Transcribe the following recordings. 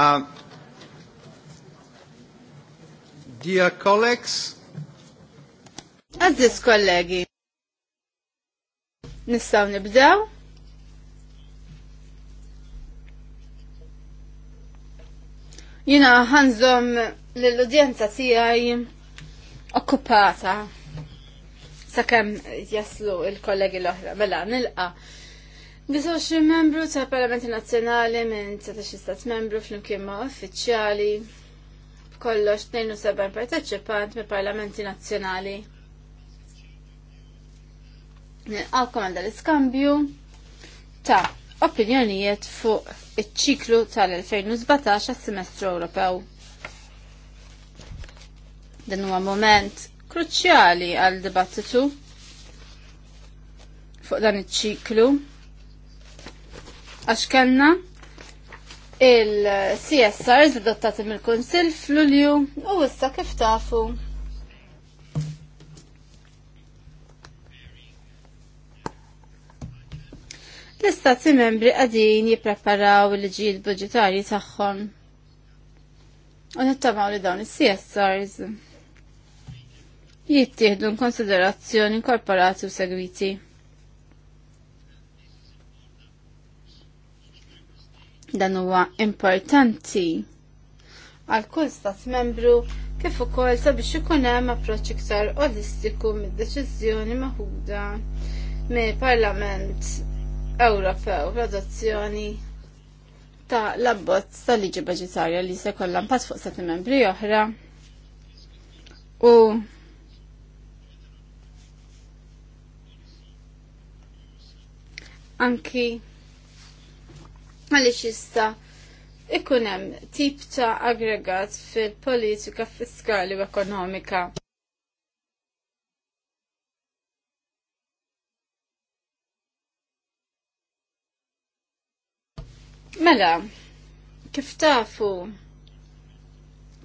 Uh, dear colleagues, Aziz kollegi, nistaw nibdew? Jina ħanżom l-udjenza tijaj okkupata sakemm jaslu il-kollegi l-oħra. Mela, nilqa' 29 membru ta' Parlamenti Nazzjonali minn 19 stat membru flimkien ma' uffiċjali b'kollox 72 parteċipant mill parlamenti nazzjonali. għalkom għanda l-iskambju ta' opinjonijiet fuq iċ-ċiklu tal-2017 għas-semestru Ewropew. Dan huwa moment kruċjali għal dibattitu fuq dan iċ-ċiklu għax kellna il-CSRs adottati mill-Kunsill f'Lulju u issa kif tafu. L-istati membri għadin jipreparaw l-ġid budġetarji tagħhom. U nittamaw li dawn is-CSRs jittieħdu n konsiderazzjoni inkorporati u segwiti. Dan huwa importanti għal kull stat membru kif ukoll sabiex ikun hemm approċċ iktar olistiku mid-deċiżjoni maħuda mill-Parlament Ewropew fl ta' l-abbozz ta' liġi budgetarja li se kollha pass fuq stati membri oħra. U anki għalix jista' ikun hemm tip ta' aggregat fil-politika fiskali u ekonomika. Mela, kif tafu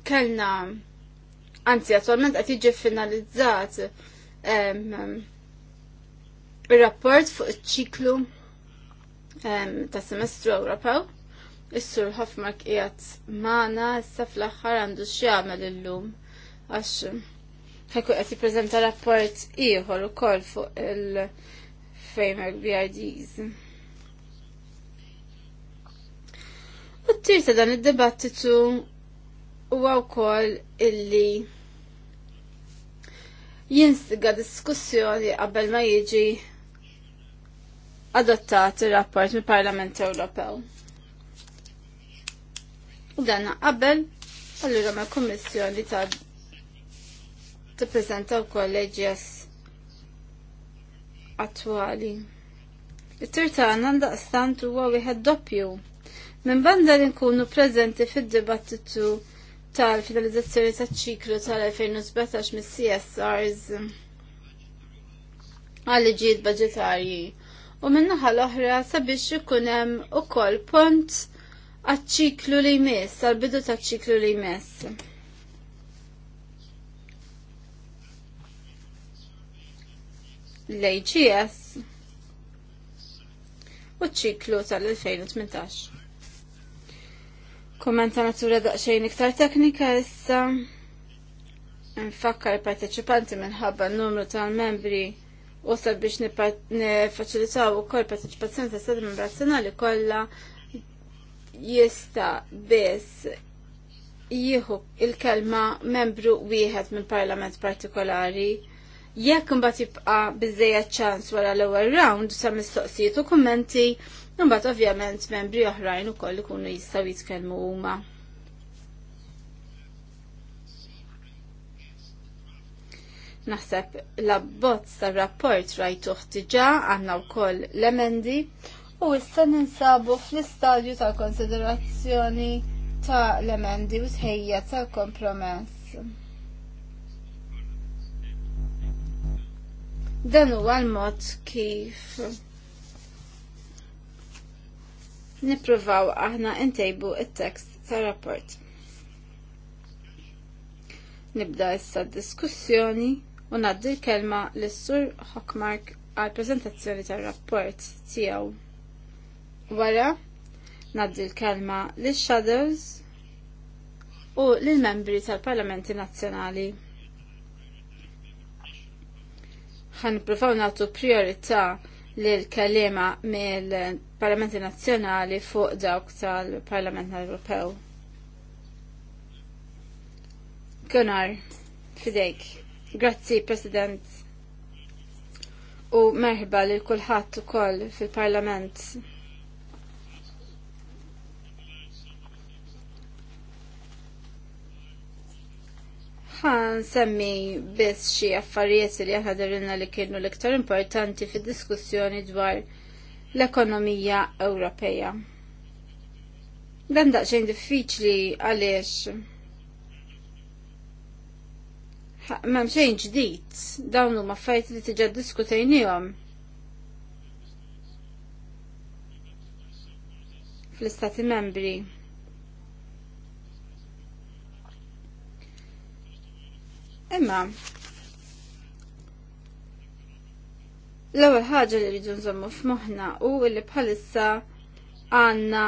kellna anzi attualment qed jiġi finalizzat ir-rapport fuq iċ-ċiklu ta' semestru Ewropew. Is-sur ħafna qiegħed magħna issa fl-aħħar għandu x'jagħmel illum għax ħekku qed jippreżenta rapport ieħor ukoll fuq il-framework BRDs. U t-tir ta' dan id-dibattitu huwa wkoll illi jinstiga diskussjoni qabel ma jiġi adottat il-rapport mill parlament Ewropew. U danna qabel allura ma' kummissjoni ta' tippreżenta wkoll attuali. attwali. It-tirtana ndaqstant huwa wieħed doppju. Minn banda li nkunu preżenti fid-dibattitu tal-finalizzazzjoni taċ-ċiklu tal-2017 mis-CSRs għal liġijiet budgetarji u minnaħa l-oħra sabiex ikun hemm ukoll pont għaċ-ċiklu li jmiss, għal-bidu taċ-ċiklu li jmiss. L-AGS u ċiklu tal-2018. Kommenta natura daqxejn iktar teknika issa. Nfakkar parteċipanti minħabba n-numru tal-membri u sabiex nifaċilitaw ukoll partiċipazzjoni ta' stati membri nazzjonali kollha jista' biss jieħu il-kelma membru wieħed minn parlament partikolari jekk imbagħad jibqa' biżejja ċans wara l-ewwel round sa mistoqsijiet u kummenti, imbagħad ovvjament membri oħrajn ukoll ikunu jistgħu jitkellmu huma. Naħseb l-abbozz tar-rapport rajtuh diġà għandna wkoll l-emendi u issa ninsabu fl-istadju tal-konsiderazzjoni ta' l-emendi u tħejja tal kompromess. Dan huwa l-mod kif nipruvaw aħna intejbu il tekst tar-rapport. Nibda issa d diskussjoni u naddi l-kelma l-Sur Hockmark għal prezentazzjoni tal-rapport tiegħu. Wara naddi l-kelma l-Shadows u l-membri tal-Parlamenti Nazzjonali. Għan provaw nagħtu priorità l-kalima mill-Parlamenti Nazzjonali fuq dawk tal-Parlament Ewropew. Gunnar, fidejk. Grazzi, President. U merħba lil kulħadd ukoll fil-Parlament. Għan semmi biss xi affarijiet li ħadarilna li kienu l-iktar importanti fid-diskussjoni dwar l-ekonomija Ewropea. Dan daqsxejn diffiċli għaliex Mem xejn ġdid, dawn huma affarijiet li tiġa diskutejnihom. fl-istati membri. Imma, l-ewwel ħaġa li rridu nżommu f'moħħna u li bħalissa għandna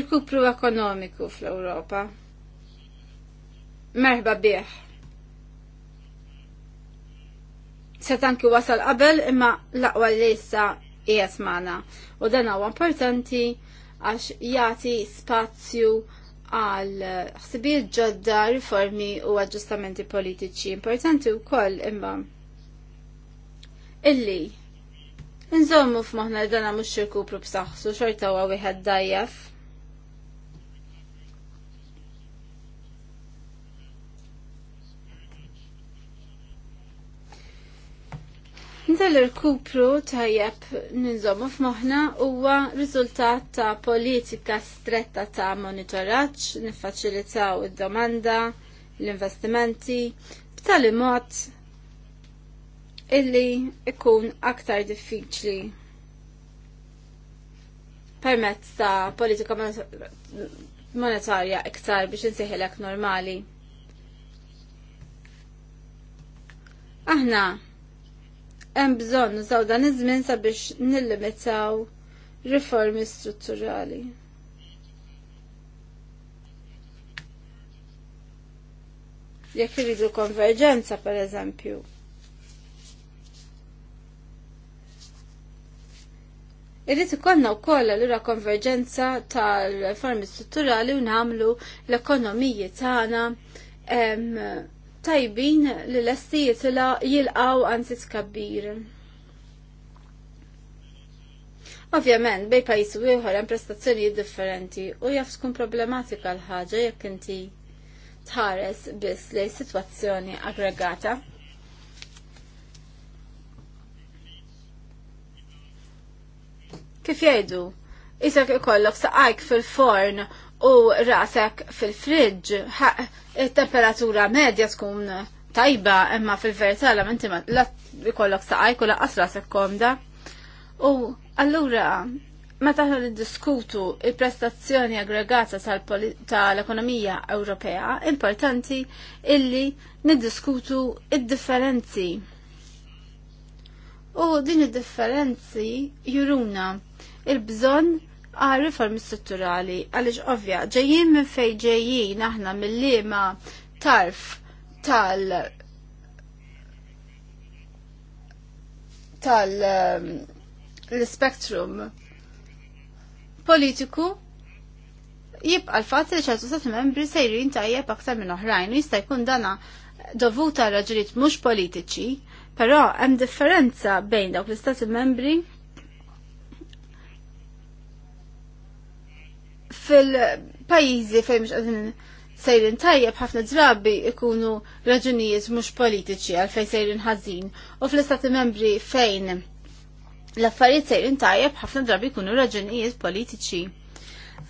il-kupru ekonomiku fl-Ewropa. Merħba bih. setanki wasal qabel imma laqwa li issa jesmana. U dan huwa importanti għax jagħti spazju għal ħsibijiet ġodda riformi u aġġustamenti politiċi importanti wkoll imma illi nżommu f'moħħna dan mhux prub saħsu xorta huwa wieħed dajjef dal-irkupru tajjeb ninżommu f'moħħna huwa riżultat ta' politika stretta ta' monitoraġġ niffaċilitaw id-domanda, l-investimenti, b'tali mod illi ikun aktar diffiċli permezz ta' politika monetarja iktar biex insiħilek normali. Aħna hemm bżonn nużaw dan iż-żmien sabiex nillimitaw riformi strutturali. Jekk iridu konverġenza pereżempju. Irrid ikollna wkoll allura konverġenza tal-riformi strutturali u nagħmlu l-ekonomiji tagħna tajbin li l-estijiet la jilqaw għanzi kabbir. Ovvjament, bej pajis u jħor hemm prestazzjonijiet differenti u jaf tkun problematika l-ħaġa jekk inti tħares biss lej sitwazzjoni aggregata. Kif jgħidu? Isak ikollok saqajk fil-forn u rasek fil-friġġ, il-temperatura medja tkun tajba imma fil-verità la menti ma ikollok saqajk u laqqas rasek komda. U allura meta ħna niddiskutu il-prestazzjoni aggregata tal-ekonomija Ewropea, importanti illi niddiskutu il differenzi U din id-differenzi juruna il-bżonn għal riformi strutturali għaliex ovvja ġejjin minn fejn ġejjin aħna mill lima tarf tal tal um, l-spektrum politiku jibqa l fat li ċertu stat membri sejrin tajjeb aktar minn oħrajn jista' jkun dana dovuta raġunijiet mhux politiċi, però hemm differenza bejn dawk l-istati membri fil-pajizi fejn mux għadin sejrin tajjeb ħafna drabi ikunu raġunijiet mhux politiċi għalfejn sejrin ħażin u fl-istati membri fejn l-affarijiet sejrin tajjeb ħafna drabi jkunu raġunijiet politiċi.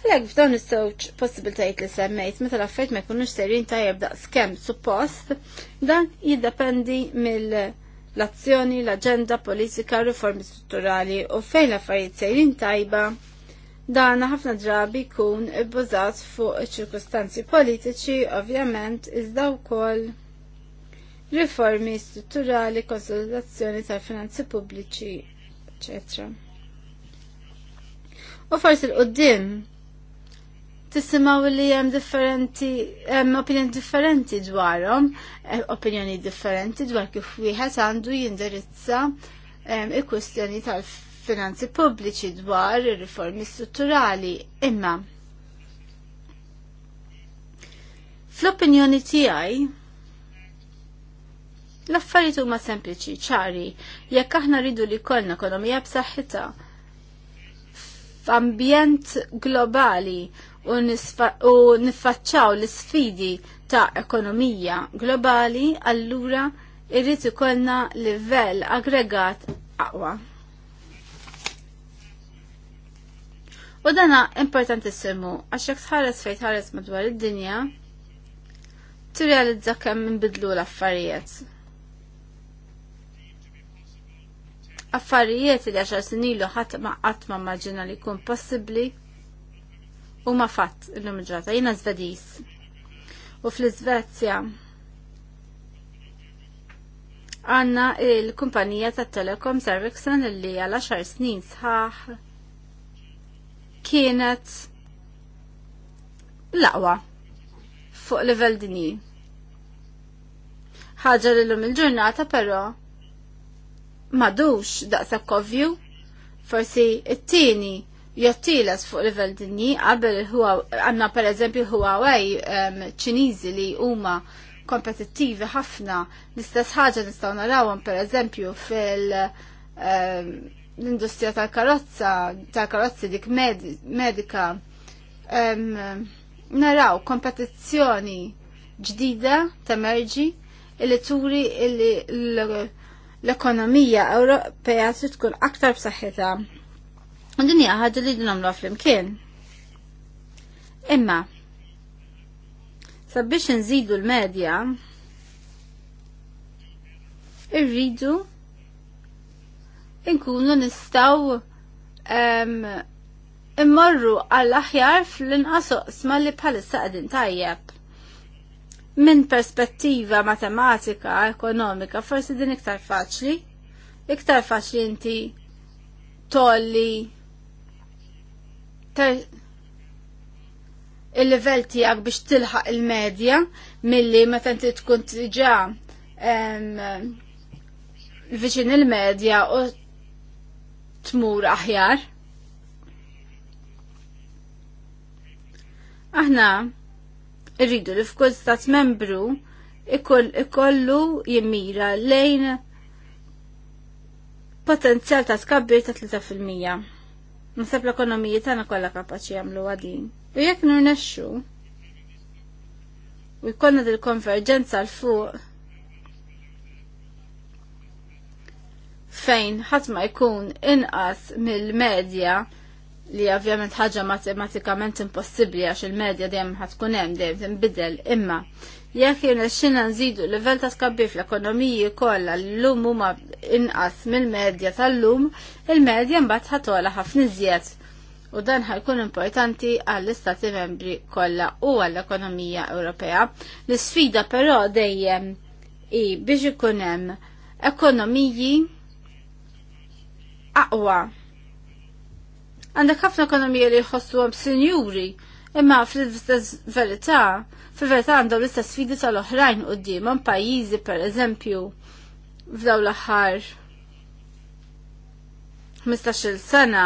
Flek f'dawn is żewġ possibiltajiet li semmejt meta l-affarijiet ma jkunux sejrin tajjeb skem suppost, dan jiddependi mill l-azzjoni, l-aġenda politika, riformi strutturali u fejn l-affarijiet sejrin tajba Dan ħafna drabi jkun ibbużat fuq ċirkustanzi politiċi, ovvjament, iżda wkoll riformi strutturali, konsolidazzjoni tal-finanzi pubbliċi, eccetera. U forsi l-qoddim tisimaw li hemm differenti, hemm opinjoni differenti dwarhom, eh, opinjoni differenti dwar kif wieħed għandu jindirizza ehm, il-kwistjoni tal-finanzi finanzi pubbliċi dwar ir-riformi strutturali imma fl-opinjoni tiegħi l-affarijiet huma sempliċi, ċari, jekk aħna rridu li kollna ekonomija b'saħħitha f'ambjent globali u niffaċċaw l isfidi ta' ekonomija globali, allura irrid ikollna livell aggregat aqwa. U dana importantissimu għax jekk tħares fejn tħares madwar id-dinja, tirrealizza kemm inbidlu l-affarijiet. Affarijiet li għaxar sinilu ħadd ma qatt ma maġina li jkun possibbli u ma fatt illum ġrata jiena żvedis. U fl-Iżvezja għanna il-kumpanija tat-Telekom Servixon li għal 10 snin sħaħ kienet laqwa fuq level dinji. ħaġa l il-ġurnata però madux daqsa kovju, forsi it-tini jottilas fuq level dinji qabel għanna per eżempju Huawei ċinizi li huma kompetittivi ħafna l-istess ħaġa nistgħu narawhom per eżempju fil- um, l-industrija tal-karozza, tal-karozzi dik med medika, um, naraw kompetizzjoni ġdida ta' merġi illi turi illi l-ekonomija Ewropea tkun aktar b'saħħitha. U din hija ħaġa li nagħmluha flimkien. Imma sabiex nżidu l-medja irridu inkunu nistaw immorru għall-aħjar fl-inqas oqsma li bħalissa qegħdin tajjeb. Minn perspettiva matematika, ekonomika, forsi din iktar faċli. Iktar faċli inti tolli il-level tijak biex tilħaq il-medja milli meta inti tkun tiġa viċin il-medja u tmur aħjar. Aħna rridu li f'kull stat membru ikollu jimmira lejn potenzjal ta' tkabbir ta' 3%. Nasab l-ekonomija tagħna kollha kapaċi jagħmlu għadin. U jekk nirnexxu u jkollna dil-konverġenza l fuq fejn ħatma jkun inqas mill-medja li ovvjament ħaġa matematikament impossibbli għax il-medja dejjem tkun hemm dejjem tinbidel imma jekk xina nżidu l-livell ta' skabbi fl-ekonomiji kollha li llum huma inqas mill-medja tal-lum, il-medja mbagħad ħatola ħafna iżjed. U dan ħajkun importanti għall-Istati membri kollha u għall-ekonomija Ewropea. L-isfida però dejjem i biex ikun hemm ekonomiji aqwa. Għandek ħafna ekonomija li jħossu għam senjuri, imma fl-istess verità, fil-verità għandhom l-istess sfidi tal-oħrajn u d dimon pajizi per eżempju f'daw l-aħħar 15 sena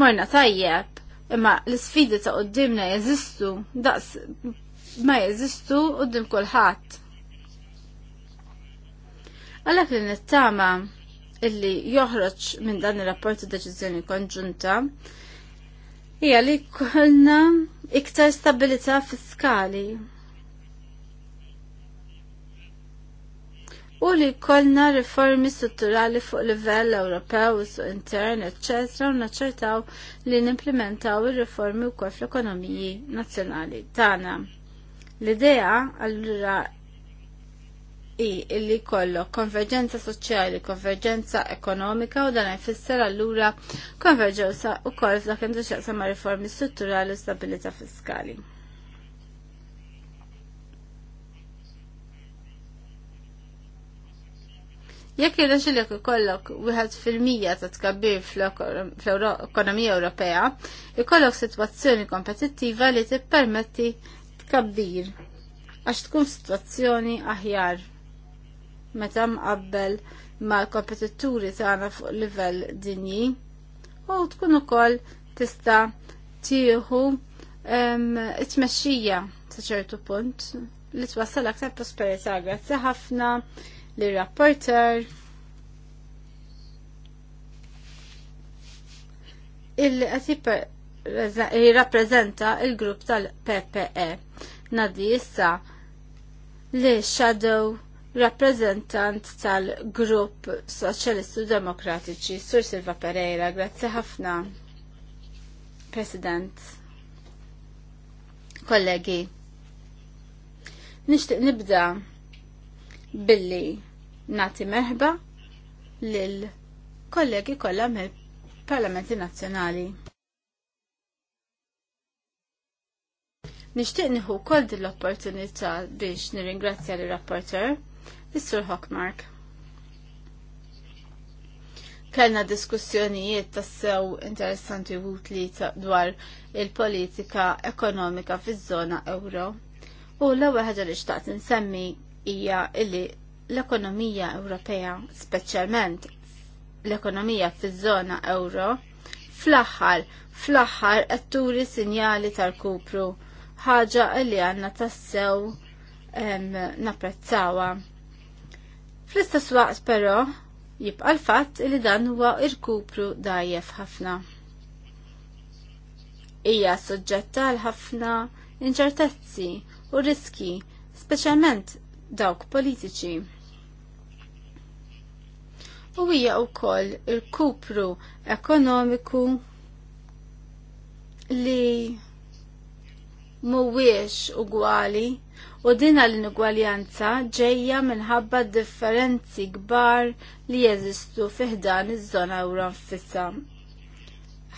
morna tajjeb imma l-sfidi ta' qoddimna jeżistu daqs ma jeżistu qoddim kulħadd. Għalhekk li nittama' illi joħroġ minn dan ir-rapport u deċiżjoni konġunta hija li kollna iktar stabilità fiskali. U li kollna riformi strutturali fuq livell Ewropew u suq intern, ecc. u naċċertaw li nimplementaw ir-riformi wkoll fl-ekonomiji nazzjonali tagħna. L-idea allura i illi kollo konverġenza soċjali, konverġenza ekonomika u dan jfisser allura konverġenza u koll f'dak intu riformi strutturali u stabilita fiskali. Jekk jirrax li ikollok wieħed fil-mija ta' tkabbir fl-ekonomija Ewropea, ikollok sitwazzjoni kompetittiva li tippermetti tkabbir għax tkun sitwazzjoni aħjar meta mqabbel mal kompetituri tagħna fuq livell dinji u tkun ukoll tista' tieħu it-tmexxija ta' ċertu punt li twassal aktar prosperità grazzi ħafna li rapporter illi qed jirrappreżenta il-grupp tal-PPE. Nadi issa li Shadow rappresentant tal-Grupp Soċjalistu Demokratiċi, Sur Silva Pereira, grazzi ħafna, President, kollegi. Nishtiq nibda billi nati merħba lil kollegi kollha mill-Parlamenti Nazzjonali. Nishtiq nieħu kol din l-opportunità biex nirringrazzja l-rapporter Is-Sur Hockmark. Kellna diskussjonijiet tassew interessanti wutli utli dwar il-politika ekonomika fiż-żona euro. U l-ewwel ħaġa li xtaqt insemmi hija illi l-ekonomija Ewropea, speċjalment l-ekonomija fiż-żona euro, fl-aħħar, fl-aħħar qed turi sinjali tal-kupru, ħaġa li għandna tassew napprezzawha. Fl-istess waqt però jibqa' l-fatt li dan huwa irkupru dajjef ħafna. Hija soġġetta għal ħafna inċertezzi u riski, speċjalment dawk politiċi. U hija wkoll irkupru ekonomiku li mhuwiex ugwali U din l-inugwaljanza ġejja minħabba differenzi kbar li jeżistu fiħdan iż-żona u ranfissa.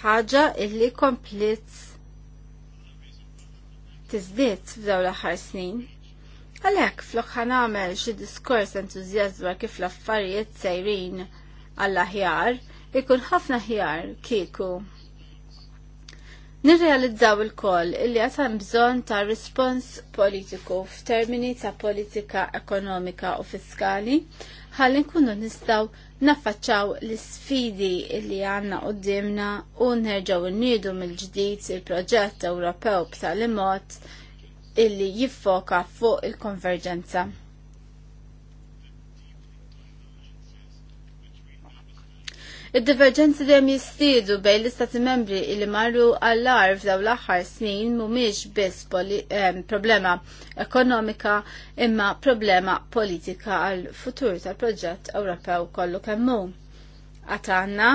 Ħaġa illi komplit tizdiet f'daw l-aħħar snin. Għalhekk flok ħan għamel xi diskors entużjażma kif l-affarijiet sejrin għall-aħjar, ikun ħafna ħjar kieku Nirrealizzaw il-koll illi għatan bżon ta' respons politiku f'termini ta' politika ekonomika u fiskali ħalli nkunu nistaw naffaċċaw l-sfidi illi għanna dimna u nerġaw n-nidu mill-ġdid il-proġett Ewropew b'tali mod illi jiffoka fuq il-konverġenza. Id-diverġenzi dejjem jistidu bejn l-istati membri li marru għall-ar f'daw l-aħħar snin mhumiex biss problema ekonomika imma problema politika għal futur tal-proġett Ewropew kollu kemm hu. Għatanna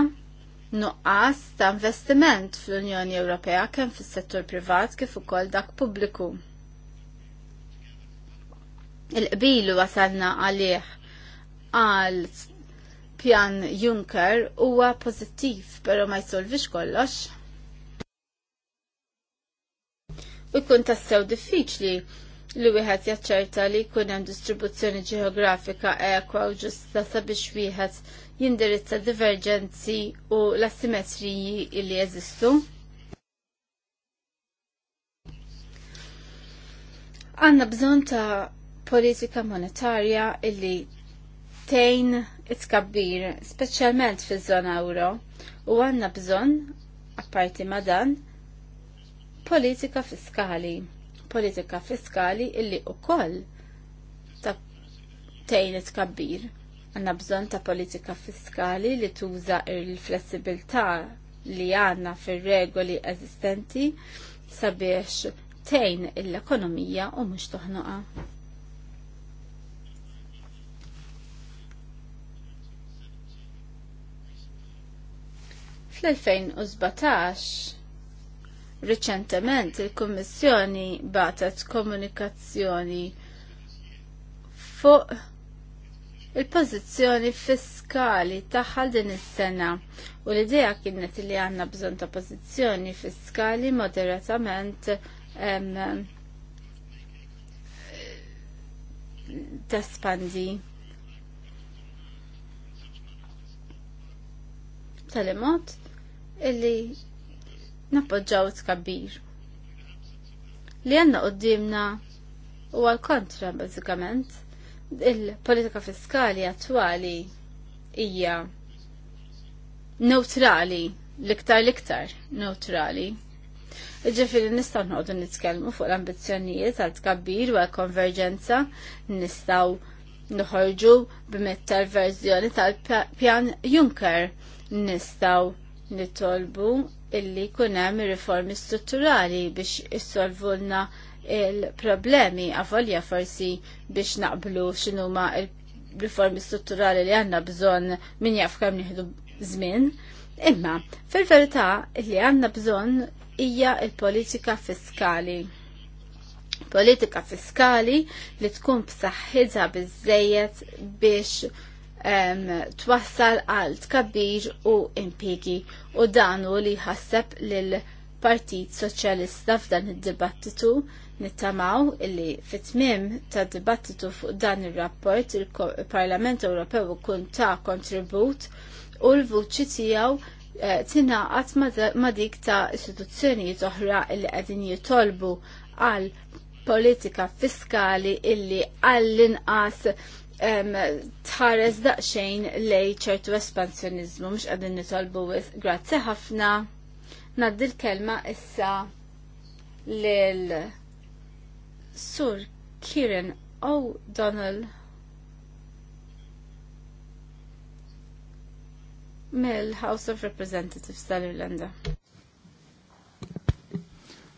nuqqas ta' investiment fl-Unjoni Ewropea kemm fis-settur privat kif ukoll dak pubbliku. Il-qbilu wasalna għalih għal pjan Juncker huwa pożittiv però ma jsolvix kollox. U kun tassew diffiċli li wieħed jaċċerta li jkun hemm distribuzzjoni ġeografika ekwa u ġusta sabiex wieħed jindirizza diverġenzi u l-asimetriji li jeżistu. Għanna bżon ta' politika monetarja illi tejn it-kabbir, specialment fi zona euro, u għanna bżon, apparti ma dan, politika fiskali. Politika fiskali illi u koll ta' tejn it-kabbir. Għanna bżon ta' politika fiskali li tuża il-flessibilità li għanna fil-regoli eżistenti sabiex tejn l-ekonomija u mux toħnoqa. Fl-2017 riċentement il-Kummissjoni batet komunikazzjoni fuq il-pożizzjoni fiskali tagħha din is-sena u l-idea kienet li għandna bżonn ta' pożizzjoni fiskali moderatament taspandi. tal-imot illi nappoġġaw tkabbir. Li għanna qoddimna u għal-kontra bazzikament il-politika fiskali attwali hija neutrali, liktar liktar neutrali. Ġifiri nistaw nħodu nitkellmu fuq l-ambizzjonijiet għal tkabbir u għal konverġenza, nistaw nħorġu b'mittal verżjoni tal-pjan Juncker, nistaw nitolbu illi kunem riformi strutturali biex issolvulna il-problemi għavolja forsi biex naqblu xinuma il-riformi strutturali li għanna bżon min jaf kam nieħdu żmien. Imma, fil-verità li għanna bżon hija il-politika fiskali. Politika fiskali li tkun b'saħħitha biżejjed biex twassal għal tkabbir u impigi u danu li ħasseb lil Partit Soċjalista f'dan id-dibattitu nittamaw illi fit-tmim ta' dibattitu fuq dan ir-rapport il parlament Ewropew ikun ta' kontribut u l-vuċi tiegħu eh, tingħaqad ma' dik ta' istituzzjonijiet oħra illi qegħdin jitolbu għal politika fiskali illi għall-inqas tħares daqxejn lej ċertu espansjonizmu mux għadin nitolbu with. Grazzi ħafna. Naddi l-kelma issa lil Sur Kieran O'Donnell mill-House of Representatives tal-Irlanda.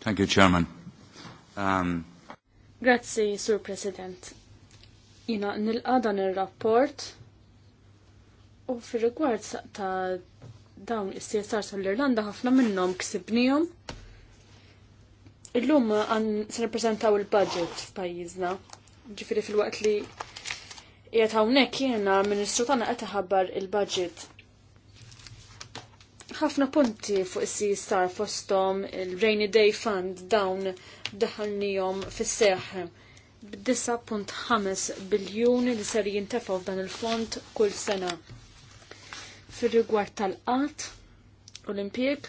Thank you, Chairman. Um... Grazzi, Sur President Jina nilqa dan ir-rapport u fir-rigward ta' dawn is-CSR tal-Irlanda ħafna minnhom il Illum għan s-reprezentaw il-budget f'pajjiżna. Ġifiri fil-waqt li jgħet hawnhekk jiena ministru tagħna qed iħabbar il-budget. Ħafna punti fuq is star fosthom il-Rainy Day Fund dawn daħalnihom fis-seħħ b-9.5 biljuni li ser jintefgħu f'dan il-fond kull sena. fil rigward tal qat u l-impjieg,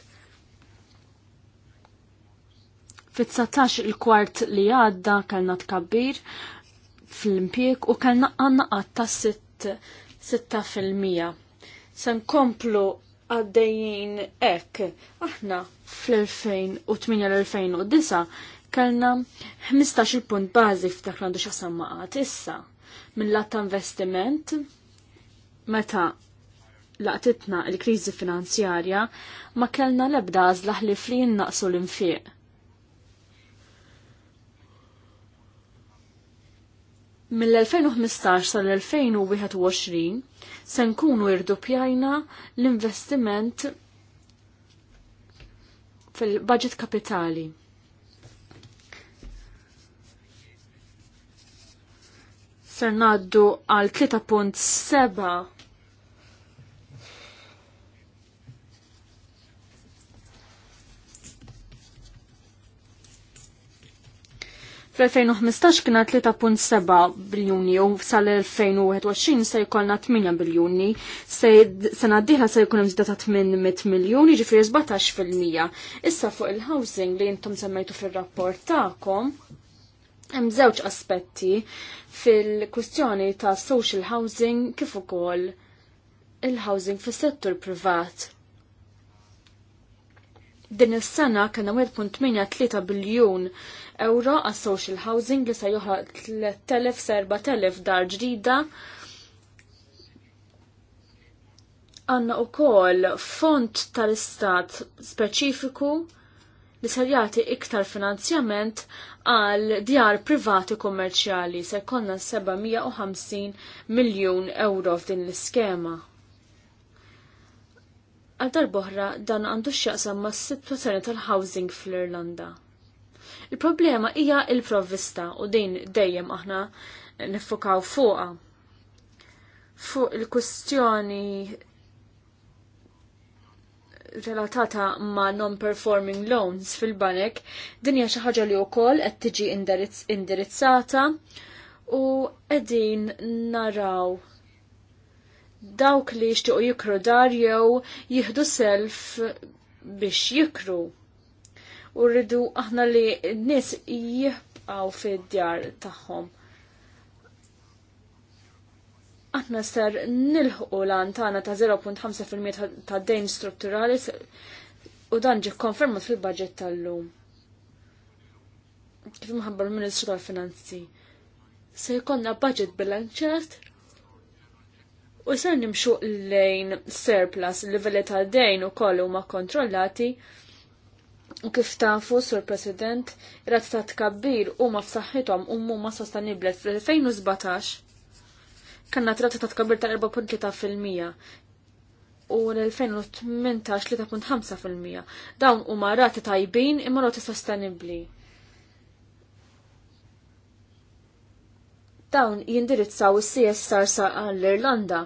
fit-19 il-kwart li għadda kellna tkabbir fl-impjeg u kellna għanna għatta 6%. Sen komplu għaddejjien ek, aħna fl-2008-2009 kellna 15 punt bażi f'dak għandu x'aqsam maqat issa minn lat ta' investiment meta laqtitna l-kriżi finanzjarja ma kellna l-ebda għażla li flin naqsu l-infiq. Mill-2015 sal-2021 se nkunu irdupjajna l-investiment fil-budget kapitali. Fernando għal 3.7 Fl-2015 kena 3.7 biljuni u sal-2021 se jkollna 8 biljuni. Sena diħla se jkun imżida ta' 800 miljuni ġifri 17 fil-mija. Issa fuq il-housing li jintom semmejtu fil-rapport ta'kom. Hemm żewġ aspetti fil-kwistjoni ta' social housing kif ukoll il-housing fis-settur privat. Din is-sena kien hemm 1.83 biljun euro għas social housing li se joħa 3000 serba' 4000 dar ġdida. Għanna u koll font tal-istat speċifiku li ser jagħti iktar finanzjament għal djar privati kummerċjali se jkollna 750 miljun euro f'din l-iskema. Għal darboħra dan għandu x'jaqsam ma' situazzjoni tal-housing fl-Irlanda. Il-problema hija il-provvista u din dejjem aħna nifukaw fuqha. Fuq il-kwestjoni relatata ma' non-performing loans fil-banek, dinja xi ħaġa li wkoll qed tiġi indirizzata u qegħdin naraw dawk li jixtiequ jikru dar jew jieħdu self biex jikru. U rridu aħna li n-nies jibqgħu fid-djar tagħhom aħna ser nilħu l-Antana ta' 0.5% ta' dejn strutturali u dan ġi konfermat fil-budget tal-lum. Kif imħabbar l-Ministru tal-Finanzi. Se jkollna budget bilanċert u ser nimxu lejn surplus livelli ta' dejn u kollu ma' kontrollati u kif tafu, Sur President, rat ta' tkabbir u ma' f'saħħithom u ma' sostenibli fl-2017 kanna trata ta' tkabir tal-4.3% u l-2018 3.5%. Dawn huma rati tajbin imma rati sostenibbli. Dawn jindirizzaw is-CSR sa għall-Irlanda.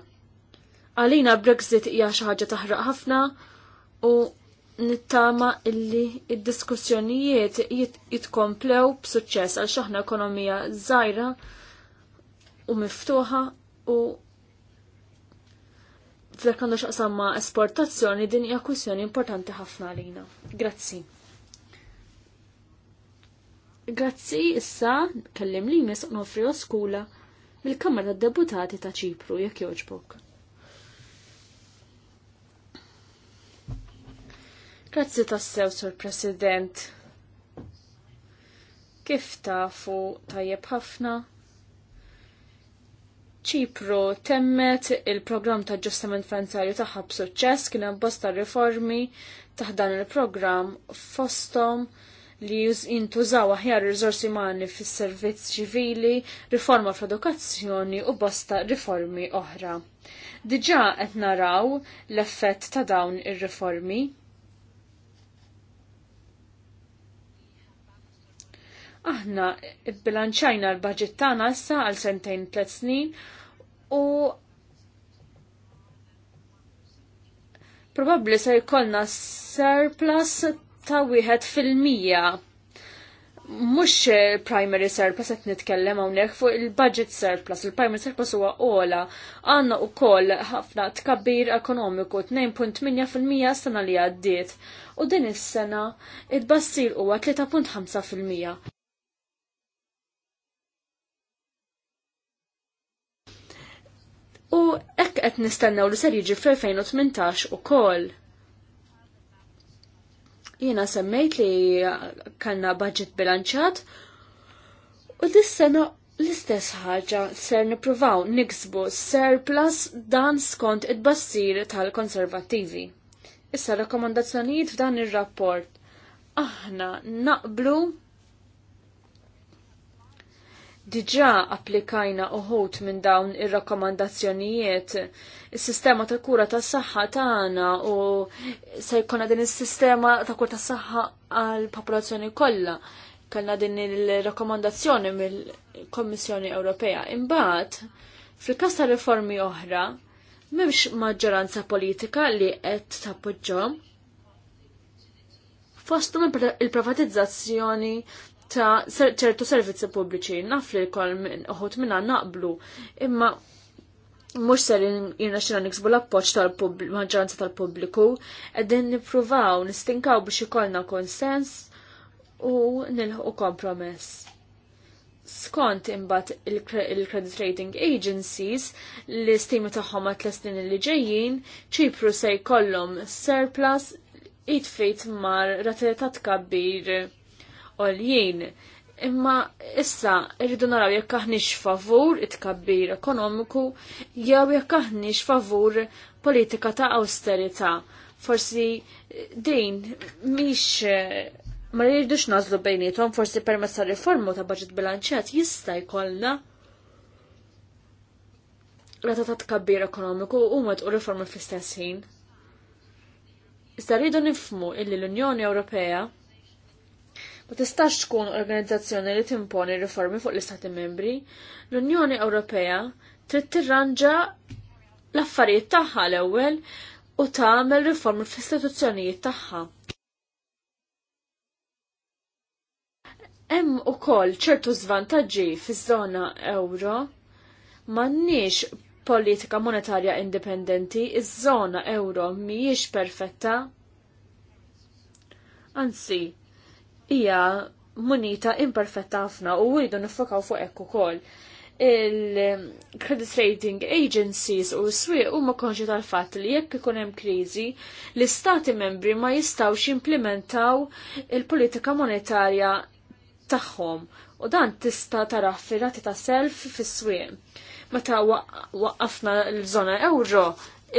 Għalina Brexit hija xi ħaġa taħraq ħafna u nittama illi id-diskussjonijiet jitkomplew b'suċċess għal xaħna ekonomija żgħira u miftuħa u flek għandu xaqsam esportazzjoni din hija kwistjoni importanti ħafna għalina. Grazzi. Grazzi issa kellim li jmiss nofri skula mill-Kamra tad Deputati ta' Ċipru jekk joġbok. Grazzi tassew, Sur President. Kif tafu tajjeb ħafna? ċipru temmet il-programm ta' ġustament finanzjarju tagħha b'suċċess kien hemm bosta riformi taħdan il-programm fosthom li jintużaw aħjar riżorsi umani fis-servizz ċivili, riforma fl-edukazzjoni u bosta riformi oħra. Diġà qed naraw l-effett ta' dawn ir-riformi Aħna bilanċajna l-budget tagħna issa għal sentejn tliet snin u probabbli se jkollna surplus ta' wieħed fil-mija. Mhux primary surplus qed nitkellem hawnhekk fuq il-budget surplus. Il-primary surplus huwa ola. Għandna wkoll ħafna tkabbir ekonomiku 2.8% sena li għaddiet u din is-sena id-bassir huwa 3.5%. U hekk qed nistennew li ser jiġi fl-2018 ukoll. Jiena semmejt li kanna budget bilanċat u dis-sena l-istess ħaġa ser nippruvaw niksbu surplus dan skont id-bassir tal-konservattivi. Issa rakkomandazzjonijiet f'dan ir-rapport. Aħna naqblu Diġà applikajna uħut minn dawn ir-rakkomandazzjonijiet. Is-sistema ta' kura tas saħħa tagħna u se jkollna din is-sistema ta' kura tas saħħa għall popolazzjoni kollha. Kellna din il-rakkomandazzjoni mill-Kommissjoni Ewropea. Imbagħad, fil-każ ta' riformi oħra, m'hemmx maġġoranza politika li qed tappoġġhom fostum il-privatizzazzjoni ta' ċertu servizzi pubbliċi. Naf li kol uħut minna naqblu, imma mux ser jirna xina niksbu l-appoċ tal-maġġoranza tal-pubbliku, edin nipruvaw, nistinkaw biex ikolna konsens u nilħu kompromess. Skont imbat il-Credit Rating Agencies li stimi taħħom għat l-snin li ġejjin, ċipru se jkollhom surplus it-fit mar ratelta kabbir għoljien. Imma issa irridu naraw jekk aħniex favur it-kabbir ekonomiku jew jekk aħniex favur politika ta' austerità. Forsi din mhix eh, ma rridux nażlu bejnietom forsi permezz ta' riformu ta' baġit bilanċat jista' jkollna rata ta' tkabbir ekonomiku u ma u riforma fl-istess ħin. Iżda rridu nifmu illi l-Unjoni Ewropea Ma tistax tkun organizzazzjoni li timponi riformi fuq l-Istati membri. L-Unjoni Ewropea trid tirranġa l-affarijiet tagħha l-ewwel u tagħmel riformi fl-istituzzjonijiet tagħha. Hemm ukoll ċertu żvantaġġi fiż-żona euro m'għandniex politika monetarja indipendenti, iż-żona euro mhijiex perfetta. Anzi, hija munita imperfetta ħafna u rridu nifokaw fuq hekk ukoll. Il-credit rating agencies u s-swieq huma konġi tal-fatt li jekk ikun hemm kriżi, l-istati membri ma jistgħux jimplementaw il-politika monetarja tagħhom u dan tista' tara fir-rati ta' self fis-swieq. Meta waqqafna l-żona euro,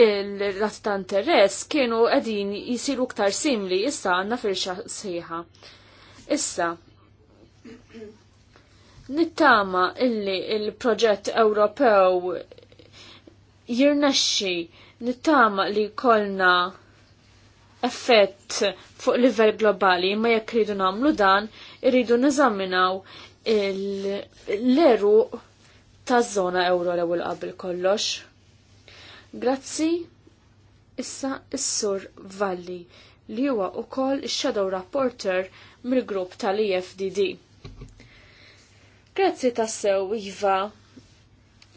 il-rati ta' interess kienu qegħdin jisiru ktar simli issa għandna firxa sħiħa. Issa, nittama illi il-proġett Ewropew jirnexxi nittama li kolna effett fuq livell globali ma jekk ridu nagħmlu dan irridu niżaminaw l-eru taż-żona euro l-ewwel qabel kollox. Grazzi issa is-sur Valli li huwa wkoll ix-shadow rapporter mill-grupp tal-EFDD. Grazzi tassew, Iva,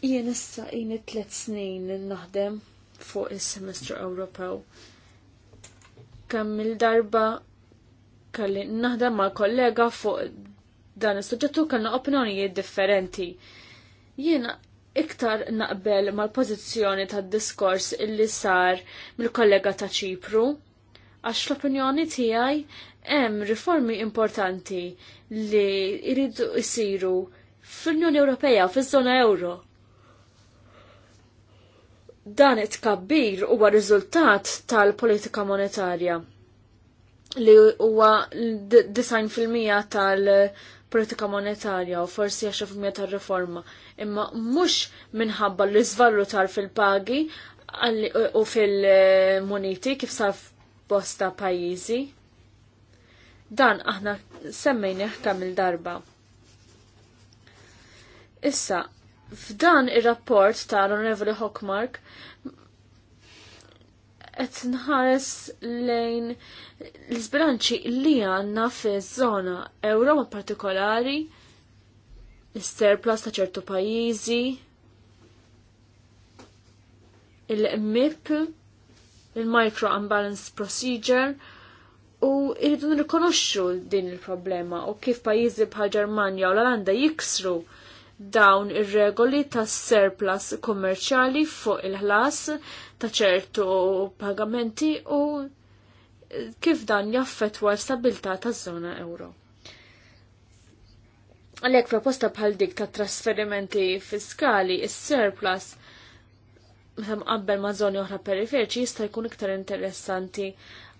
jien issa jien tliet snin naħdem fuq is-semestru Ewropew. Kemmil darba kelli naħdem ma' kollega fuq dan is-suġġettu kellna opinjonijiet differenti. Jiena iktar naqbel mal-pożizzjoni tad-diskors illi sar mill-kollega ta' Ċipru, għax l-opinjoni tiegħi hemm riformi importanti li jridu jsiru fil-Unjoni Ewropea u fiż-żona euro. Dan it-tkabbir huwa riżultat tal-politika monetarja li huwa fil-mija tal-politika monetarja u forsi fil-mija tal-reforma. Imma mhux minħabba l tal fil-pagi u fil-moniti kif sar bosta pajjiżi. Dan aħna semmejnieh kemm il-darba. Issa, f'dan ir-rapport ta' l-Onorevoli Hockmark qed nħares lejn l-isbilanċi li għandna fiż-żona Ewropa partikolari, l sterplas ta' ċertu pajjiżi, il-MIP, il-Micro Unbalanced Procedure, U irridu nirrikonoxxu din il-problema u kif pajjiżi bħal Ġermanja u l-Olanda jiksru dawn ir-regoli tas surplus kummerċjali fuq il-ħlas ta' ċertu pagamenti u kif dan jaffetwa stabilità taż-żona euro. Għalhekk proposta bħal dik ta' trasferimenti fiskali, is-surplus meta mqabbel ma' żoni oħra periferiċi jista' jkun iktar interessanti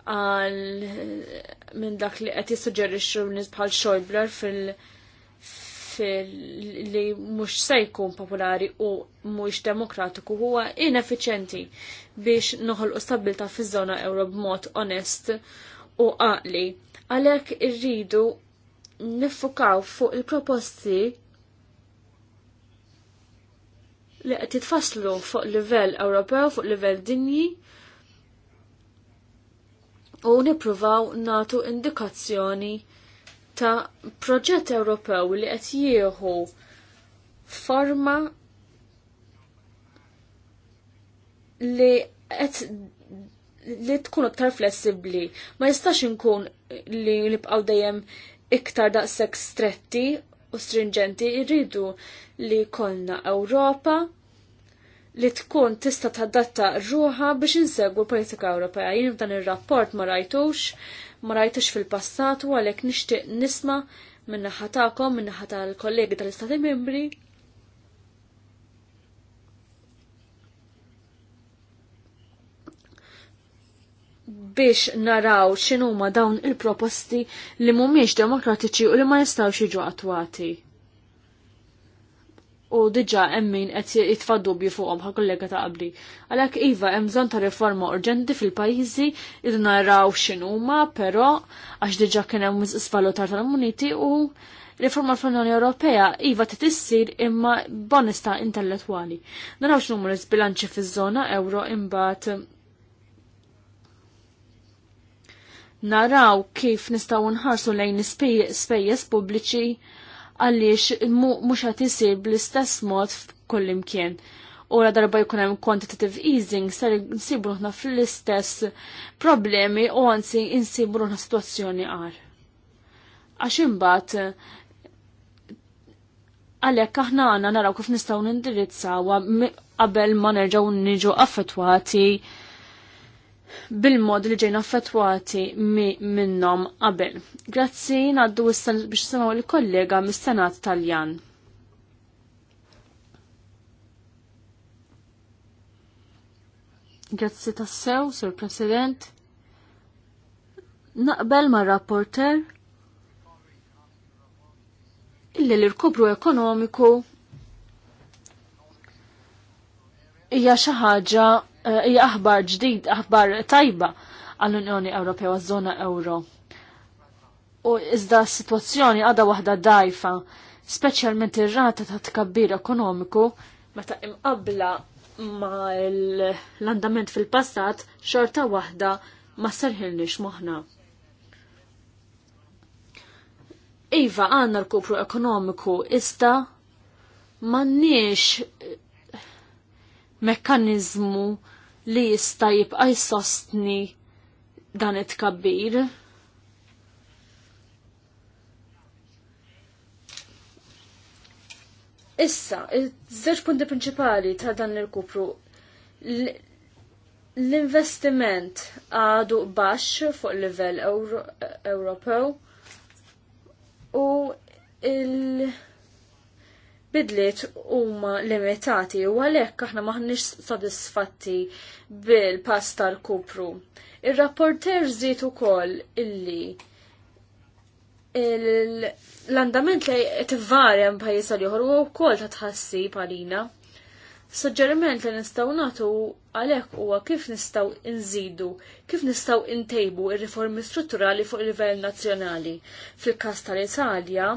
għal minn dak li qed jissuġġerixxu nies bħal Schäuble fil li mhux se jkun popolari u mhux demokratiku huwa ineffiċenti biex noħolqu stabilta fiż-żona euro b'mod onest u għaqli. Għalhekk irridu nifukaw fuq il-proposti li qed jitfasslu fuq livell Ewropew, fuq livell dinji, u nippruvaw natu indikazzjoni ta' proġett Ewropew li qed jieħu forma li qed li tkun aktar flessibbli. Ma jistax inkun li nibqgħu dejjem iktar daqshekk stretti u stringenti, irridu li jkollna Ewropa li tkun tista' tadatta ruħa biex insegwu l-politika Ewropea. Jien f'dan ir-rapport ma rajtux, ma rajtux fil-passat u għalhekk nixtieq nisma' min-naħa tagħkom, min-naħa tal-kollegi tal-Istati Membri. biex naraw x'inhuma dawn il-proposti li mhumiex demokratiċi u li ma jistgħux jiġu attwati u diġa emmin qed jitfaddu dubju fuqhom ħa kollega ta' qabli. Għalhekk iva hemm bżonn ta' riforma urġenti fil-pajjiżi idu naraw x'inhuma, però għax diġa kien hemm isvalutar tal-muniti u riforma fl-Unjoni Ewropea iva trid issir imma bonesta intellettwali. Naraw x'numru bilanċi fiż-żona euro imbagħad naraw kif nistgħu nħarsu lejn spejjeż pubbliċi għaliex mhux qed isir bl-istess mod kullimkien. U la darba jkun hemm quantitative easing ser nsibu ruħna fl-istess problemi u għansi insibu ruħna situazzjoni għar. Għax imbagħad għalhekk aħna għandna naraw kif nistgħu nindirizzaw qabel ma nerġgħu niġu affettwati bil-mod li ġejna affettwati minnom qabel. Grazzi naddu biex semaw il-kollega mis-Senat Taljan. Grazzi tassew, Sur President. Naqbel ma' rapporter illi l irkubru ekonomiku hija xi ħaġa Eh, hija aħbar ġdid, aħbar tajba għall-Unjoni Ewropea għaż-żona Ewro. U iżda s-sitwazzjoni għadha waħda dajfa, speċjalment ir-rata ta' tkabbir ekonomiku meta imqabla ma l-andament fil-passat xorta waħda ma serħilniex moħna. Iva għanna l-kupru ekonomiku iżda m'għandniex mekkaniżmu li jista' jibqa' jsostni dan it-tkabbir. Issa, iż-żewġ punti prinċipali ta' dan il-kupru l-investiment għadu baxx fuq l-level Ewropew u il- bidliet huma limitati u għalhekk aħna maħniex sodisfatti bil-pass l kupru Ir-rapporter żied ukoll illi l-andament li t-varja pajis għal-joħor u kol ta' tħassi palina. Suġġeriment li nistaw natu għalek huwa kif nistaw inżidu, kif nistaw intejbu ir-riformi strutturali fuq il-livell nazzjonali. fil każ tal-Italja,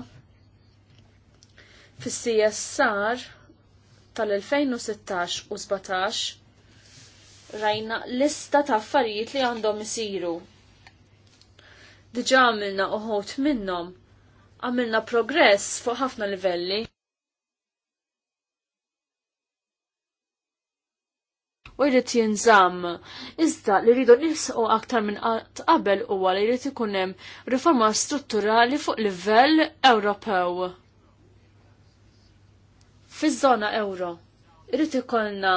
Fis-CSR tal-2016 u 17 rajna lista ta' affarijiet li għandhom isiru. Diġa għamilna uħut minnom, għamilna progress fuq ħafna livelli. u jrid jinżamm. Iżda li rridu nisqu aktar minn qabel huwa li jrid ikun hemm riforma strutturali fuq livell Ewropew. Fiż-żona euro, irrid ikollna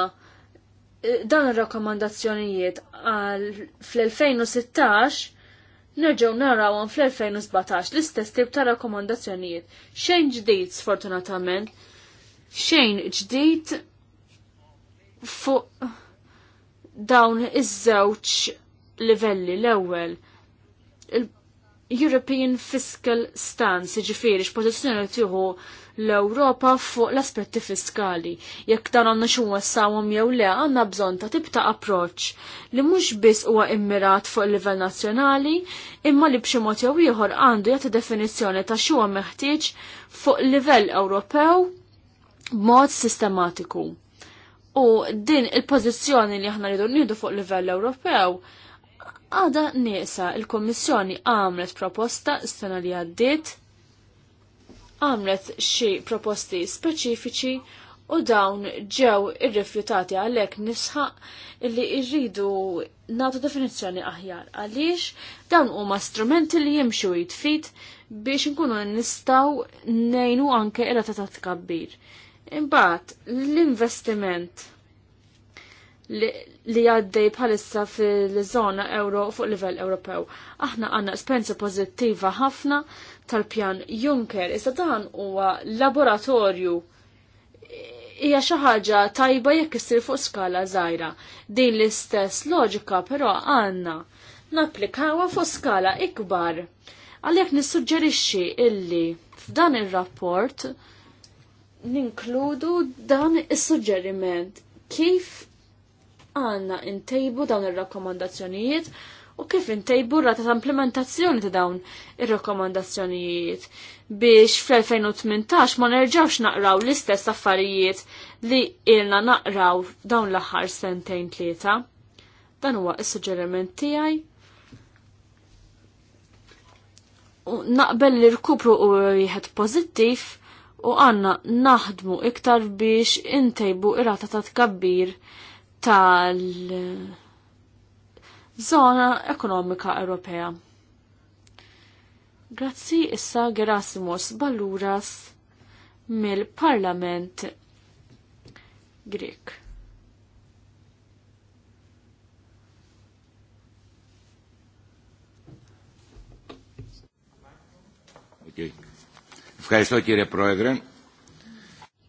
e, dan ir-rakkomandazzjonijiet għal fl-2016 nerġgħu narawhom fl-2017 l-istess tip ta' rakkomandazzjonijiet. Xejn ġdid sfortunatament, xejn ġdid fuq dawn iż-żewġ livelli l-ewwel. European Fiscal Stance, ġifiri, x'pożizzjoni tieħu l-Ewropa fuq l-aspetti fiskali. Jekk dan għandna xun wassawhom jew le għandna bżonn ta' tibta approċċ li mhux biss huwa immirat fuq il-livell nazzjonali, imma li b'xi mod jew ieħor għandu jagħti definizzjoni ta' xi meħtieġ fuq livell Ewropew b'mod sistematiku. U din il-pozizjoni li aħna rridu nidu fuq livell Ewropew għada nieqsa il komissjoni għamlet proposta s-sena li għaddiet għamlet xi proposti speċifiċi u dawn ġew irrifjutati għalhekk nisħaq li rridu nagħtu definizzjoni aħjar għaliex dawn huma strumenti li jimxu jitfit biex inkunu nistgħu nejnu anke ir ta' tkabbir. Imbagħad l-investiment li għaddej bħalissa fil-żona euro fuq livell Ewropew. Aħna għandna spensa pożittiva ħafna tal-pjan Juncker. issa dan huwa laboratorju hija xi ħaġa tajba jekk issir fuq skala żgħira. Din l-istess loġika però għandna napplikawha fuq skala ikbar. Għalhekk nissuġġerixxi illi f'dan ir-rapport ninkludu dan is-suġġeriment kif għandna intejbu dawn ir-rakkomandazzjonijiet u kif intejbu rata ta' implementazzjoni ta' dawn ir-rekomandazzjonijiet biex fl-2018 ma nerġawx naqraw l-istess affarijiet li ilna naqraw dawn l-aħħar sentejn tlieta. Dan huwa is-suġġeriment tiegħi. U naqbel li rkupru u wieħed pożittiv u għanna naħdmu iktar biex intejbu ir-rata ta' tkabbir tal- zona ekonomika Ewropea. Grazzi issa Gerasimus Balluras mill-Parlament Grek. Ευχαριστώ κύριε Πρόεδρε.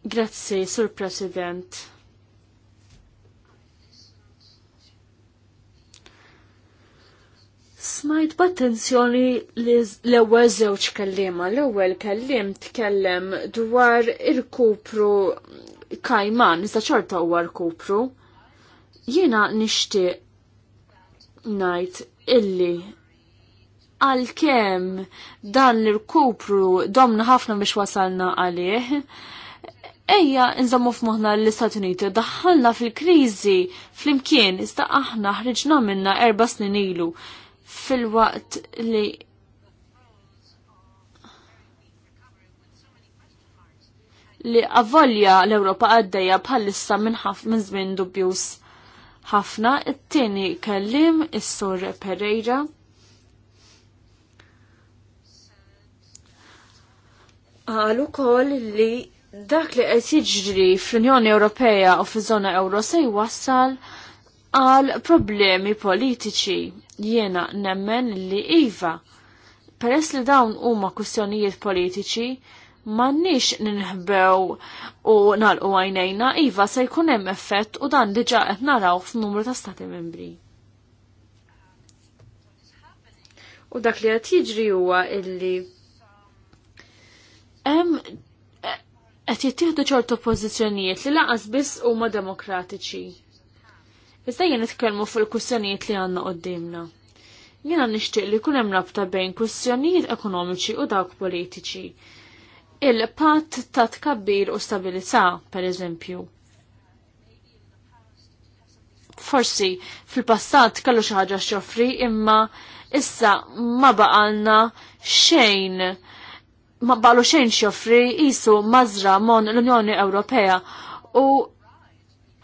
Grazie, Sur President. Smajt b'attenzjoni l-ewwel żewġ kellima. L-ewwel kellim tkellem dwar il-kupru kajman, iżda ċorta huwa l-kupru. Jiena nixtieq ngħid illi għalkemm dan l-kupru domna ħafna biex wasalna għalih, Ejja, nżammu f'moħna l-Istat Uniti, daħħalna fil-krizi, fl-imkien, iżda aħna ħriġna minna erba snin ilu fil-waqt li li avolja l-Ewropa għaddeja bħal-issa bħalissa minn min żmien dubjus ħafna. It-tieni kellim is-Sur Pereira. Għalu kol li dak li qed jiġri fl-Unjoni Ewropea u fiż-żona Ewro se jwassal għal problemi politiċi. Jiena nemmen li iva. Peress li dawn huma kwistjonijiet politiċi, mannix ninħbew u nalqu għajnejna, iva se jkun hemm effett u dan diġa qed naraw f'numru ta' stati membri. U dak li qed jiġri huwa illi hemm eh, qed jittieħdu ċertu oppożizzjonijiet li laqas biss huma demokratiċi. Iżda jien nitkellmu fuq il-kwistjonijiet li għandna qoddimna. Jiena nixtieq li jkun hemm rabta bejn kwistjonijiet ekonomiċi u dawk politiċi. Il-patt ta' tkabbir u stabilità, pereżempju. Forsi fil-passat kellu xi ħaġa xofri imma issa ma baqalna xejn ma baqalu xejn xofri jisu mażra mon l-Unjoni Ewropea u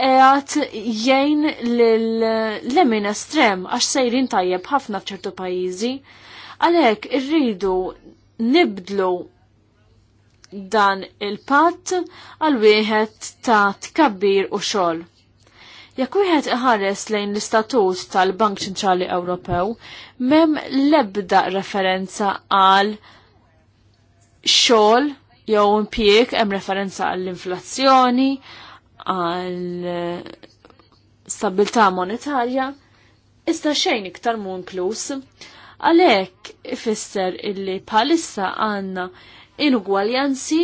għat jgħin l-lemin estrem, għax sejrin tajjeb ħafna fċertu pajizi, għalek irridu nibdlu dan il-pat għal wieħed ta' tkabbir u xol. Jekk wieħed iħares lejn l-istatut tal-Bank Ċentrali Ewropew, mem lebda referenza għal xol jew impjieg hemm referenza għall-inflazzjoni, għal eh, stabilta monetarja iżda xejn iktar mu inkluż. Għalhekk ifisser illi bħalissa għandna inugwaljanzi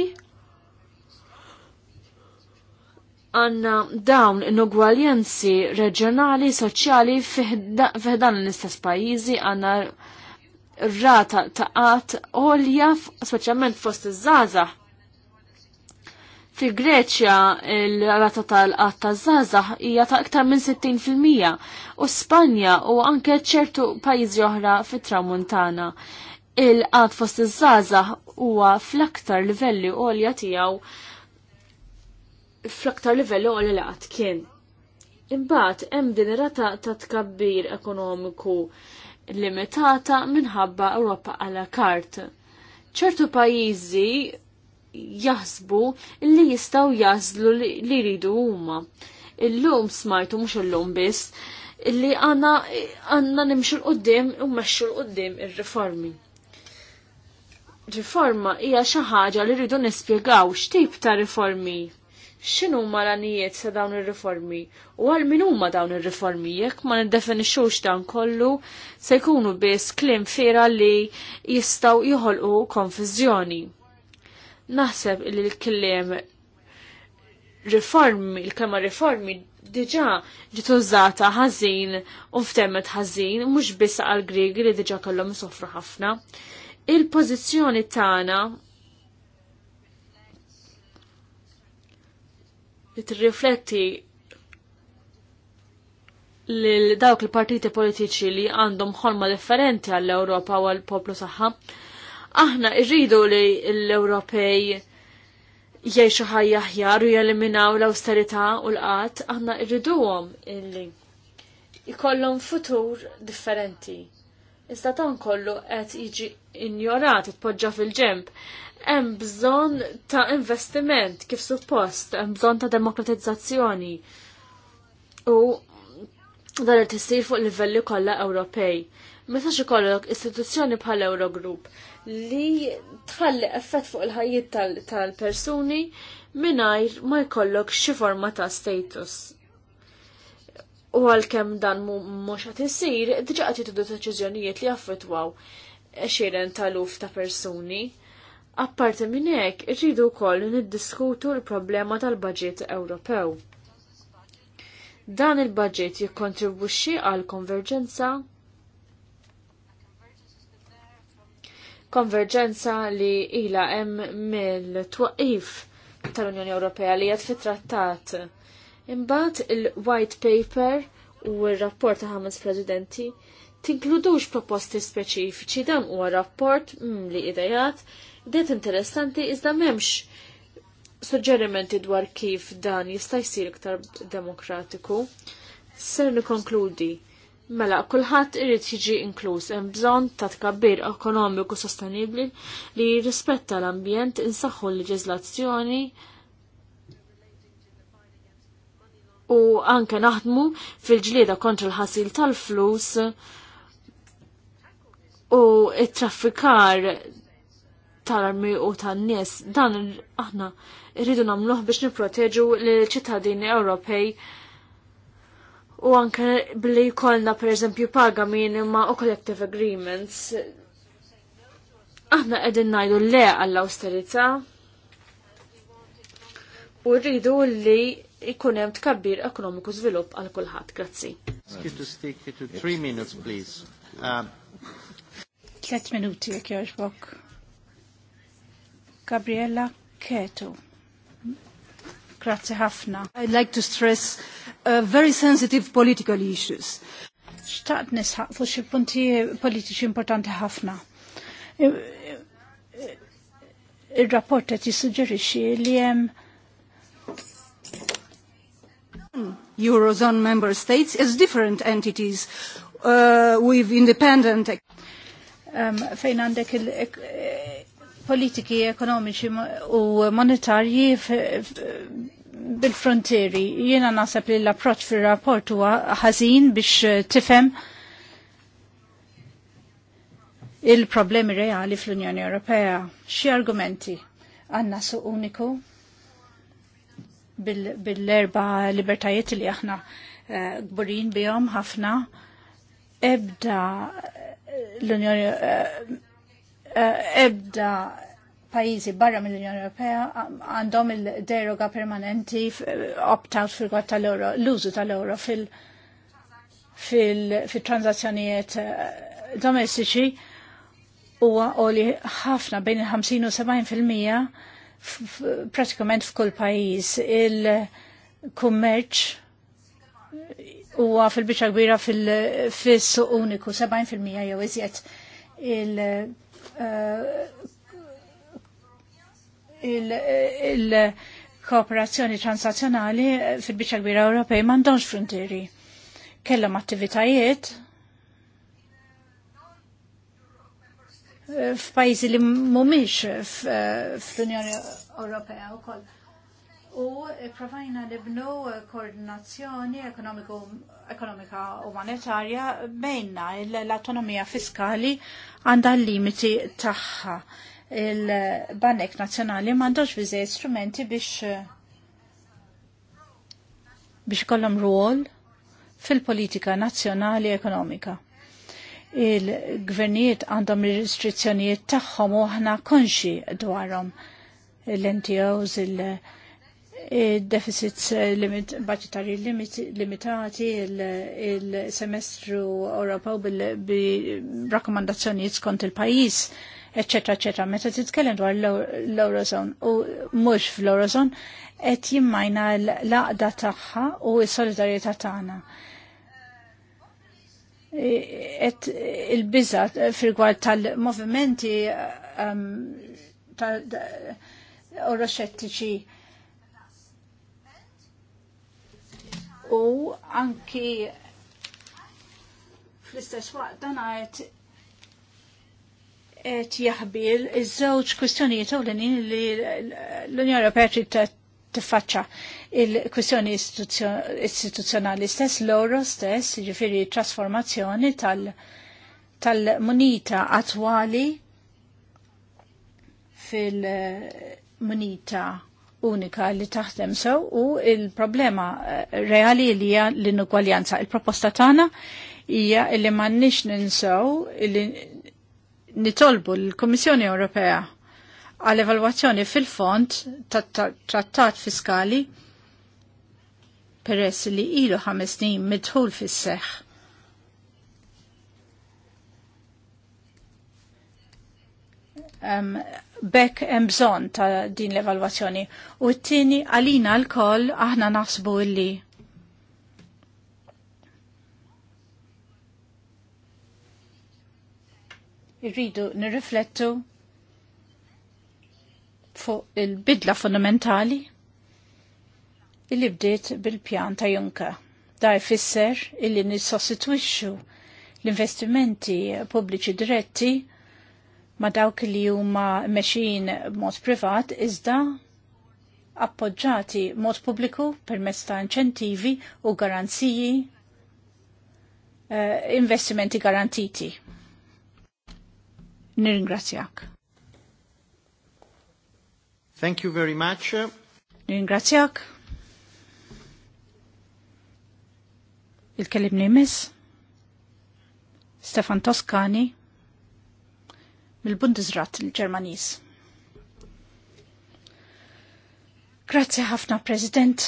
għanna dawn inugwaljanzi reġjonali, soċjali fiħdan l-istess pajjiżi għanna rata ta' qatt għolja, speċjalment fost iż-żgħażagħ Fi Greċja il-rata tal-qatt ta' żgħażagħ hija ta' iktar minn 60% u Spanja u anke ċertu pajjiżi oħra fit-Tramuntana. Il-qatt fost iż-żgħażagħ huwa fl-aktar livelli għolja tiegħu fl-aktar livelli għolja li qatt kien. Imbagħad hemm din rata ta' tkabbir ekonomiku limitata minħabba Ewropa għala kart. ċertu pajjiżi jaħsbu li jistaw jażlu li jridu huma. Illum smajtu mhux illum biss illi għanna għanna nimxu l-qoddim u mmexxu l-qoddim ir-riformi. Riforma hija xi ħaġa li rridu nispjegaw x'tip ta' riformi x'inhu huma l sa' dawn ir-riformi u għal min huma dawn ir-riformi jekk ma niddefinixxux dan kollu se jkunu biss kliem fiera li jistgħu jħolqu konfiżjoni. Naħseb li l kellem riformi, l kelma riformi diġa ġiet użata ħażin u ftemmet ħażin, mhux biss għal Griegi li diġa kellhom sofru ħafna. Il-pożizzjoni tagħna li tirrifletti lil dawk il-partiti politiċi li għandhom ħolma differenti għall-Ewropa u għall-poplu saħħa Aħna irridu li l-Ewropej jiexu ħajja ħjar u jeliminaw l-austerità u l-qat, aħna irriduhom illi jkollhom futur differenti. Iżda ta' kollu qed jiġi injorat, itpoġġa fil-ġemp. Hemm bżonn ta' investiment kif suppost, hemm bżonn ta' demokratizzazzjoni. U dan qed isir fuq livelli kollha Ewropej. Meta xi ikollok istituzzjoni bħal Eurogroup li tħalli effett fuq il-ħajjiet tal-persuni tal mingħajr ma jkollok xi forma ta' status. U għalkemm dan mhux qed isir, diġà qed jitdu deċiżjonijiet li affettwaw xiren taluf ta' persuni. Apparti minn hekk, irridu wkoll niddiskutu l-problema tal-baġit Ewropew. Dan il-baġit jikkontribwixxi għal konverġenza konverġenza li ila hemm mill-twaqif tal-Unjoni Ewropea li jgħat fit-trattat. Imbagħad il-white paper u r-rapport ta' ħames presidenti tinkludux proposti speċifiċi dan huwa rapport mm, li idejat det interessanti iżda m'hemmx suġġerimenti dwar kif dan jista' jsir iktar demokratiku. Ser nikonkludi Mela, kulħadd irid jiġi inkluż hemm bżonn ta' tkabbir ekonomiku sostenibbli li jirrispetta l-ambjent insaħħu l-leġiżlazzjoni u anke naħdmu fil-ġlieda kontra l-ħasil tal-flus u it-traffikar tal-armi u tan-nies dan aħna rridu nagħmluh biex nipproteġu l-ċittadini Ewropej u anke billi jkollna per eżempju paga minima u collective agreements. Aħna qegħdin ngħidu le għall awsterità u rridu li jkun hemm tkabbir ekonomiku żvilupp għal kulħadd. Grazzi. Um, Tlet minuti jekk jogħġbok. Gabriella Keto. Grazzi ħafna. I'd like to stress Uh, very sensitive political issues. Xtaqt nisħaq fu xi punti politiċi importanti ħafna. Il-rapport qed jissuġġerixxi li jem Eurozone member states as different entities uh, with independent um, fejn għandek il e- politiki ekonomiċi u monetarji bil-frontieri. Jiena nasab li l-approċ fil-rapport huwa ħażin biex eh, tifhem il-problemi reali fl-Unjoni Ewropea. Xi argumenti? għandna su uniku bil-erba libertajiet li aħna eh, gburin bihom ħafna ebda eh, l-Unjoni ebda pajizi barra mill-Unjoni Ewropea għandhom il-deroga permanenti opt-out fil-gwad tal-euro, l-użu tal-euro fil-transazzjonijiet fil eh, domestiċi huwa oli ħafna bejn il-50 u 70 fil-mija pratikament f'kull pajjiż. Il-kummerċ huwa fil-biċċa kbira fil fissu uniku 70 fil-mija jew iżjed il- Uh, il-kooperazzjoni transazzjonali fil bicċa kbira Ewropej m'għandhomx frontieri. Kellhom attivitajiet f'pajjiżi li mhumiex fl-Unjoni Ewropea wkoll. U provajna nibnu koordinazzjoni ekonomika u monetarja bejna l-autonomija fiskali għandha l-limiti tagħha il-Banek Nazzjonali mandoġ biżej strumenti biex biex kollhom ruol fil-politika nazzjonali ekonomika. Il-gvernijiet għandhom il-restrizzjonijiet tagħhom u aħna konxi dwarhom l-NTOs, il- deficits limit, budgetari limit, limitati, il-semestru il Ewropew bil-rakkomandazzjonijiet skont il-pajis eccetera, eccetera. Meta titkellem dwar l-Eurozone u mhux fl-Eurozone qed jimmajna l-aqda tagħha u s-solidarjetà tagħna. E, et il-biża fil-gwar tal-movimenti um, tal-euroxettiċi u anki fl-istess waqt dan għajt jaħbil iż-żewġ kwistjonijiet ewlenin li l-Unjoni Ewropea trid tiffaċċa il-kwistjoni istituzzjonali stess, l-oro stess, t jiġifieri trasformazzjoni tal-munita tal attwali fil-munita unika li taħdem sew u il-problema eh, reali li hija l-inugwaljanza. Il-proposta tagħna hija li m'għandniex ninsew nitolbu l-Kommissjoni Ewropea għal evalwazzjoni fil-font tat-trattat fiskali peress li ilu ħames snin midħul fis-seħħ. Um, bekk hemm bżonn ta' din l-evalwazzjoni. U t-tieni għalina l-koll aħna naħsbu illi irridu nirriflettu fuq il-bidla fundamentali illi bdiet bil-pjan ta' Junka. Da jfisser illi nissostitwixxu l-investimenti pubbliċi diretti ma dawk li huma mexin mod privat iżda appoġġati mod pubbliku permezz ta' inċentivi u garanziji uh, investimenti garantiti. Nirringrazzjak. Thank you very much. Nirringrazzjak. il kelib nimis. Stefan Toscani mill-Bundesrat il germanis Grazzi ħafna, President.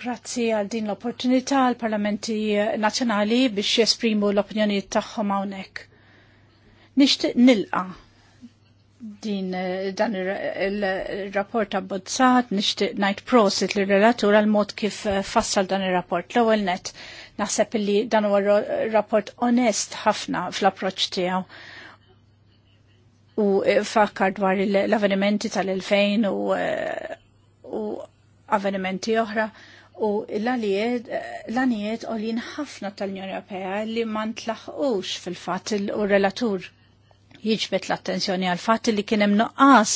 Grazzi għal din l-opportunità għal parlamenti nazjonali biex jesprimu l-opinjoni tagħhom hawnhekk. Nixtieq nilqa din eh, dan il-rapport abbozzat, nixtieq ngħid prosit lir relatur għal mod kif eh, fassal dan ir-rapport. L-ewwel net naħseb li dan huwa rapport onest ħafna fl-approċċ tiegħu u eh, fakkar dwar l-avvenimenti tal-2000 u avvenimenti oħra. U l-għanijiet u ħafna tal-Unjoni Ewropea li ma ntlaħqux fil-fat u relatur jiġbet l-attenzjoni għal fatt li kien hemm noqqas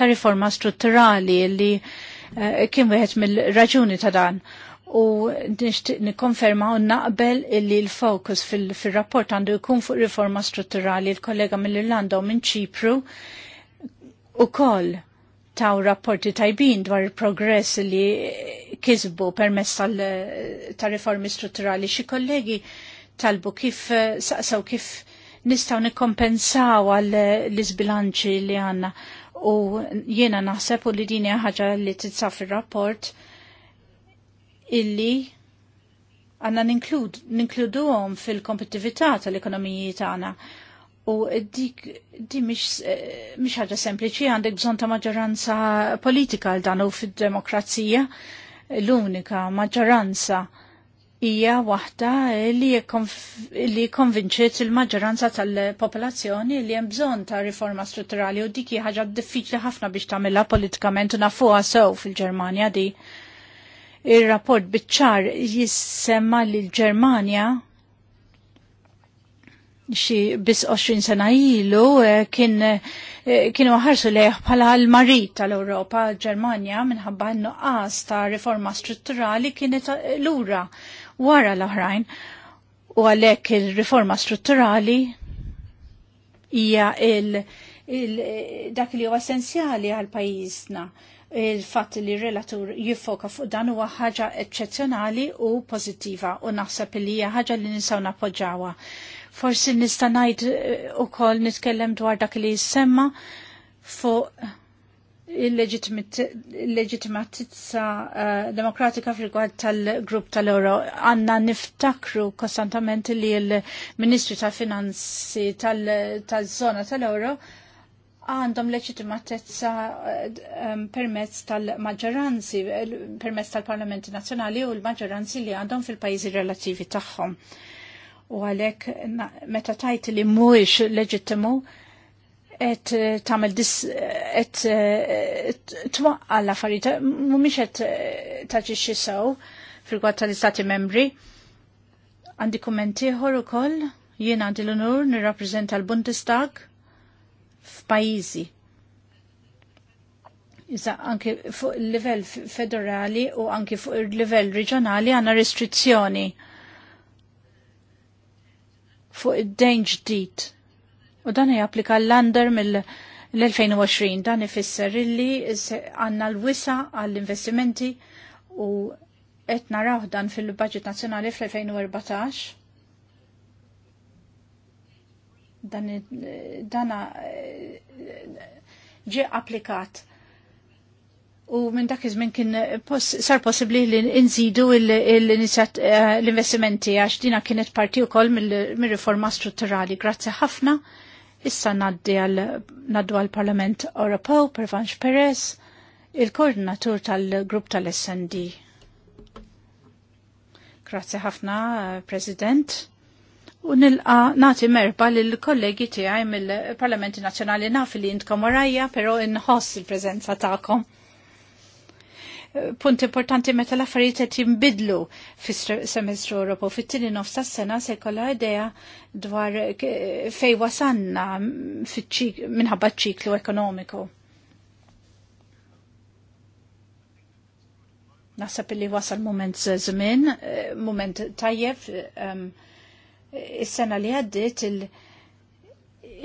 ta' riforma strutturali li eh, kien wieħed mill-raġuni ta' dan. U nikkonferma u naqbel li l-fokus fil-rapport għandu jkun fuq riforma strutturali l-kollega mill-Irlanda u minn Ċipru u koll taw rapporti tajbin dwar il-progress li kisbu permess tal-riformi strutturali. Xi kollegi talbu kif saqsaw kif nistaw nikkompensaw għal eh, l-izbilanċi li għanna u jiena naħseb u li dini ħaġa li titsa il rapport illi għanna ninkludu għom fil-kompetitività tal-ekonomiji tagħna. U dik di mish eh, ħaġa sempliċi għandek bżon ta' maġġoranza politika għal dan u fid-demokrazija l-unika maġġoranza hija waħda li, li konvinċiet il-maġġoranza tal-popolazzjoni li hemm bżonn ta' riforma strutturali u dik ħaġa diffiċli ħafna biex tagħmilha politikament u nafuha sew fil-Ġermanja di. Ir-rapport biċ-ċar jissemma li l-Ġermanja xi bis 20 sena ilu eh, kien eh, kienu ħarsu lejh bħala l-marit tal l Ġermanja, minħabba n-nuqqas ta' riforma strutturali kienet eh, l-ura wara l-oħrajn u għalhekk il-riforma strutturali hija il, il dak li huwa essenzjali għal pajjiżna il-fatt li relatur jiffoka fuq dan huwa ħaġa eċċezzjonali u pożittiva u naħseb li hija ħaġa li nistgħu nappoġġawha. Forsi nista' ngħid eh, ukoll nitkellem dwar dak li jissemma fuq il-leġitimatizza uh, eh, demokratika fil tal-grupp tal-Euro għanna niftakru kostantament li il-Ministri tal-Finanzi tal-Zona tal-Euro għandhom leġitimatezza eh, permezz tal-maġġoranzi, eh, permezz tal-Parlamenti Nazzjonali u l-maġġoranzi li għandhom fil-pajjiżi relativi tagħhom. U għalhekk meta tajt li mhuwiex leġittimu, et eh, tamel dis eh, et eh, twaqqa l-affarijiet mhumiex qed taġixxi sew fil-gwatt tal-Istati Membri. Għandi kummenti ieħor ukoll jien għandi l-onur nirrappreżenta l-Bundestag f'pajjiżi. Iżda anki fuq il-livell federali u anke fuq il-livell reġjonali għandna restrizzjoni fuq id-dejn ġdid U dan japplika l lander mill-2020, dan ifisser illi għanna l-wisa għall-investimenti u qed naraw dan fil-budget nazzjonali fl-2014. Dan dana ġi applikat u minn dak iż-żmien kien pos, sar possibbli li nżidu eh, l-investimenti għax dina kienet parti wkoll mir-riforma strutturali. Grazzi ħafna Issa naddu għal-Parlament Europew per Vanx Perez, il-koordinatur tal-grupp tal-SND. Grazie ħafna, President. U nilqa nati merba l-kollegi tiegħi mill-Parlamenti Nazzjonali naf li jintkom orajja, però inħoss il prezenza ta'kom punt importanti meta l-affarijiet qed jinbidlu fis-semestru Ewropew. Fit-tieni nofs tas-sena se jkollha idea dwar fej wasanna minħabba ċiklu ekonomiku. Naħseb li wasal moment żmien, eh, moment tajjeb, ehm, is-sena li għaddit il-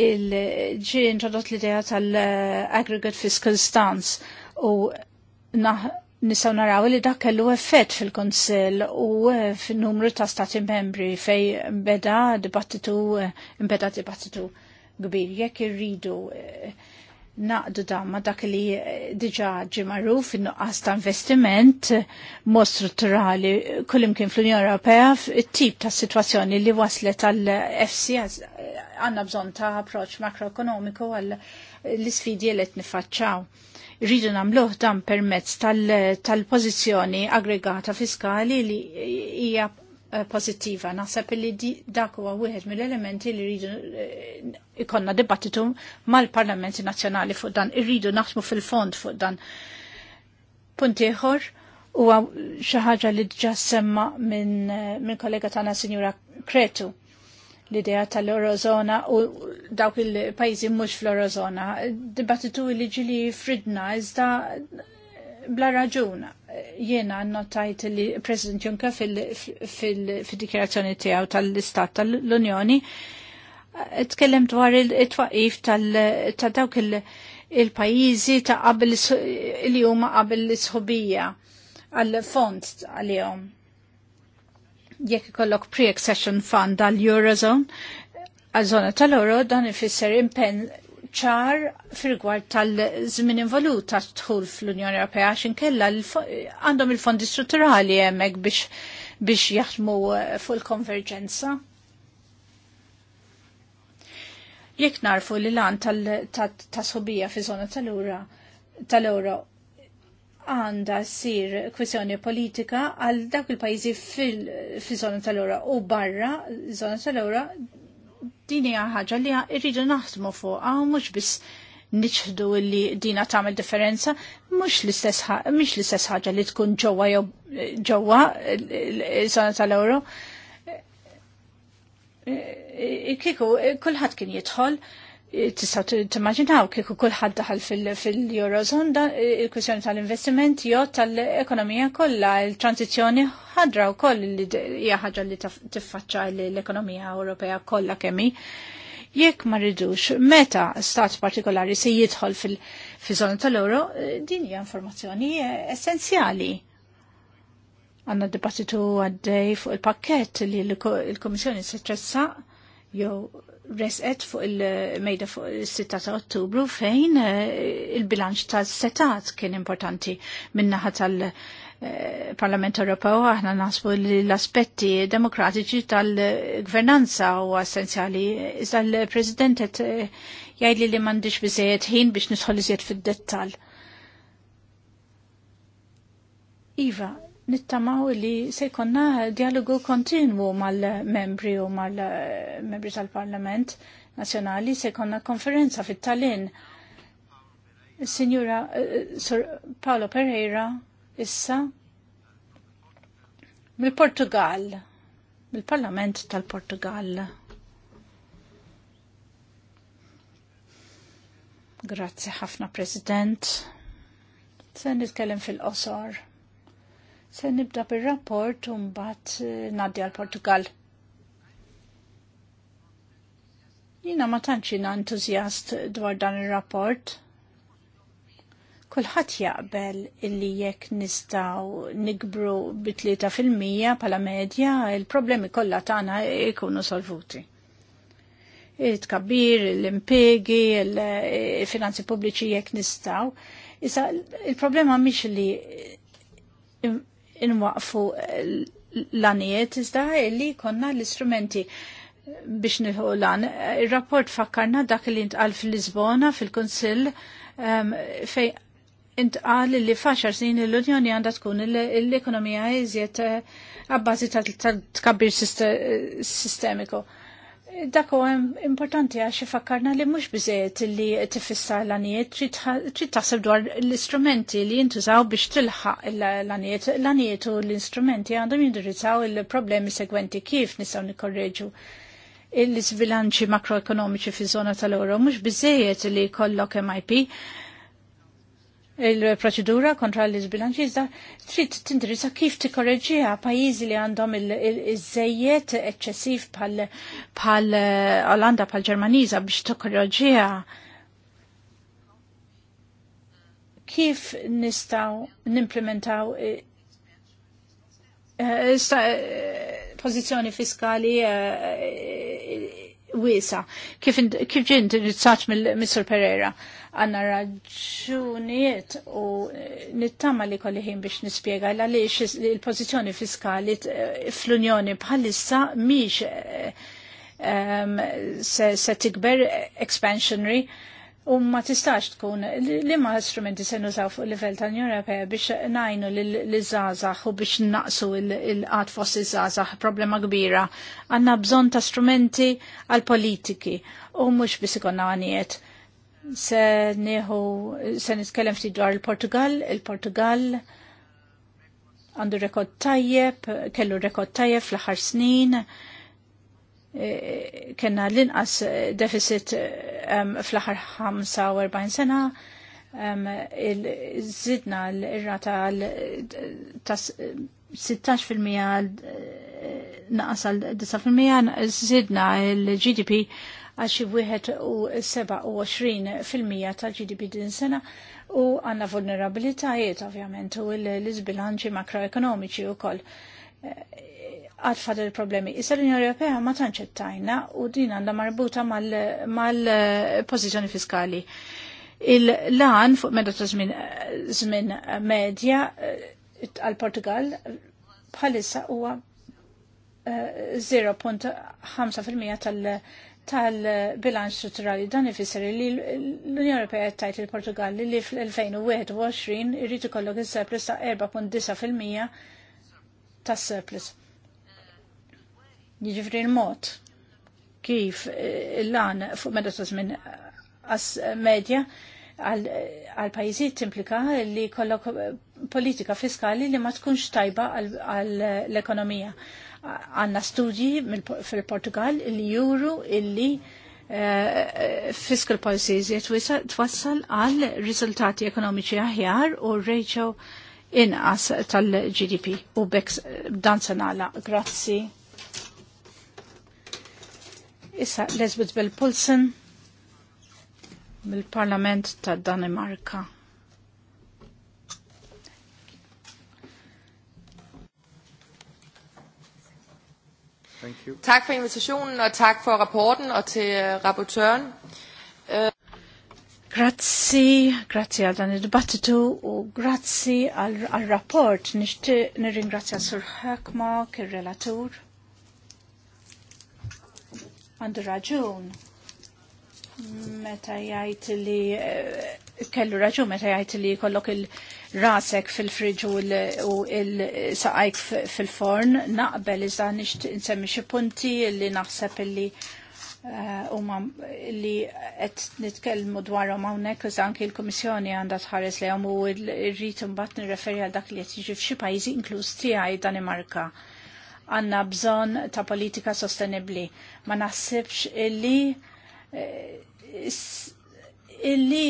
il-ġi introdott l-idea tal-aggregate eh, fiscal stance u naħ nisaw naraw li dak kellu effett fil-Konsil u eh, fil-numru ta' stati membri fej beda dibattitu, eh, mbeda dibattitu kbir. Jekk irridu eh, naqdu damma dak li diġa ġimaru fin-nuqqas ta' investiment mod strutturali kullim kien fl-Unjoni Ewropea it-tip ta' situazzjoni li waslet għal FCS għanna bżon ta' approċ makroekonomiku għall-isfidi sfidi li t-nifacċaw rridu nagħmluh dan permezz tal-pożizzjoni tal aggregata fiskali li hija eh, pozittiva. Naħseb li dak huwa wieħed mill-elementi li rridu eh, ikonna dibattitu mal-Parlamenti Nazzjonali fuq dan, irridu naħdmu fil-fond fuq dan. Punt ieħor huwa xi ħaġa li ġa semma minn eh, min kollega tagħna Sinjura Kretu l-idea tal-Eurozona u dawk il-pajzi mux fl-Eurozona. Dibattitu li ġili fridna, iżda bla raġun. Jena notajt li President Juncker fil-dikjerazzjoni tiegħu tal-Istat tal-Unjoni tkellem dwar it-twaqif ta' dawk il-pajizi ta' qabel li huma qabel l isħubija għal fond għal-jom jekk ikollok pre-accession fund għall-Eurozone, għal-zona tal oro dan ifisser impenn ċar fil-gwar tal-żmien involuta tħul fl-Unjoni Ewropea x'inkella għandhom il-fondi strutturali hemmhekk biex biex jaħdmu eh, fuq il-konverġenza. Jekk narfu li lan tas-sobija fi żona tal-Ura tal-Euro għanda sir kwestjoni politika għal dak il-pajzi fil-zona tal-ora u barra zona tal-ora din hija ħaġa li rridu naħdmu fuqha u mhux biss niċħdu li dina tagħmel differenza mhux l-istess mhix l-istess ħaġa li tkun ġewwa jew ġewwa żona tal-ewro. E, kieku kulħadd kien jidħol tistaw timmaġinaw kieku kulħadd daħal fil-Eurozone da il-kwestjoni tal-investiment jew tal-ekonomija kollha il-tranzizzjoni ħadra wkoll li hija ħaġa li tiffaċċa l-ekonomija Ewropea kollha kemm Jekk ma rridux meta stat partikolari se jidħol fil-żona tal-euro, din hija informazzjoni essenzjali għanna dibattitu għaddej fuq il-pakket li l-Komissjoni s-tressa jew resqet fuq il-mejda fuq il-6 ta' ottubru fejn eh, il-bilanċ tas setat kien importanti minnaħa tal-Parlament eh, Ewropew aħna nasbu l-aspetti demokratiċi tal-gvernanza u essenzjali iżda l-President qed eh, jgħidli li m'għandix biżejjed ħin biex nidħol iżjed fid-dettall. Iva, nittamaw li se jkollna dialogu kontinwu mal-membri u mal-membri tal-Parlament Nazzjonali se jkollna konferenza fit-Tallinn. Signora eh, Sir Paolo Pereira issa mill-Portugal, mill-Parlament tal-Portugal. Grazzi ħafna President. Se nitkellem fil-qosor. Se nibda bil-rapport un bat eh, naddi għal-Portugal. Jina ma tanċina entuzjast dwar dan il-rapport. Kulħat jaqbel illi jekk nistaw nikbru bitlieta fil-mija pala medja, il-problemi kollha tagħna ikunu solvuti. Il-tkabbir, l-impegi, il-finanzi pubbliċi jekk nistaw. Issa, il-problema mhix li inwaqfu eh, l-anijiet iżda li konna l-istrumenti biex nilħu lan. Il-rapport fakkarna dak li intqal fil-Lisbona, fil-Konsil, um, fej intqal li faċar snin l-Unjoni għandha tkun l-ekonomija iżjed għabbażi eh, tal-tkabbir sistemiku dak hemm importanti għax ifakkarna li mhux biżejjed li tifissa l-għanijiet trid taħseb dwar l-istrumenti li jintużaw biex tilħaq l-għanijiet. L-għanijiet u l-istrumenti għandhom jindirizzaw il-problemi segwenti kif nistgħu nikkorreġu l-sbilanċi makroekonomiċi fi żona tal-euro mhux biżejjed li jkollok MIP il-proċedura kontra l-izbilanċi iżda trid tindirizza kif tikkoreġġiha pajjiżi li għandhom iż-żejjed eċċessiv pal Olanda pal Ġermaniża biex tikkoreġġiha kif nistaw nimplementaw eh, eh, eh, pożizzjoni fiskali wiesa kif, kif ġi mill-Mr. Pereira għanna raġunijiet u eh, nittama li kolli ħin biex nispiega l għaliex il-pozizjoni fiskali eh, fl-Unjoni bħalissa miex eh, se, se tikber expansionary u ma tistax tkun li ma strumenti se nużaw fuq livell tal-Unjoni Ewropea biex najnu l-żazax u biex naqsu il-qat fost iż-żazax problema kbira. Għanna bżon ta' strumenti għal politiki u mhux biss ikonna għanijiet. Se nieħu se nitkellem ftit dwar il-Portugal, il-Portugal għandu rekord tajjeb, kellu rekord tajjeb fl-aħħar snin kena l-inqas deficit um, fl-axar 45 sena um, zidna l-irrata tal-16% naqas għal 9% zidna l-GDP għal xi wieħed u 27% tal-GDP din sena u għanna vulnerabilitajiet ovvjament u l-izbilanċi makroekonomiċi u koll għad fadal il-problemi. Issa l-Unjoni Ewropea ma tanċettajna u din għandha marbuta mal-pożizzjoni eh, fiskali. Il-lan fuq medda ta' żmien eh, medja eh, għal Portugal bħalissa huwa 0.5% tal- tal-bilanċ strutturali dan ifisser li l-Unjoni Ewropea tajt il-Portugal li fl-2021 irrid ikollok is-surplus ta' 4.9% tas-surplus Jiġifieri l-mod kif eh, l-lan fuq meta ta' żmien as medja għal pajjiżiet implika li kollok eh, politika fiskali li ma tkunx tajba għal l-ekonomija. Għanna studji fil-Portugal li juru illi eh, fiscal policies jett twassal għal riżultati ekonomiċi aħjar u ratio inqas tal-GDP u bekk dan sanala. Grazzi. Issa Lesbeth Bell Pulsen mill-Parlament ta' Danimarka. Tak for invitationen, og tak for rapporten, og til øh, rapportøren. Øh. Grazzi, grazzi għal dan il-dibattitu u grazzi għal rapport. Nishti nirringrazzja Sur Hakma, kir relatur għandu raġun meta jgħid li eh, kellu raġun meta jgħid li kollok il-rasek fil-friġ u il-saqajk fil-forn naqbel iżda nisht insemmi xi punti li naħseb li eh, ma li qed nitkellmu dwarhom hawnhekk iżda anki l-Kummissjoni għandha tħares lehom u rrid imbagħad nirreferi għal dak li qed jiġi f'xi pajjiżi inkluż tiegħi Danimarka għanna bżon ta' politika sostenibli. Ma naħsibx illi eh, illi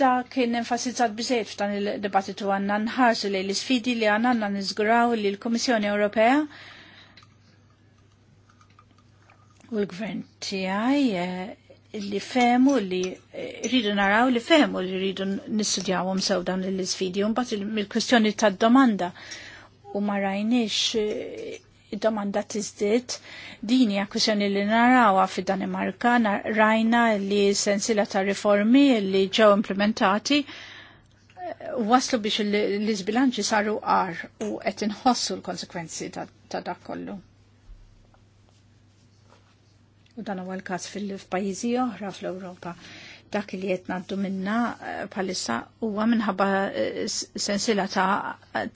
da kien enfasizzat bizzejt f'dan il debattitu għanna nħarsu li l-sfidi li għanna għanna nizguraw li l-Komissjoni Ewropea u l-Gvern tijaj eh, li femu li eh, rridu naraw li femu li rridu nistudjawum sew dan l-sfidi un bat il-kwestjoni tad domanda u ma rajniex e, domanda tizdiet din hija kwistjoni li narawha fid-Danimarka rajna li sensila ta' riformi li ġew implementati e, waslu biex l-izbilanċi saru għar u qed inħossu l-konsekwenzi ta' dak kollu. U dan huwa l-każ fil-pajjiżi oħra fl-Ewropa dak li qed ngħaddu minna eh, bħalissa huwa minħabba eh, sensila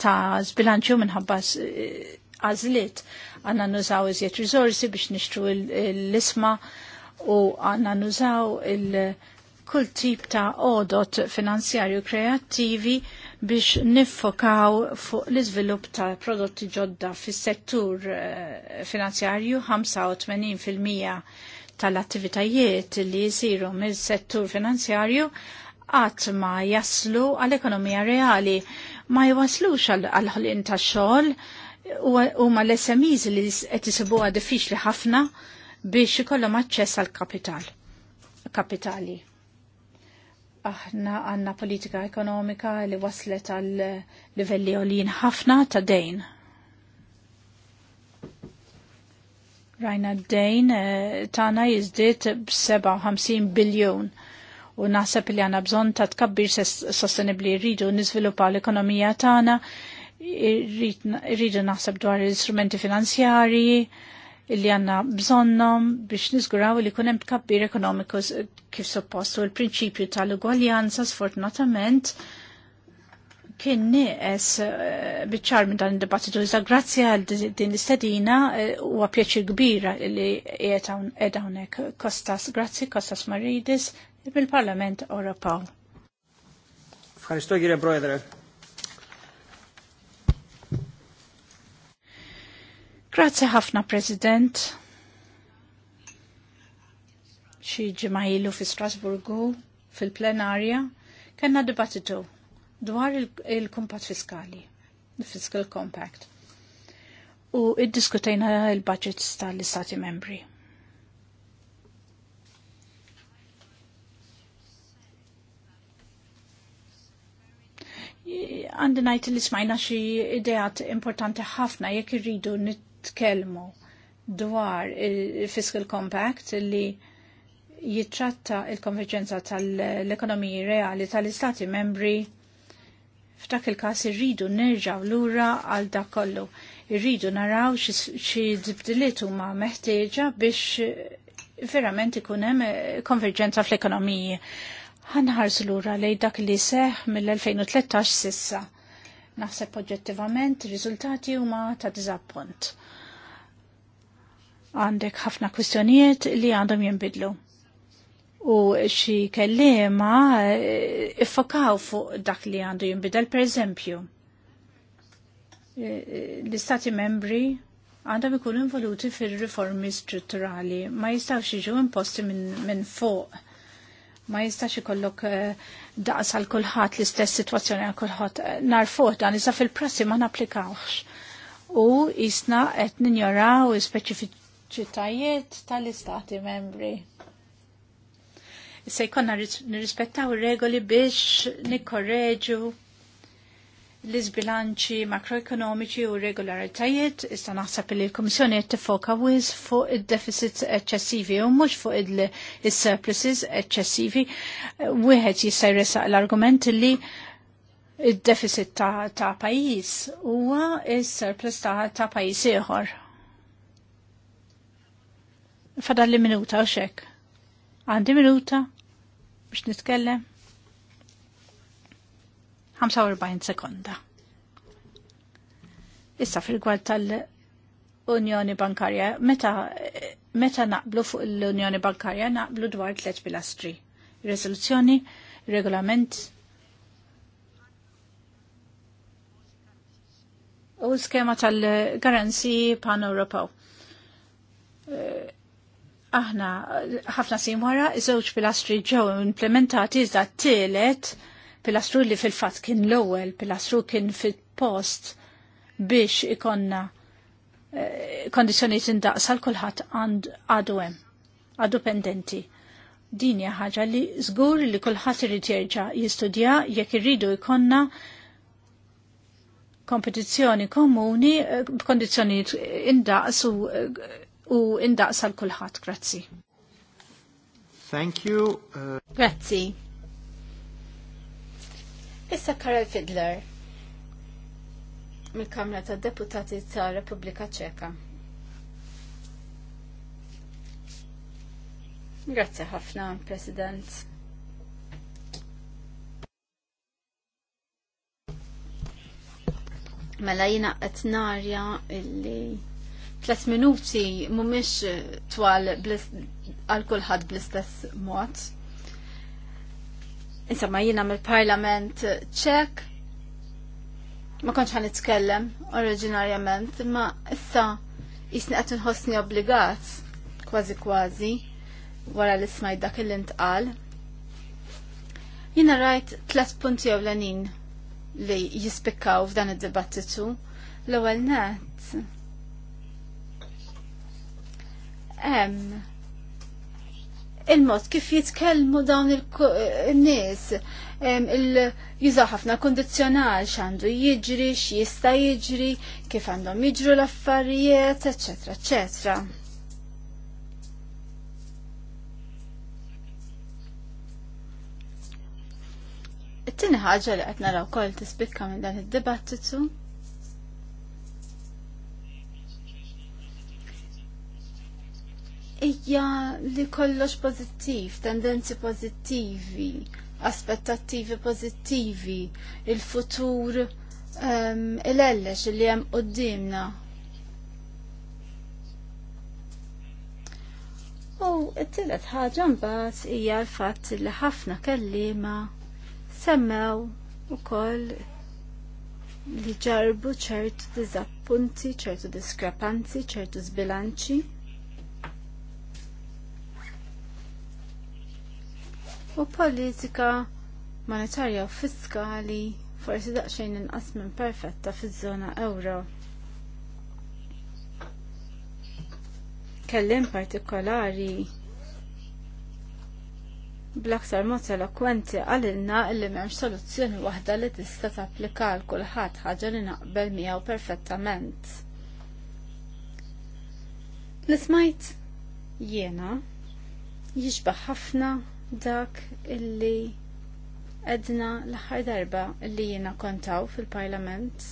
ta' żbilanċju minħabba eh, għażliet għandna nużaw iżjed riżorsi biex nixtru l-isma u għandna nużaw il-kull tip ta' odot finanzjarju kreattivi biex niffokaw fuq l-iżvilupp ta' prodotti ġodda fis-settur finanzjarju 85 tal-attivitajiet li jisiru mill-settur finanzjarju għat ma jaslu għall-ekonomija reali, ma jwaslux għall-ħolin ta' xogħol u ma l-SMEs li qed isibuha diffiċli ħafna biex ikollhom aċċess għal kapital kapitali. Aħna għandna politika ekonomika li waslet għal livelli għolin ħafna ta' dejn Rajna d-dejn eh, tana jizdiet b-57 biljon u naħseb li għanna bżon ta' tkabbir sostenibli rridu nizvilupa l-ekonomija tana, rridu naħseb dwar l-istrumenti finanzjari, li għanna bżonnom biex nizguraw li kunem tkabbir ekonomiku kif suppostu l-prinċipju tal-ugwaljanza sfortunatament kien nieqes eh, biċċar minn dan id-dibattitu iżda grazzi għal din l-istedina eh, huwa pjaċir kbira li qiegħed hawnhekk Kostas, grazzi Kostas Maridis mill-Parlament Ewropew. Grazzi ħafna President. Xi ġimgħa ilu fi Strasburgu fil-plenarja Kenna dibattitu dwar il-kumpat fiskali, il-Fiscal Compact. U id-diskutajna il-budgets tal-Istati membri. Għandi li smajna xi ideat importanti ħafna jekk irridu nitkellmu dwar il-Fiscal Compact li jitratta il-konverġenza tal-ekonomiji reali tal-Istati membri F'dak il-kas irridu nerġaw lura għal dak kollu. Irridu naraw xi dibdiliet huma meħtieġa biex verament ikun hemm eh, konverġenza fl-ekonomiji. Ħanħarsu lura lej dak li seħ mill-2013 sissa. Naħseb oġġettivament riżultati huma ta' diżappunt. Għandek ħafna kwistjonijiet li għandhom jinbidlu u xi kellima eh, iffokaw fuq dak li għandu jinbidel per eżempju. Eh, l-istati membri għandhom ikunu involuti fil-riformi strutturali, ma jistawx iġu imposti minn min fuq. Ma jistax ikollok eh, daqs għal kulħadd l-istess situazzjoni għal kulħadd. Narfuh dan iżda fil-prassi ma napplikawx. U jisna qed ninjoraw speċifiċitajiet tal-istati membri se jkonna nirrispettaw regoli biex nikkorreġu l-izbilanċi makroekonomiċi u regolaritajiet, issa naħseb li l-Komissjoni qed tifoka wis fuq id-deficits eċċessivi u mhux fuq il-surpluses eċċessivi. Wieħed jista' jresaq l-argument li id-deficit ta', ta pajjiż huwa s-surplus ta', ta pajjiż ieħor. Fadal li minuta u xek. Għandi minuta? biex nitkellem. 45 sekonda. Issa fil-gwad tal-Unjoni Bankarja, meta, meta naqblu fuq l-Unjoni Bankarja naqblu dwar tliet pilastri. Resoluzzjoni, regolament, u skema tal-garanzi pan-Europew. Eh, aħna ħafna sin wara żewġ pilastri ġew implementati iżda tielet pilastru li fil-fatt kien l-ewwel pilastru kien fil-post biex ikonna eh, kondizjoniet indaqsa kulħadd kulħadd għadu hemm għadu pendenti. Din hija ħaġa li żgur li kulħadd irid jerġa' jistudja jekk irridu jkollna kompetizzjoni komuni eh, b'kondizzjonijiet indaqsu eh, u indaqsa l-kulħadd. Grazzi. Thank you. Uh, Grazzi. Issa Karel Fidler mill-Kamra tad Deputati ta' Repubblika Ċeka. Grazzi ħafna, President. Mela jina narja illi Tlet minuti mhumiex twal għal kulħadd bl-istess mod. Insomma, jiena mill-Parlament ċek, ma konċ ħan nitkellem oriġinarjament, ma issa jisni qed inħossni obbligat kważi kważi wara li smajt dak il-intqal. Jina rajt tlet punti ewlenin li jispikkaw f'dan id-dibattitu. L-ewwel nett il-mod kif jitkellmu dawn il-nies jużaw ħafna kondizjonal x'għandu jiġri, x'jista' jiġri, kif għandhom jiġru l-affarijiet, eċetera, eċetera. It-tieni ħaġa li qed naraw wkoll tispikka minn dan id-dibattitu hija li kollox pozittiv, tendenzi pozittivi, aspettattivi pozittivi, il-futur um, il-ellex li hemm qoddimna. U t-tielet ħaġa mbagħad hija l-fatt li ħafna kellima semmew ukoll li ġarbu ċertu dizappunti, ċertu diskrepanzi, ċertu zbilanċi. u politika monetarja u fiskali forsi daqsxejn inqas minn perfetta fiż-żona euro. Kellim partikolari bl-aktar mod elokwenti għalilna illi m'hemmx soluzzjoni waħda li tista' tapplika għal kulħadd ħaġa li naqbel miegħu perfettament. L-ismajt jiena jixbaħ ħafna dak illi edna l-aħħar darba illi jina kontaw fil-Parlament.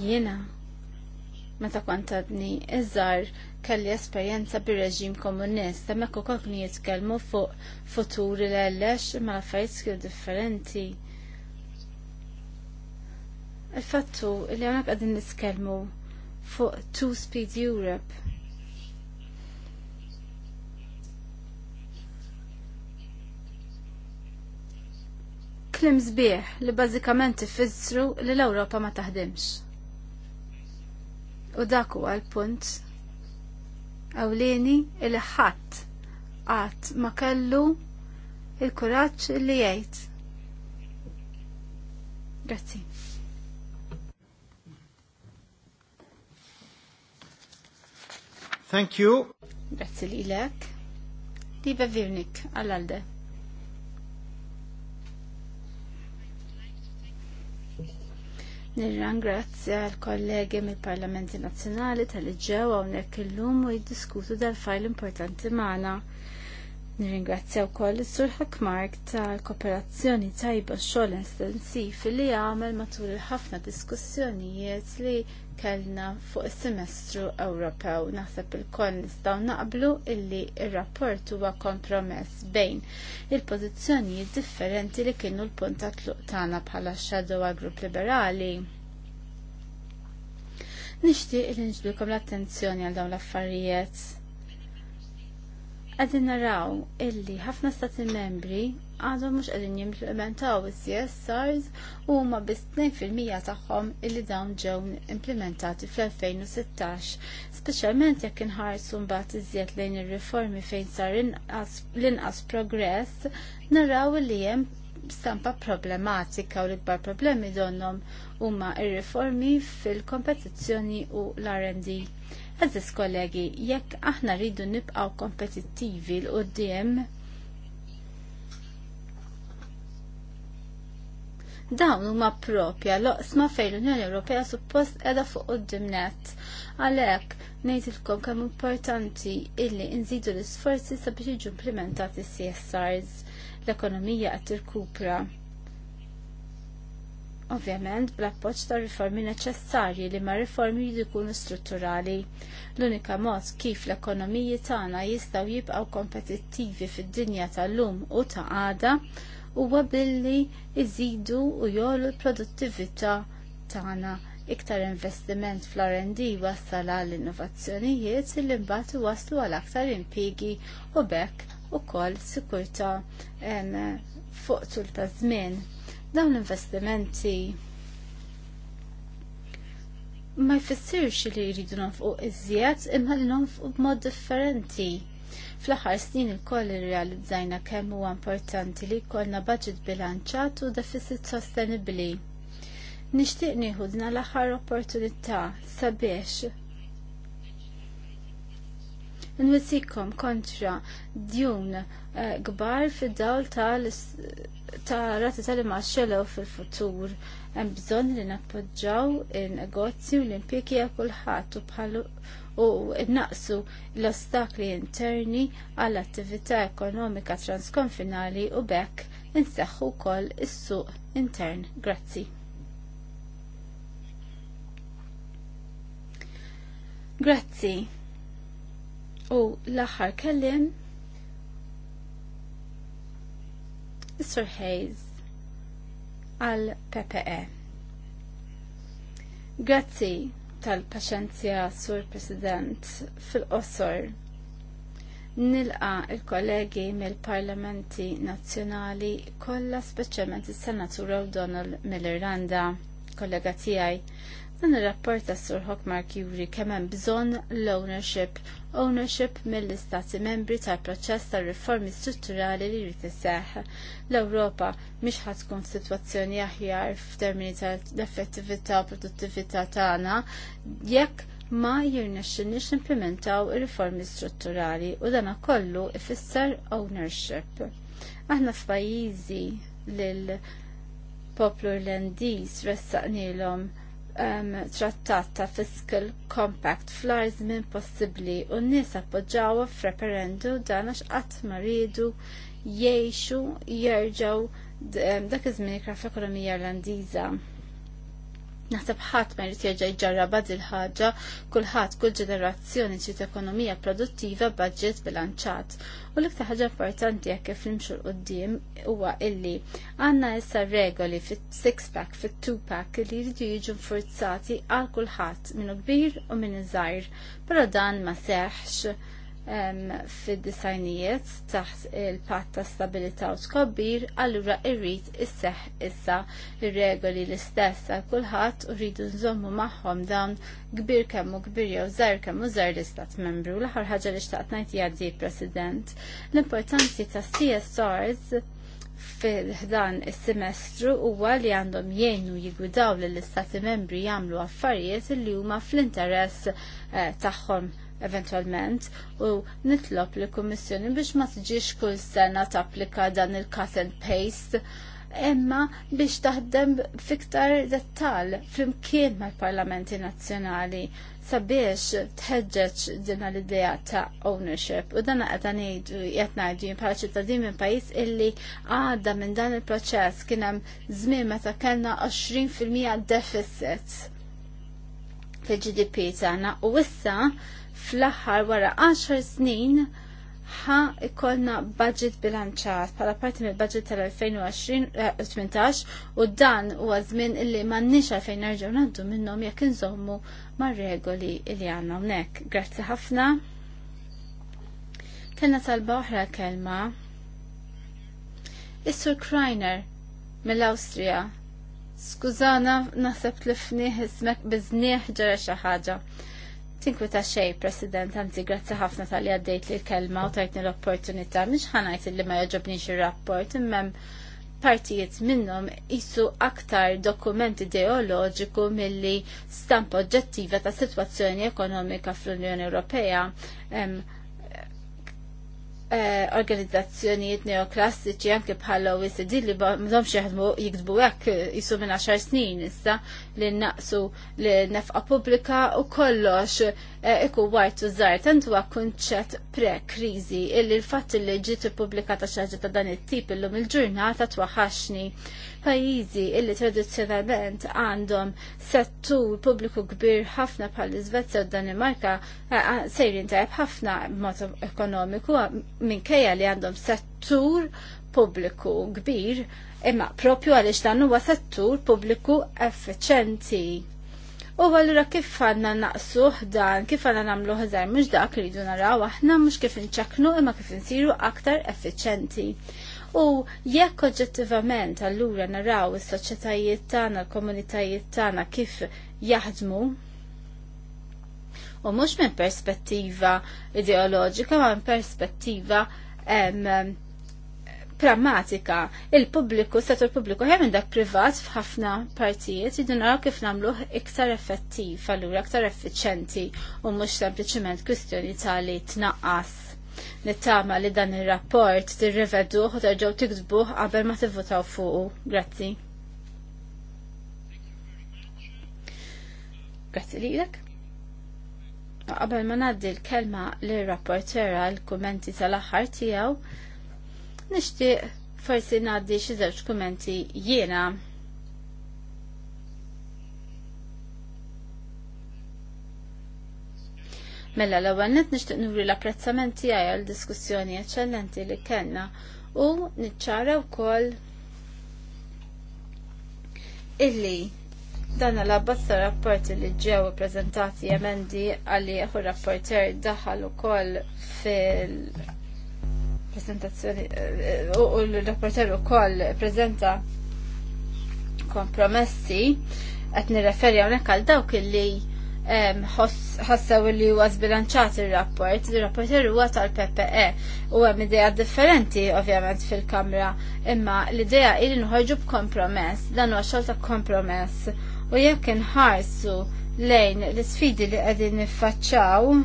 Jiena meta kontadni għadni iżgħar kelli esperjenza bir-reġim komunist, hemmhekk ukoll kienu jitkellmu fuq futuri l-għellex ma affarijiet kienu differenti. Il-fattu li hawnhekk qegħdin nitkellmu fuq Two Speed Europe. Klim sbieħ li bażikament ifissru li l-Ewropa ma taħdimx. U dak huwa l-punt għawlini li ħadd qatt ma kellu il-kuraġġ li jgħid. Grazzi. Thank you. Grazzi li lek. Liba Virnik, għall-għalde. Nirrangrazzja l-kollegi mill-Parlamenti Nazzjonali tal-ġew hawnhekk illum u jiddiskutu dal-fajl importanti maħna. Nirringrazzja wkoll is-Sur Mark tal-kooperazzjoni tajba xogħol estensiv li għamel matul il-ħafna diskussjonijiet li kellna fuq is-semestru Ewropew. Naħseb il-koll nistgħu naqblu illi ir-rapport huwa kompromess bejn il-pożizzjonijiet differenti li kienu l-punt ta' tluq tagħna bħala x-Shadow Group Liberali. Nixtieq li nġbilkom l-attenzjoni għal dawn l-affarijiet Għadin naraw illi ħafna stati membri għadhom mux għadin jimplementaw il-CSRs u ma bis 2% taħħom illi dawn ġew implementati fl-2016, specialment jekk inħarsu mbagħad iżjed lejn ir-riformi fejn sar l-inqas progress, naraw li hemm stampa problematika u l-ikbar problemi donnom huma ir-riformi fil-kompetizzjoni u l-R&D. Eżis kollegi, jekk aħna rridu nibqaw kompetittivi l-qoddim, dawn huma propja loqsma fejn l-Unjoni Ewropea suppost qiegħda fuq net, Għalhekk ngħidilkom kemm importanti illi nżidu l-isforzi sabiex jiġu implementati CSRs l-ekonomija qed tirkupra. Ovvjament, bl appoċ ta' riformi neċessarji li ma' riformi li jkunu strutturali. L-unika mod kif l-ekonomiji tagħna jistgħu jibqgħu kompetittivi fid-dinja tal-lum u ta' għada huwa billi iżidu u jolu l-produttività tagħna iktar investiment fl-R&D wassal għall innovazzjonijiet li mbagħad waslu għal aktar impigi u bekk ukoll sikurtà fuq tul ta' żmien. Dawn l-investimenti ma jfissirx li jridu nafqu iżjed imma li nonfqu b'mod differenti. Fl-aħħar snin il-koll irrealizzajna kemm huwa importanti li jkollna budget bilanċat u deficit sostenibbli. Nixtieq nieħu l-aħħar opportunità sabiex nwissikom kontra djun eh, gbar fid-dawl ta' rati tal-imaxxelew fil-futur. Hemm bżonn li nappoġġaw in-negozju l impjeki għal kulħadd u bħalu u naqsu l-ostakli interni għall attività ekonomika transkonfinali u bekk inseħħu wkoll is-suq intern. Grazzi. Grazzi. U l-aħħar kellim Mr. Hayes għal PPE. Grazzi tal-paċenzja, Sur President, fil-qosor. Nilqa il-kollegi mill-parlamenti nazzjonali kollha speċjalment is-Senatur Donald mill-Irlanda, kollega tiegħi Dan ir-rapport ta' Sur Hokmark juri kemm hemm bżonn l-ownership, ownership mill-istati membri tal-proċess ta' riformi strutturali li jrid iseħħ. L-Ewropa mhix ħadd tkun f'sitwazzjoni aħjar f'termini tal-effettività u produttività tagħna jekk ma jirnexxinix implementaw ir-riformi strutturali u dan kollu ifisser ownership. Aħna f'pajjiżi lil poplu irlandiż ressaqnilhom trattat ta' Fiscal Compact fl-ar żmien possibbli u n-nies appoġġawha f'referendu dan għax qatt ma rridu jgħixu jerġgħu dak iż-żmien kra fl-ekonomija Irlandiża. Naħseb ħadd ma jrid jerġa' jġarraba dil ħaġa kulħadd kull ġenerazzjoni trid ekonomija produttiva budget bilanċat. U l-iktar ħaġa importanti jekk kif nimxu l qudiem huwa illi għandna issa regoli fit-six pack fit-two pack li jridu jiġu nfurzati għal kulħadd minn kbir u minn iżgħir. Però dan ma seħħx fid-disajnijiet taħt il-patt ta' stabilità u skobbir, allura irrid isseħ issa ir-regoli l-istess għal kulħadd u rridu nżommu magħhom dawn kbir kemm u kbir jew żgħar kemm u żgħar l-istat membru. L-aħħar ħaġa li xtaqt ngħid hija di President. L-importanti ta' CSRs fil-ħdan is-semestru huwa li għandhom jienu jigwidaw lill istati membri jagħmlu affarijiet li huma fl-interess eh, tagħhom eventualment u nitlob li kummissjoni biex ma tiġix kull sena tapplika dan il-cut and paste imma biex taħdem fiktar dettal flimkien mal-parlamenti nazzjonali sabiex tħeġġeġ din l-idea ta' ownership u dan għadha ngħidu qed ngħidu jien bħala ċittadin minn pajjiż illi għadda minn dan il-proċess kien hemm żmien meta kellna 20% deficit fil-GDP tagħna u issa fl-aħħar wara 10 snin ħa ikollna budget bilanċat bħala parti mill budget tal-2018 eh, u dan huwa żmien illi m'għandniex għalfejn nerġgħu ngħaddu minnhom jekk inżommu mar-regoli li għandna hawnhekk. Grazzi ħafna. Kellna talba oħra kelma. Issur Kreiner mill-Awstrija. Skużana naħseb li fnieh ismek bizniħ ġara xi ħaġa tinkwita xej, President, għanzi grazzi ħafna tal-li għaddejt li l-kelma u tajtni l-opportunità. mux ħanajt li ma joġobniex il-rapport, immem partijiet minnom jissu aktar dokument ideoloġiku milli stampa oġġettiva ta' situazzjoni ekonomika fl-Unjoni Ewropea. Eh, organizzazzjonijiet neoklassiċi anke bħala OECD li m'domx jaħdmu jikdbu hekk eh, jisu minn 10 snin issa li naqsu l nefqa pubblika u kollox Eh, iku għajtu żgħar għandu huwa kunċett pre-kriżi illi l fat li ġiet ippubblikata xi ħaġa ta' dan it-tip illum il-ġurnata twaħħaxni. Pajjiżi illi tradizzjonalment għandhom settur pubbliku kbir ħafna bħal iżvezja u Danimarka eh, ah, sejrin tajb ħafna mod ekonomiku ah, minkejja li għandhom settur pubbliku kbir imma propju għaliex dan huwa settur pubbliku effiċenti U għallura kif għanna naqsuh dan, kif għanna namlu ħazar, mux dak rridu naraw aħna, mux kif nċaknu imma kif nsiru aktar effiċenti. U jekk oġġettivament allura naraw is-soċjetajiet tagħna, l-komunitajiet tagħna kif jaħdmu, u mhux minn perspettiva ideoloġika ma minn perspettiva em, prammatika. Il-pubbliku, settur pubbliku, hemm dak privat f'ħafna partijiet jiddu naraw kif nagħmluh iktar effettiv, allura iktar effiċenti u mhux sempliċement kwistjoni tali tnaqqas. Nittama li dan ir-rapport tirriveduh u terġgħu tiksbuh qabel ma tivvutaw fuqu. Grazzi. Grazzi lilek. Qabel ma ngħaddi l-kelma lir rapportera l-kummenti tal-aħħar tiegħu, Nixtieq forsi ngħaddi xi żewġ kumenti jiena Mella l-ewwel nett nixtieq nuri l apprezzamenti għal diskussjoni eċċellenti li kellna u niċċara wkoll illi dan l-abbozz rapporti li ġew ippreżentati emendi għalli ieħu rapporter daħal ukoll fil presentazzjoni eh, eh, u l-rapporter koll prezenta kompromessi qed nirreferi hawnhekk għal dawk illi ħassew li huwa zbilanċat ir-rapport, ir-rapporter huwa tal-PPE u hemm idea differenti ovvjament fil-Kamra, imma l-idea ili nħorġu b'kompromess, dan huwa xogħol ta' kompromess u jekk inħarsu lejn l-isfidi li qegħdin niffaċċaw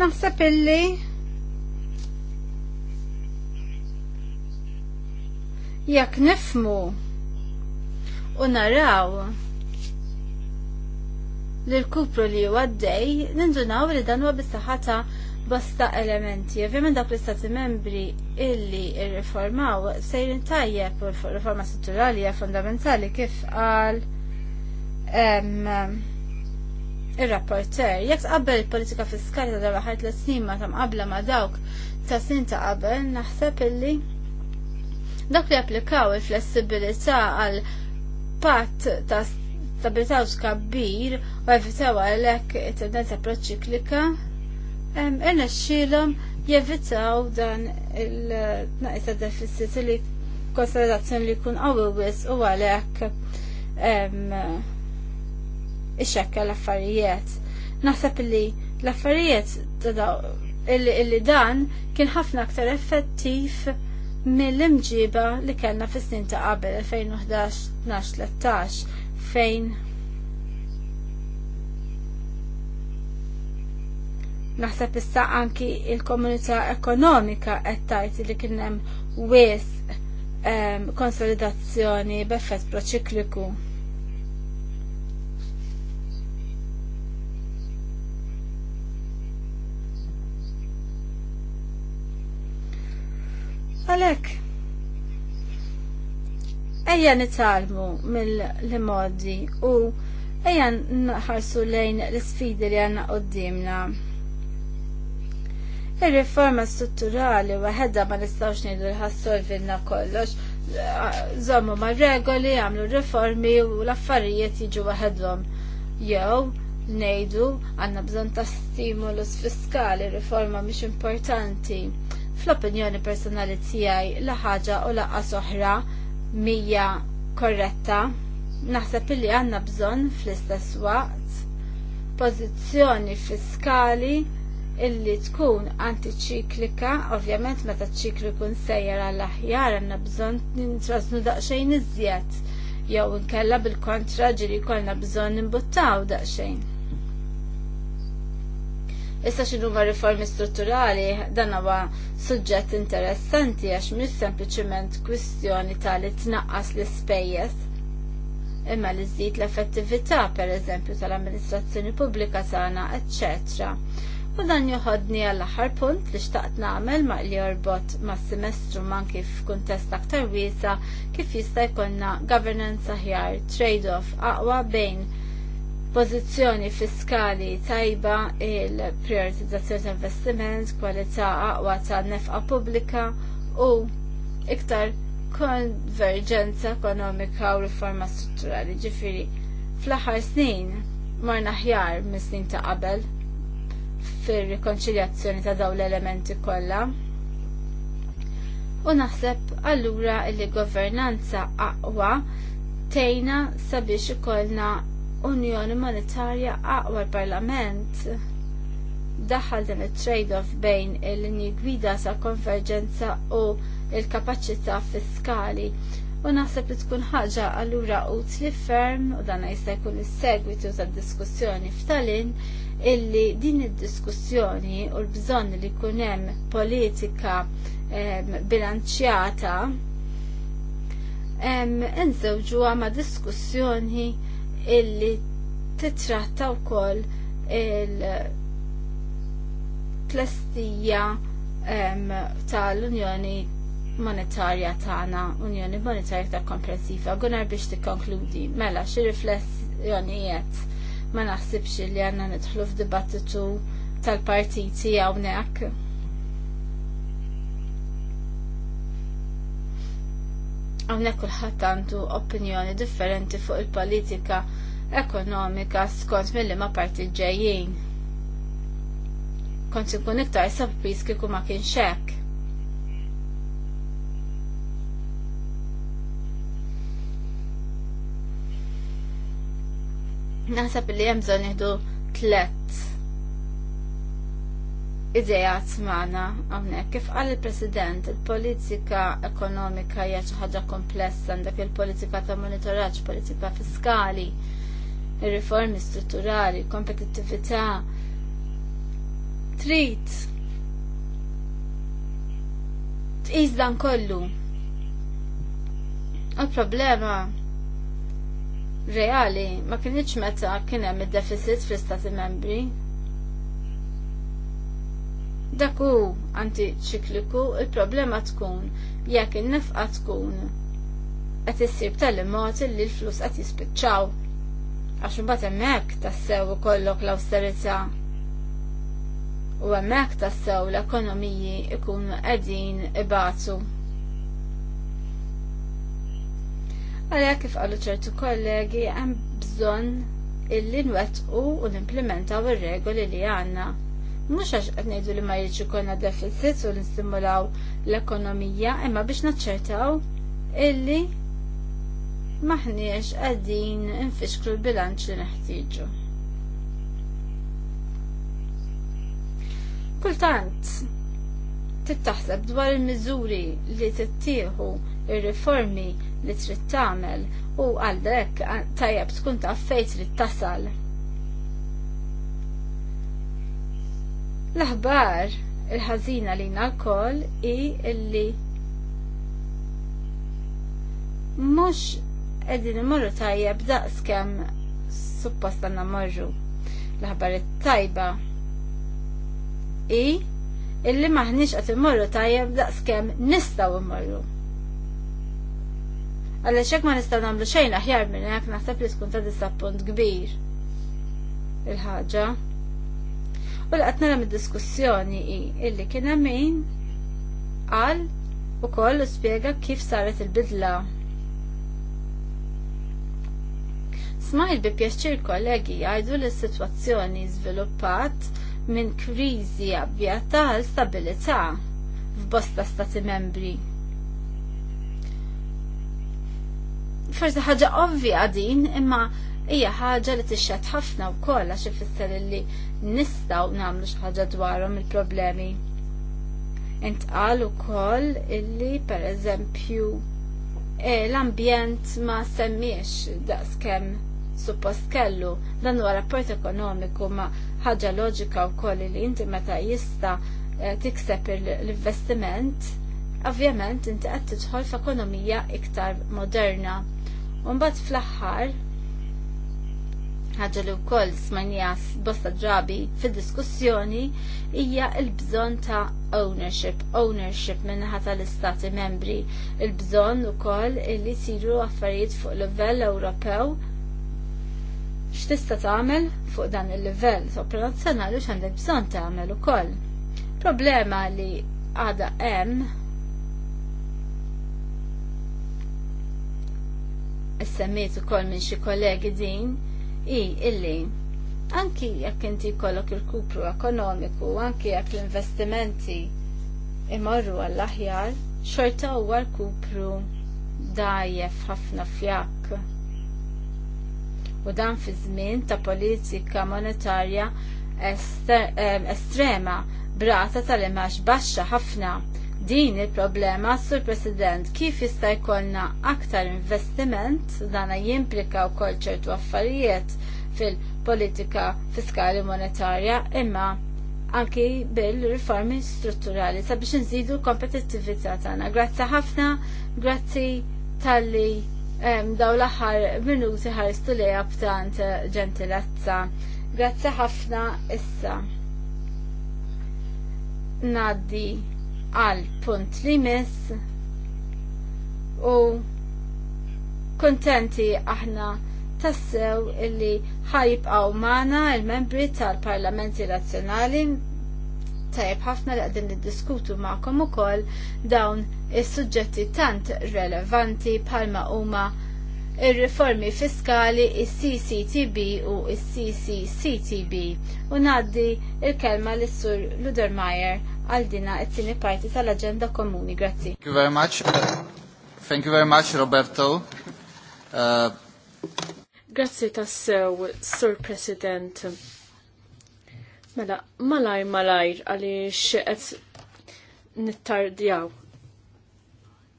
Naħseb illi jekk nifmu u naraw li l-kupru li għaddej, nindunaw li dan huwa bis-saħħata bosta elementi. minn dak l-istati membri illi irriformaw sejrin tajjeb u l-riforma strutturali hija fundamentali kif qal il-rapporter, jekk qabel il-politika fiskali ta' raħar l snin ma tam qabla ma dawk ta' snin ta' qabel, naħseb illi dak li applikaw il-flessibilità għal pat ta' stabilità u skabbir u evitaw għalhekk it-tendenza proċiklika, irna xilhom jevitaw dan il naqis ta' deficit li konsolidazzjoni li jkun qawwi wis u għalek ixxekka l-affarijiet. Naħseb li l-affarijiet illi dan kien ħafna aktar effettiv mill-imġiba li kellna fis-snin ta' qabel 2011 2013 fejn naħseb issa anki il-komunità ekonomika qed tgħid li kien hemm wies ehm, konsolidazzjoni b'effett proċikliku. Għalek, ejja nitalmu mill-modi u ejja nħarsu lejn l-sfidi li għanna qoddimna. Il-riforma strutturali waħedha ma nistawx ngħidu li ħassolvilna kollox, żommu ma' regoli, għamlu reformi u l-affarijiet jiġu waħedhom. Jew ngħidu għandna bżonn ta' stimulus fiskali, riforma mhix importanti fl-opinjoni personali tiegħi la ħaġa u laqqa soħra mija korretta. Naħseb illi għandna bżonn fl-istess waqt pożizzjoni fiskali illi tkun antiċiklika, ovvjament meta ċiklu kun sejjer għall aħjar għandna bżonn nintrasnu daqsxejn iżjed jew inkella bil-kontra ġiri kollna bżonn nimbuttaw daqsxejn. Issa xinu ma riformi strutturali dan huwa suġġett interessanti għax mhux sempliċement kwistjoni li tnaqqas l-ispejjeż imma li żdid l-effettività pereżempju tal-amministrazzjoni pubblika tagħna, eċċetera. U dan joħodni għall-aħħar punt li xtaqt nagħmel ma li jorbot mas semestru man kif kuntest aktar wiesa kif jista' jkollna governance aħjar, trade-off aqwa bejn pożizzjoni fiskali tajba il-prioritizzazzjoni investiment, kwalità aqwa ta' nefqa pubblika u iktar konverġenza ekonomika u riforma strutturali ġifiri fl-aħħar snin marna ħjar mis-snin ta' qabel fir-rikonċiljazzjoni ta' dawn l-elementi kollha. U naħseb allura li governanza aqwa tejna sabiex ikollna Unjoni Monetarja aqwa l-Parlament daħal din it-trade-off bejn il-linji gwida sa' konverġenza u il kapacita fiskali u naħseb li tkun ħaġa allura utli ferm u dan jista' jkun is-segwitu tad-diskussjoni f'Tallinn illi din id-diskussjoni u l-bżonn li jkun hemm politika bilanċjata nżewġuha ma' diskussjoni illi titratta wkoll il-plastija tal-Unjoni monetarja tagħna, Unjoni Monetarja ta' Komprensiva. għunar biex tikkonkludi, mela xi riflessjonijiet ma naħsibx li għandna nidħlu f'dibattitu tal-partiti hawnhekk Għamnek kullħat għandu opinjoni differenti fuq il-politika ekonomika skont mill ma parti ġejjin. Kont ikun iktar sabbis kiku ma kien xek. Naħseb li hemm bżonn tlet idejat maħna għamnek. Kif għal il-President, il-politika ekonomika hija xi ħaġa komplessa għandek il-politika ta' monitoraġġ, politika fiskali, ir-riformi strutturali, kompetittività. Trid tqis dan kollu. Il-problema reali ma kienx meta kien hemm id-deficit fl-Istati Membri Dak hu antiċikliku, il-problema tkun jekk in-nefqa tkun qed issir tal-immod li l-flus qed jispiċċaw. Għax imbagħad hemmhekk tassew ikollok l-awsterità. U hemmhekk tassew l-ekonomiji ikunu qegħdin ibatu. Għalhekk kif qalu ċertu kollegi hemm bżonn illi nwettqu u nimplementaw ir-regoli li għandna mhux għax qed ngħidu li ma jiġu konna deficit u nistimulaw l-ekonomija, imma biex naċċertaw illi maħniex qegħdin infixklu l-bilanċ li neħtieġu. Kultant, tittaħseb dwar il-miżuri li tittieħu ir-riformi li trid tagħmel u dak tajjeb tkun taf fejn trid tasal L-aħbar il-ħazina li nakol i illi mux edin imorru tajjeb daqs kem suppost morru. L-aħbar it-tajba i illi maħnix għat imorru tajjeb daqs kem nistaw imorru għalla xek ma nistaw namlu xejn aħjar minn hekk naħseb li tkun ta' disappunt kbir. Il-ħaġa U mela, qed nagħmel id diskussjoni illi kien hemm min qal ukoll spjega kif saret il-bidla. Smajl bi pjaċir kollegi jgħidu li s-sitwazzjoni żviluppat minn kriżi abbjata għal stabilità f'bosta stati membri. forse ħaġa ovvja din, imma hija ħaġa li tixxed ħafna wkoll għax ifisser li nistgħu namlu xi ħaġa dwarhom il-problemi. Intqal ukoll illi pereżempju eh, l-ambjent ma semmiex daqskemm suppost kellu dan huwa rapport ekonomiku ma ħaġa loġika wkoll li inti meta jista eh, tikseb l-investiment ovvjament inti qed tidħol f'ekonomija iktar moderna. Mbagħad fl-aħħar ħaġa li wkoll smajnija bosta drabi fid-diskussjoni hija l-bżonn ta' ownership, ownership ħata tal-istati membri, il-bżonn ukoll li jsiru affarijiet fuq livell Ewropew x'tista' tagħmel fuq dan il-livell sopranazzjonali x'għandek bżonn tagħmel ukoll. Problema li għada hemm semmejt ukoll minn xi kollegi din i illi anki jekk inti jkollok il-kupru ekonomiku, anki jekk l-investimenti imorru għall-aħjar, xorta huwa għal kupru dajjef ħafna fjak. U dan fi żmien ta' politika monetarja eh, estrema brata tal-imax baxxa ħafna din il-problema, Sur President, kif jista' jkollna aktar investiment, dana jimplika wkoll ċertu affarijiet fil-politika fiskali monetarja, imma anki bil-riformi strutturali sabiex nżidu kompetittività tagħna. Grazzi ħafna, grazzi tal-li daw l-aħħar minuti ħarstu lejha b'tant eh, ġentilezza. Grazzi ħafna issa. Naddi għal punt li mis u kontenti aħna tassew illi għaw mana il-membri tal-Parlamenti Nazzjonali tajb ħafna li għadin niddiskutu ma'kom ukoll dawn is-suġġetti tant relevanti bħalma huma il riformi fiskali il cctb u il ccctb u ngħaddi il-kelma lis sur Ludermeyer għal dina it-tieni parti tal-aġenda komuni. Grazzi. Thank you very much. Uh, thank you very much, Roberto. Uh... Grazzi tassew, Sur President. Mela, malajr malajr għaliex qed nittardjaw.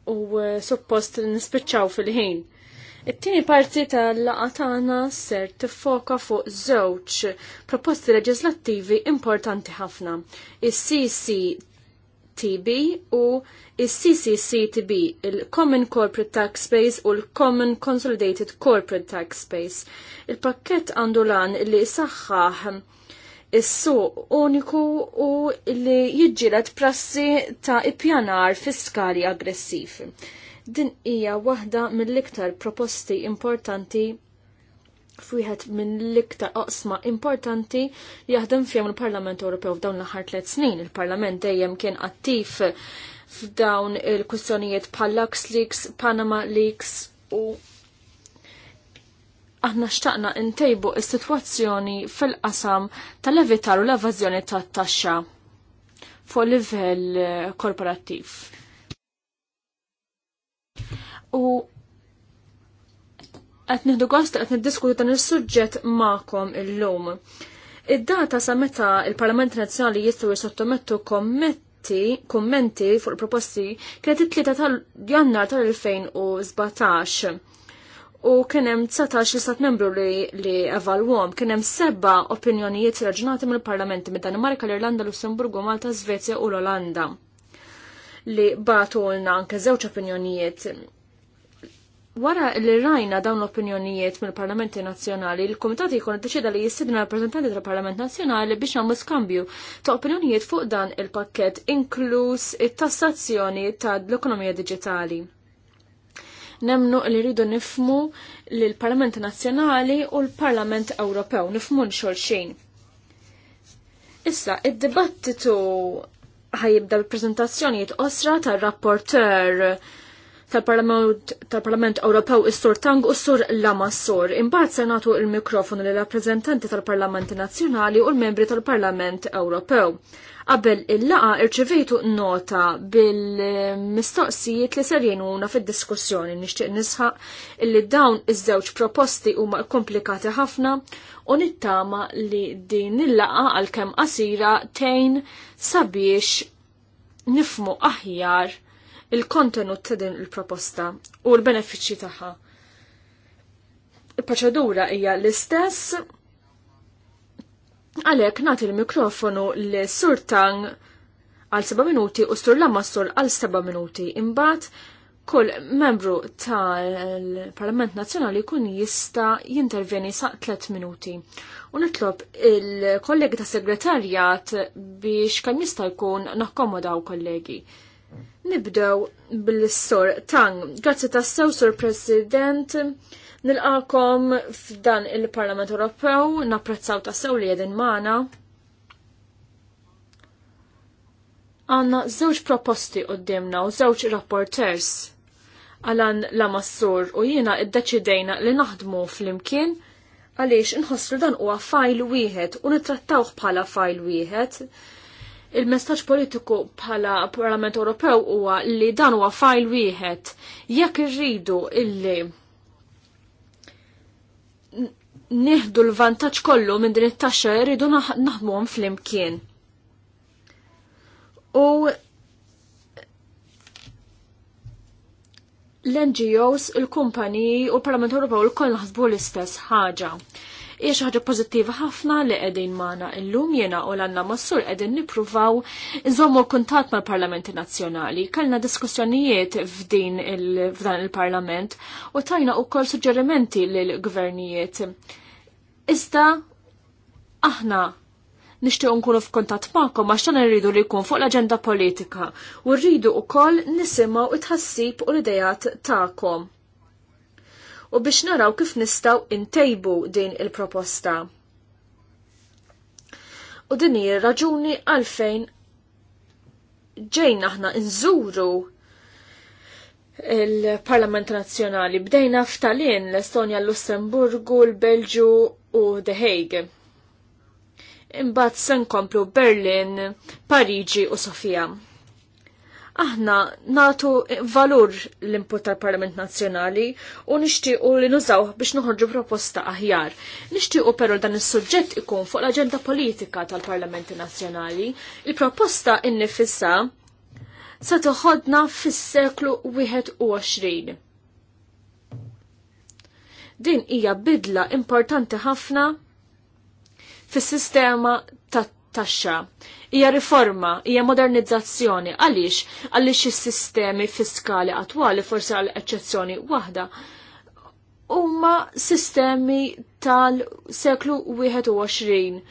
U uh, suppost nispiċċaw fil-ħin. It-tieni parti tal-laqa tagħna ser tiffoka fuq żewġ proposti leġislattivi importanti ħafna. Is-CCTB u is-CCCTB, il-Common Corporate Tax Base u l-Common Consolidated Corporate Tax Base. Il-pakkett għandu lan li saħħaħ is-suq uniku u li jiġġieled prassi ta' ippjanar fiskali aggressiv. Din hija waħda mill-iktar proposti importanti f'wieħed minn l-iktar oqsma importanti li jaħdem fjem il-Parlament Ewropew f'dawn l-aħħar tliet snin. Il-Parlament dejjem kien attiv f'dawn il-kwistjonijiet bħal Lux Leaks, Panama Leaks u aħna xtaqna intejbu is-sitwazzjoni fil-qasam tal-evitar u l-evażjoni tat-taxxa fuq livell korporattiv u qed nieħdu gost qed niddiskutu dan is-suġġett il illum. Id-data sa meta il-Parlament Nazzjonali jistgħu jsottomettu kommenti kommenti fuq il-proposti kienet it-3 tal-Jannar tal-2017 u kien hemm 19 l-sat membru li, li evalwhom kien hemm seba' opinjonijiet raġunati mill-Parlamenti mid-Danimarka, l-Irlanda, Lussemburgu, Malta, Svezja u l-Olanda li batu l-na anke żewġ opinjonijiet Wara li rajna dawn l-opinjonijiet mill-Parlamenti Nazzjonali, il komitat jkun iddeċida li jissidna rappreżentanti tal-Parlament Nazzjonali biex nagħmlu skambju ta' opinjonijiet fuq dan il-pakkett inkluż it-tassazzjoni tal-ekonomija diġitali. Nemnu li rridu nifmu li l-Parlament Nazzjonali u l-Parlament Ewropew nifmu xulxin. Issa, id-dibattitu ħajibda l preżentazzjonijiet osra tar-rapporter tal-Parlament Ewropew is-Sur Tang u s-Sur Lama Sur. Imbagħad se nagħtu l-mikrofonu lil rappreżentanti tal parlament Nazzjonali u l-membri tal-Parlament Ewropew. Qabel il-laqa irċivejtu nota bil-mistoqsijiet li ser jenuna fid-diskussjoni nixtieq nisħaq illi dawn iż-żewġ proposti huma komplikati ħafna u nittama li din il-laqa għal kem qasira tejn sabiex nifmu aħjar il-kontenut ta' din il-proposta u l-benefiċċji tagħha. Il-proċedura hija l-istess għalhekk nagħti l-mikrofonu li surtang għal 7 minuti u stur lamassur għal 7 minuti imbagħad kull membru tal-Parlament Nazzjonali kun jista jintervjeni sa' 3 minuti. U nitlob il-kollegi ta' segretarjat biex kemm jista' jkun naħkomodaw kollegi. Nibdew bil-sor Tang. Grazzi sew sor President. Nil-għakom f'dan il-Parlament Ewropew, napprezzaw sew li jedin maħna. Għanna zewġ proposti d-demna u zewġ rapporters. Għalan la massur u jiena id-deċidejna li naħdmu fl-imkien għaliex nħossru dan huwa u wieħed u nittrattawh bħala fajl wieħed il-messaġġ politiku bħala Parlament Ewropew huwa li dan huwa fajl wieħed jekk irridu illi neħdu l-vantaġġ kollu minn din it-taxxa jridu naħdmuhom flimkien. U l-NGOs, il-kumpaniji u l-Parlament Ewropew l-koll naħsbu l-istess ħaġa hija xi ħaġa pożittiva ħafna li qegħdin magħna illum jiena u l-għandna massur qegħdin nippruvaw nżommu kuntatt mal-Parlamenti Nazzjonali. Kellna diskussjonijiet f'din f'dan il-Parlament u tajna wkoll suġġerimenti lil gvernijiet. Iżda aħna nishtiq nkunu f'kuntatt magħkom għax dan irridu li jkun fuq l-aġenda politika u rridu wkoll nisimgħu it-ħassib u l-idejat tagħkom u biex naraw kif nistaw intejbu din il-proposta. U din hi raġuni għalfejn ġejn aħna nżuru il-Parlament Nazzjonali bdejna f'Tallinn, l-Estonja, l-Lussemburgu, l-Belġu u The Hague. Imbagħad se nkomplu Berlin, Pariġi u Sofija aħna natu valur l-input tal-Parlament Nazzjonali u nixtiequ li nużaw biex noħorġu proposta aħjar. Nixtiequ però dan is-suġġett ikun fuq l-aġenda politika tal-Parlamenti Nazzjonali. Il-proposta innifissa se toħodna fis-seklu 21. Din hija bidla importanti ħafna fis-sistema tat-taxxa hija riforma, hija modernizzazzjoni. Għaliex? Għaliex is-sistemi fiskali attwali forsi għal eċċezzjoni waħda huma sistemi tal-seklu 21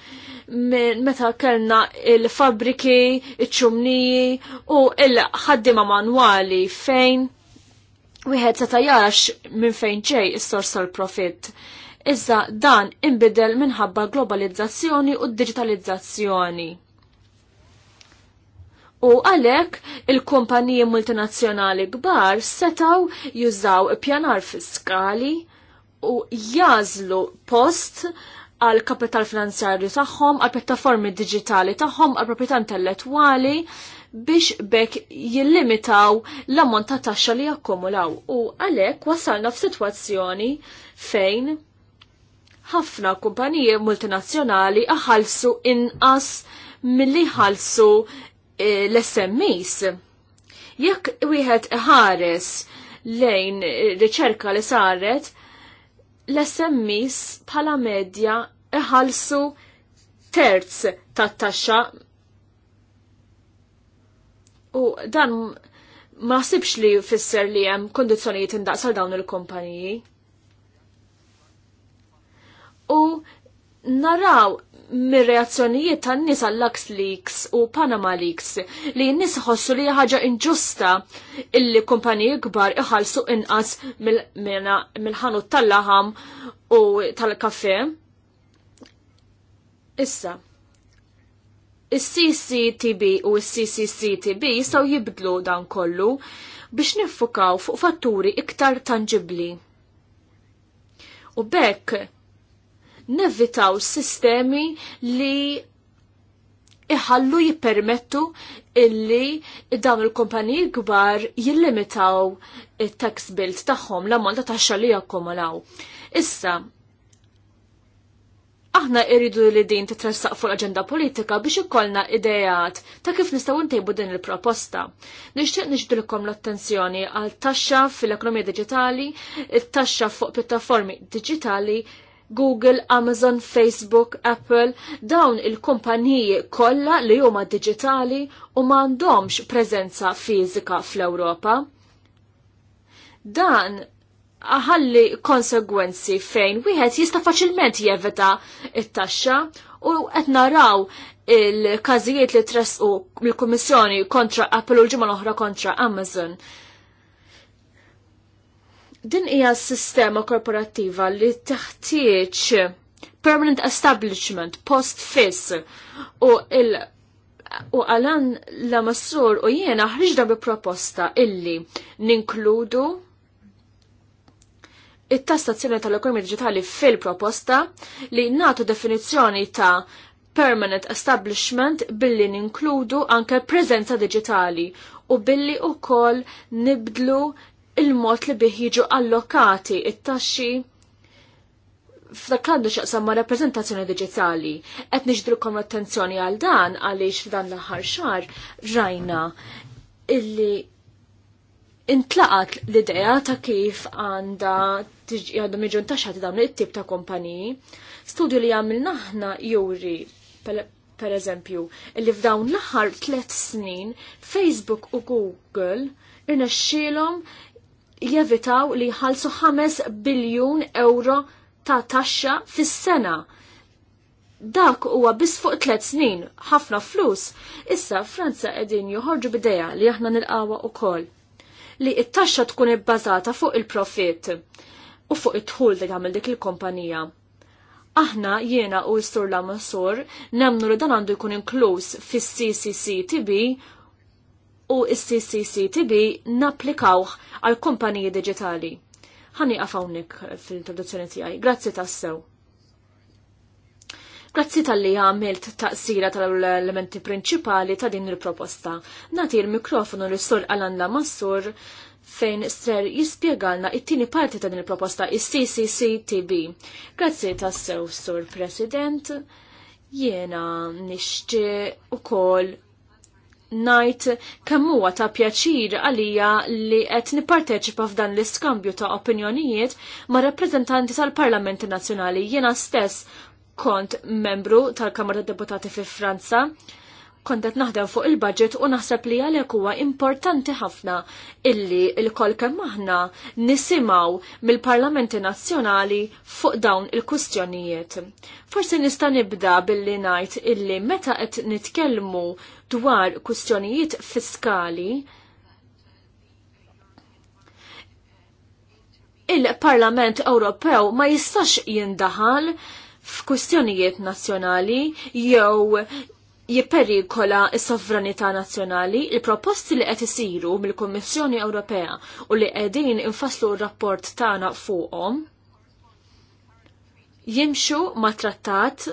meta kellna il-fabriki, iċ-ċumniji u il-ħaddima manwali fejn wieħed seta' jarax minn fejn ġej is-sors tal-profitt. Iżda dan inbidel minħabba globalizzazzjoni u digitalizzazzjoni. U għalek il-kumpaniji multinazzjonali kbar setaw jużaw pjanar fiskali u jażlu post għal kapital finanzjarju tagħhom, għal pjattaformi digitali tagħhom, għal proprjetà intellettwali biex bekk jillimitaw l-ammont ta' taxxa li jakkumulaw. U għalhekk wasalna f'sitwazzjoni fejn ħafna kumpaniji multinazzjonali aħalsu inqas milli ħalsu Eh, l-SMEs. Jekk wieħed ħares lejn eh, riċerka li saret, l-SMEs bħala medja iħalsu terz tat-taxxa u dan ma sibx li fisser li hemm kondizzjonijiet indaqsal dawn il-kumpaniji. U naraw mir-reazzjonijiet tan-nies għall-Lux Leaks u Panama Leaks li n-nies ħossu li ħaġa inġusta illi kumpaniji kbar iħallsu inqas mill-ħanut tal-laħam u tal-kafè. Issa, is-CCTB u s-CCCTB jistgħu jibdlu dan kollu biex niffukaw fuq fatturi iktar tangibbli. U bekk nevitaw sistemi li iħallu jippermettu illi dawn il-kumpaniji kbar jillimitaw il-tax bills tagħhom l-ammont ta' taxxa li jakkumulaw. Issa, aħna iridu li din titressaq fuq l-aġenda politika biex ikollna idejat ta' kif nistgħu ntejbu din il-proposta. Nixtieq nixdilkom l-attenzjoni għal taxxa fil-ekonomija digitali, it-taxxa fuq pittaformi diġitali, Google, Amazon, Facebook, Apple, dawn il-kumpaniji kollha li huma digitali u m'għandhomx preżenza fiżika fl-Ewropa. Dan ħalli konsegwenzi fejn wieħed jista' faċilment jevita it-taxxa u qed naraw il-każijiet li tressqu mill-Kummissjoni kontra Apple u l-ġimgħa l-oħra kontra Amazon Din hija sistema korporattiva li taħtieġ permanent establishment, post fiss u il u għalan la massur u jiena ħriġda bi proposta illi ninkludu it-tastazzjoni tal ekonomi digitali fil-proposta li natu definizzjoni ta' permanent establishment billi ninkludu anke prezenza digitali u billi u kol nibdlu il-mod li bih jiġu allokati it-taxxi f'dak għandu xaqsam ma' rappresentazzjoni digitali. Qed nixdrukom attenzjoni għal dan għaliex f'dan l-aħħar xar rajna illi intlaqat l-idea ta' kif għanda għandhom jiġu ntaxħati dawn it-tip ta' kompaniji. Studju li għamilna aħna juri per eżempju, illi f'dawn l-aħħar tliet snin Facebook u Google irnexxielhom jevitaw li jħalsu 5 biljun euro ta' taxxa fis-sena. Dak huwa biss fuq tliet snin, ħafna flus. Issa Franza qegħdin joħorġu b'idea li aħna nilqawha wkoll. Li t-taxxa tkun ibbażata fuq il-profit u fuq it-tħul li tagħmel dik il-kumpanija. Aħna jiena u s-sur la nemnu li dan għandu jkun inkluż fis-CCCTB u s-CCCTB napplikawh għal kumpaniji digitali. Ħani għafawnik fil-introduzzjoni tiegħi. Grazzi tassew. Grazzi tal-li għamilt taqsira tal-elementi prinċipali ta' din il-proposta. Nati il-mikrofonu l sur Alanda Massur fejn ser jispiegalna it-tini parti ta' din il-proposta, il-CCCTB. Grazzi tassew, Sur President. Jiena nixti u kol najt kemm huwa ta' pjaċir għalija li qed nipparteċipa f'dan l-iskambju ta' opinjonijiet ma' rappreżentanti tal-Parlamenti Nazzjonali. Jiena stess kont membru tal-Kamra ta' Deputati fi Franza, kont qed naħdem fuq il-budget u naħseb li għalhekk huwa importanti ħafna illi l-kol kemm aħna nisimgħu mill-Parlamenti Nazzjonali fuq dawn il-kustjonijiet. Forsi nista' nibda billi ngħid illi meta qed nitkellmu dwar kustjonijiet fiskali il-Parlament Ewropew ma jistax jindaħal f'kustjonijiet nazzjonali jew jipperikola s-sovranità nazzjonali, il-proposti li qed isiru mill-Kummissjoni Ewropea u li qegħdin infasslu r-rapport tagħna fuqhom jimxu ma' trattat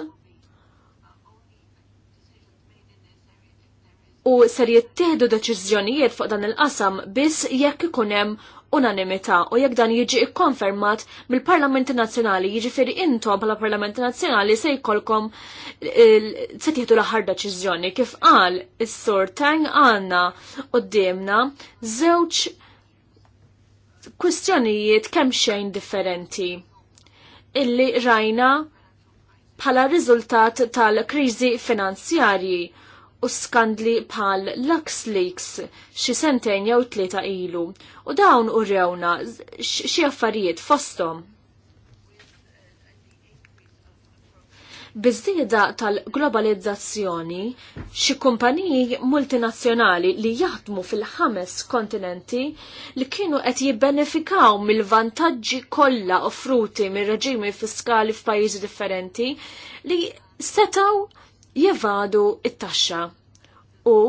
u ser jittieħdu deċiżjonijiet fuq dan il-qasam biss jekk ikun hemm unanimità u jekk dan jiġi ikkonfermat mill-Parlamenti Nazzjonali, jiġifieri intom bħala Parlamenti Nazzjonali se jkollkom se tieħdu l-aħħar deċiżjoni. Kif qal is-Sur Tang għandna qudiemna żewġ kwistjonijiet kemm xejn differenti illi rajna bħala riżultat tal-kriżi finanzjarji u skandli bħall-Lux leaks xi sentejn jew tlieta ilu u dawn rewna xi affarijiet fosthom. Biżieda tal-globalizzazzjoni, xi kumpaniji multinazzjonali li jaħdmu fil-ħames kontinenti li kienu qed jibbenefikaw mill-vantaġġi kollha offruti mir-reġimi fiskali f'pajjiżi differenti li setaw jevadu it-taxxa. U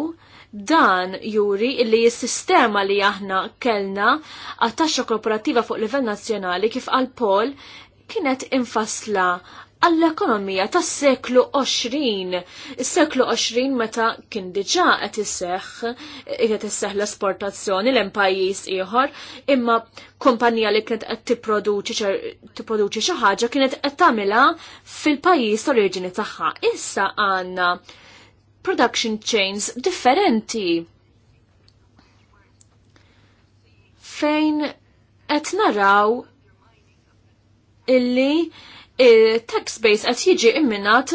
dan juri illi s-sistema li aħna kellna għat-taxxa korporattiva fuq livell nazzjonali kif għal Pol kienet infasla għall-ekonomija tas seklu 20. Is-seklu 20 meta kien diġà qed isseħħ qed isseħħ l-esportazzjoni lejn pajjiż ieħor, imma kumpanija li kienet qed tipproduċi xi ħaġa kienet qed tagħmilha fil-pajjiż ta' oriġini tagħha. Issa għandna production chains differenti. Fejn qed naraw illi tax base qed jiġi imminat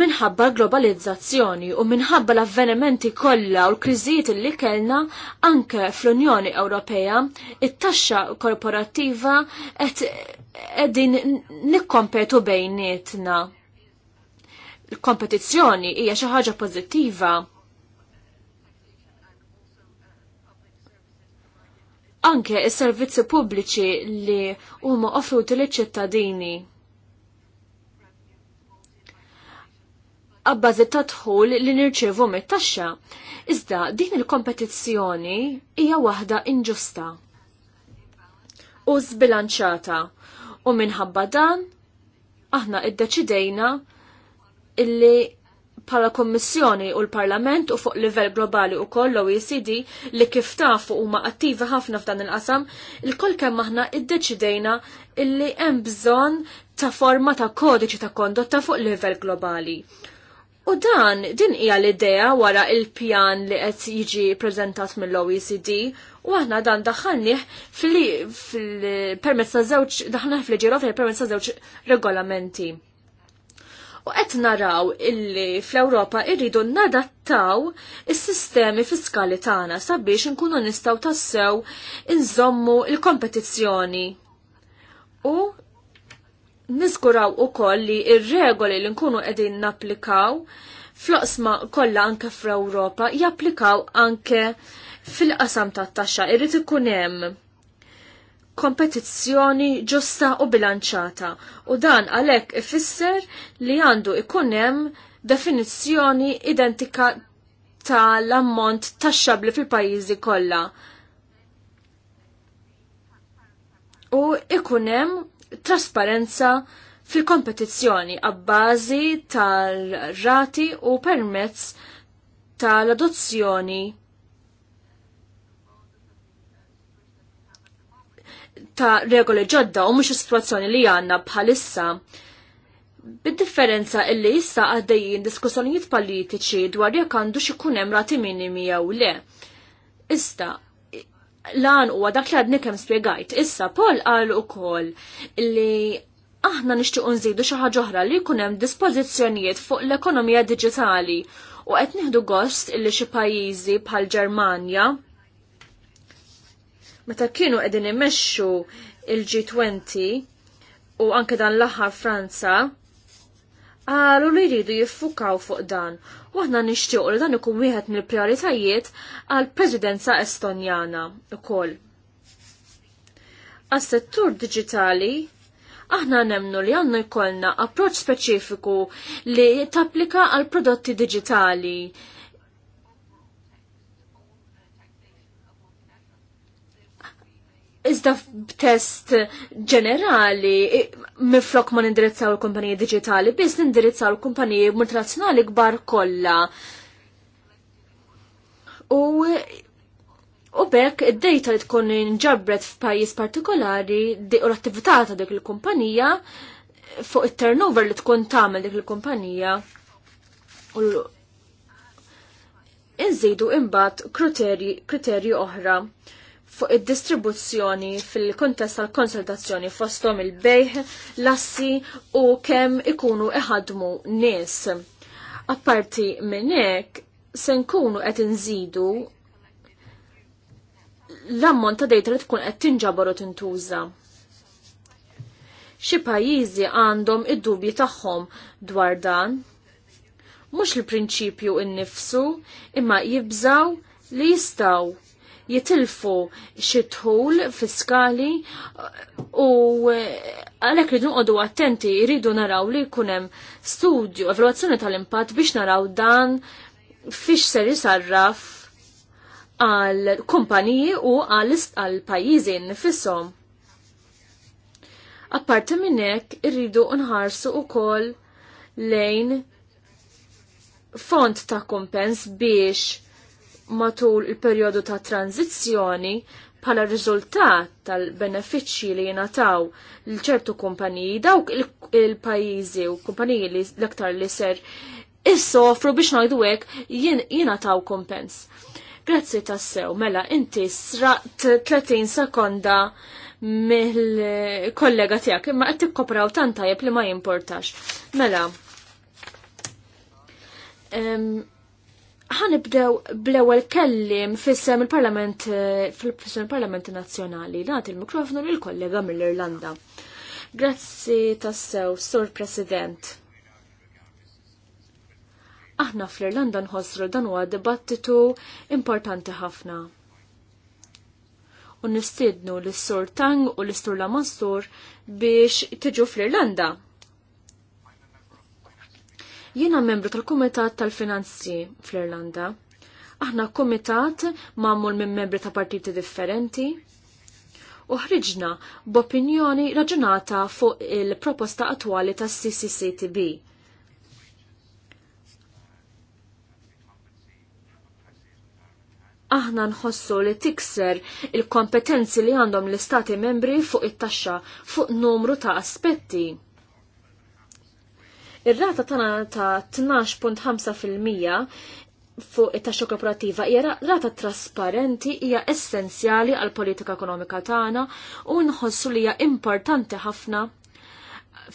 minħabba l-globalizzazzjoni u minħabba l-avvenimenti kollha u l-kriżijiet li kellna anke fl-Unjoni Ewropea, it-taxxa korporattiva qed qegħdin nikkompetu bejnietna. Il-kompetizzjoni hija xi ħaġa pożittiva anke s-servizzi pubbliċi li huma offruti liċ-ċittadini. Abbażi ta' dħul li nirċevu mit-taxxa. Iżda din il-kompetizzjoni hija waħda inġusta u zbilanċata u minħabba dan aħna iddeċidejna illi pala Kommissjoni u l-Parlament u fuq livell globali u koll l-OECD li kif tafu huma attivi ħafna f'dan il-qasam, il-koll kemm aħna iddeċidejna illi hemm bżonn ta' forma ta' kodiċi ta' kondotta fuq livell globali. U dan din hija l-idea wara il-pjan li qed jiġi prezentat mill-OECD u aħna dan daħħalnih fil-permezz ta' żewġ daħħalnih fil-ġirof permezz ta' żewġ regolamenti u qed naraw illi fl-Ewropa irridu nadattaw is-sistemi fiskali tagħna sabiex inkunu nistgħu tassew inżommu l-kompetizzjoni. U niżguraw ukoll li ir-regoli li nkunu qegħdin napplikaw fl-oqsma kollha anke fl-Ewropa japplikaw anke fil-qasam tat-taxxa irid ikun hemm kompetizzjoni ġusta u bilanċata u dan għalhekk ifisser li għandu ikun hemm definizzjoni identika tal-ammont ta' xabli fil-pajjiżi kollha. U ikunem hemm trasparenza fil-kompetizzjoni għabbażi tal-rati u permezz tal-adozzjoni ta' regoli ġodda u mhux is-sitwazzjoni li għandna bħalissa. Bid-differenza illi issa għaddejjin diskussjonijiet politiċi dwar jekk għandu jkun hemm rati minimi jew le. Issa, lan huwa dak li għadni kemm spjegajt. Issa Paul qal ukoll li aħna nixtiequ nżidu xi ħaġa oħra li jkun hemm dispożizzjonijiet fuq l-ekonomija diġitali u qed nieħdu gost li xi pajjiżi bħal Ġermanja Meta kienu qegħdin imexxu il-G20 u anke dan l-aħħar Franza, għalu li jridu jiffukaw fuq dan u aħna nixtiequ li dan ikun wieħed mill-prioritajiet għal presidenza Estonjana ukoll. Għas-settur diġitali aħna nemnu li għandna jkollna approċ speċifiku li tapplika għal prodotti digitali Iżda b'test ġenerali, miflok ma nindirizzaw il-kumpaniji digitali, biss nindirizzaw l kumpaniji multinazzjonali kbar kollha. U U bekk id-data li tkun inġabret f'pajjiż partikolari u l-attività ta' dik il-kumpanija fuq it-turnover li tkun tagħmel dik il-kumpanija inżidu imbagħad kriterji oħra fuq id-distribuzzjoni fil-kontest tal-konsultazzjoni fostom il-bejħ, lassi u kemm ikunu iħadmu nies. Apparti minn hekk se nkunu qed inżidu l-ammont ta' dejta li tkun qed tinġabar tintuża. Xi pajjiżi għandhom id-dubji tagħhom dwar dan. Mhux il-prinċipju innifsu, imma jibżaw li jistaw jitilfu xi tħul fiskali u għalhekk ridu nqogħdu attenti jridu naraw li jkun hemm studju, evalwazzjoni tal-impatt biex naraw dan fiex ser jisarraf għal kumpaniji u għal pajjiżi fissom. Apparti minn hekk irridu nħarsu wkoll lejn font ta' kumpens biex matul il-perjodu ta' tranzizzjoni bħala riżultat tal-benefiċċji li jingħataw l ċertu kumpaniji dawk il-pajjiżi u kumpaniji li l-aktar li ser issofru biex ngħidu hekk jingħataw kompens. Grazzi tassew, mela inti sraqt 30 sekonda mill-kollega tiegħek imma qed tikkopraw tant tajjeb li ma jimportax. Mela, um, ħanibdew bl-ewwel kellim fissem il-Parlament eh, fissem il-Parlament Nazzjonali nagħti il-mikrofonu lil kollega mill-Irlanda. Grazzi tassew, Sur President. Aħna fl-Irlanda nħossru dan huwa dibattitu importanti ħafna. U nistiednu l-Sur Tang u l-Sur Lamassur biex tiġu fl-Irlanda Jiena membru tal-Kumitat tal-Finanzi fl-Irlanda. Aħna kumitat mammul minn membri ta' partiti differenti u ħriġna b'opinjoni raġunata fuq il-proposta attwali tas ccctb aħna nħossu li tikser il-kompetenzi li għandhom l-istati membri fuq it-taxxa fuq numru ta' aspetti. Ir-rata tagħna ta' 12.5% fuq it-taxxa korporattiva hija rata trasparenti hija essenzjali għal politika ekonomika tagħna u nħossu li hija importanti ħafna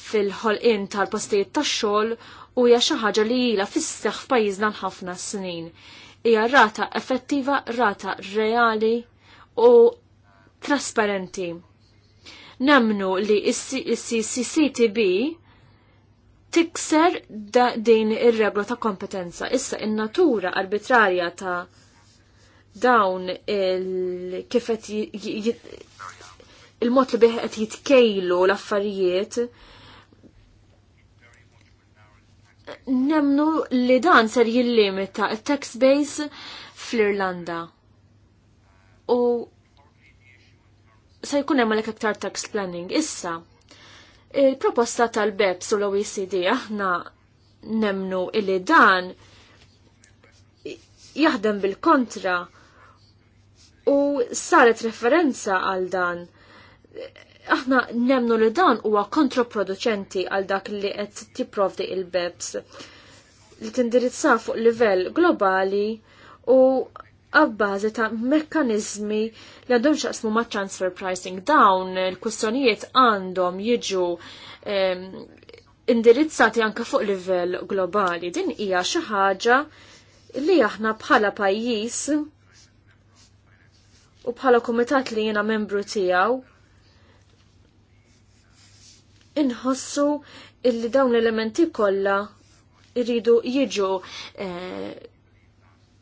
fil-ħolqien tal-postijiet tax-xogħol u hija xi ħaġa li ilha fisseħ f'pajjiżna ħafna snin. Hija rata effettiva, rata reali u trasparenti. Nemnu li s-CCTB tikser din ir regla ta' kompetenza. Issa in-natura arbitrarja ta' dawn il kifet il-mod li biħet jitkejlu l-affarijiet nemnu li dan ser jillimita il-tax base fl-Irlanda. U se jkun hemm għalhekk aktar tax planning. Issa, Il-proposta tal-BEPS u l-OECD aħna nemnu illi dan jaħdem bil-kontra u saret referenza għal dan. Aħna nemnu li dan huwa kontraproducenti għal dak li qed tipprovdi il-BEPS li tindirizza fuq livell globali u għabbażi ta' mekkanizmi li għandhom xaqsmu ma' transfer pricing. Dawn il-kustonijiet għandhom jiġu indirizzati anka fuq livell globali. Din hija xi ħaġa li aħna bħala pajjiż u bħala komitat li jiena membru tiegħu inħossu illi dawn l-elementi kollha iridu jiġu eh,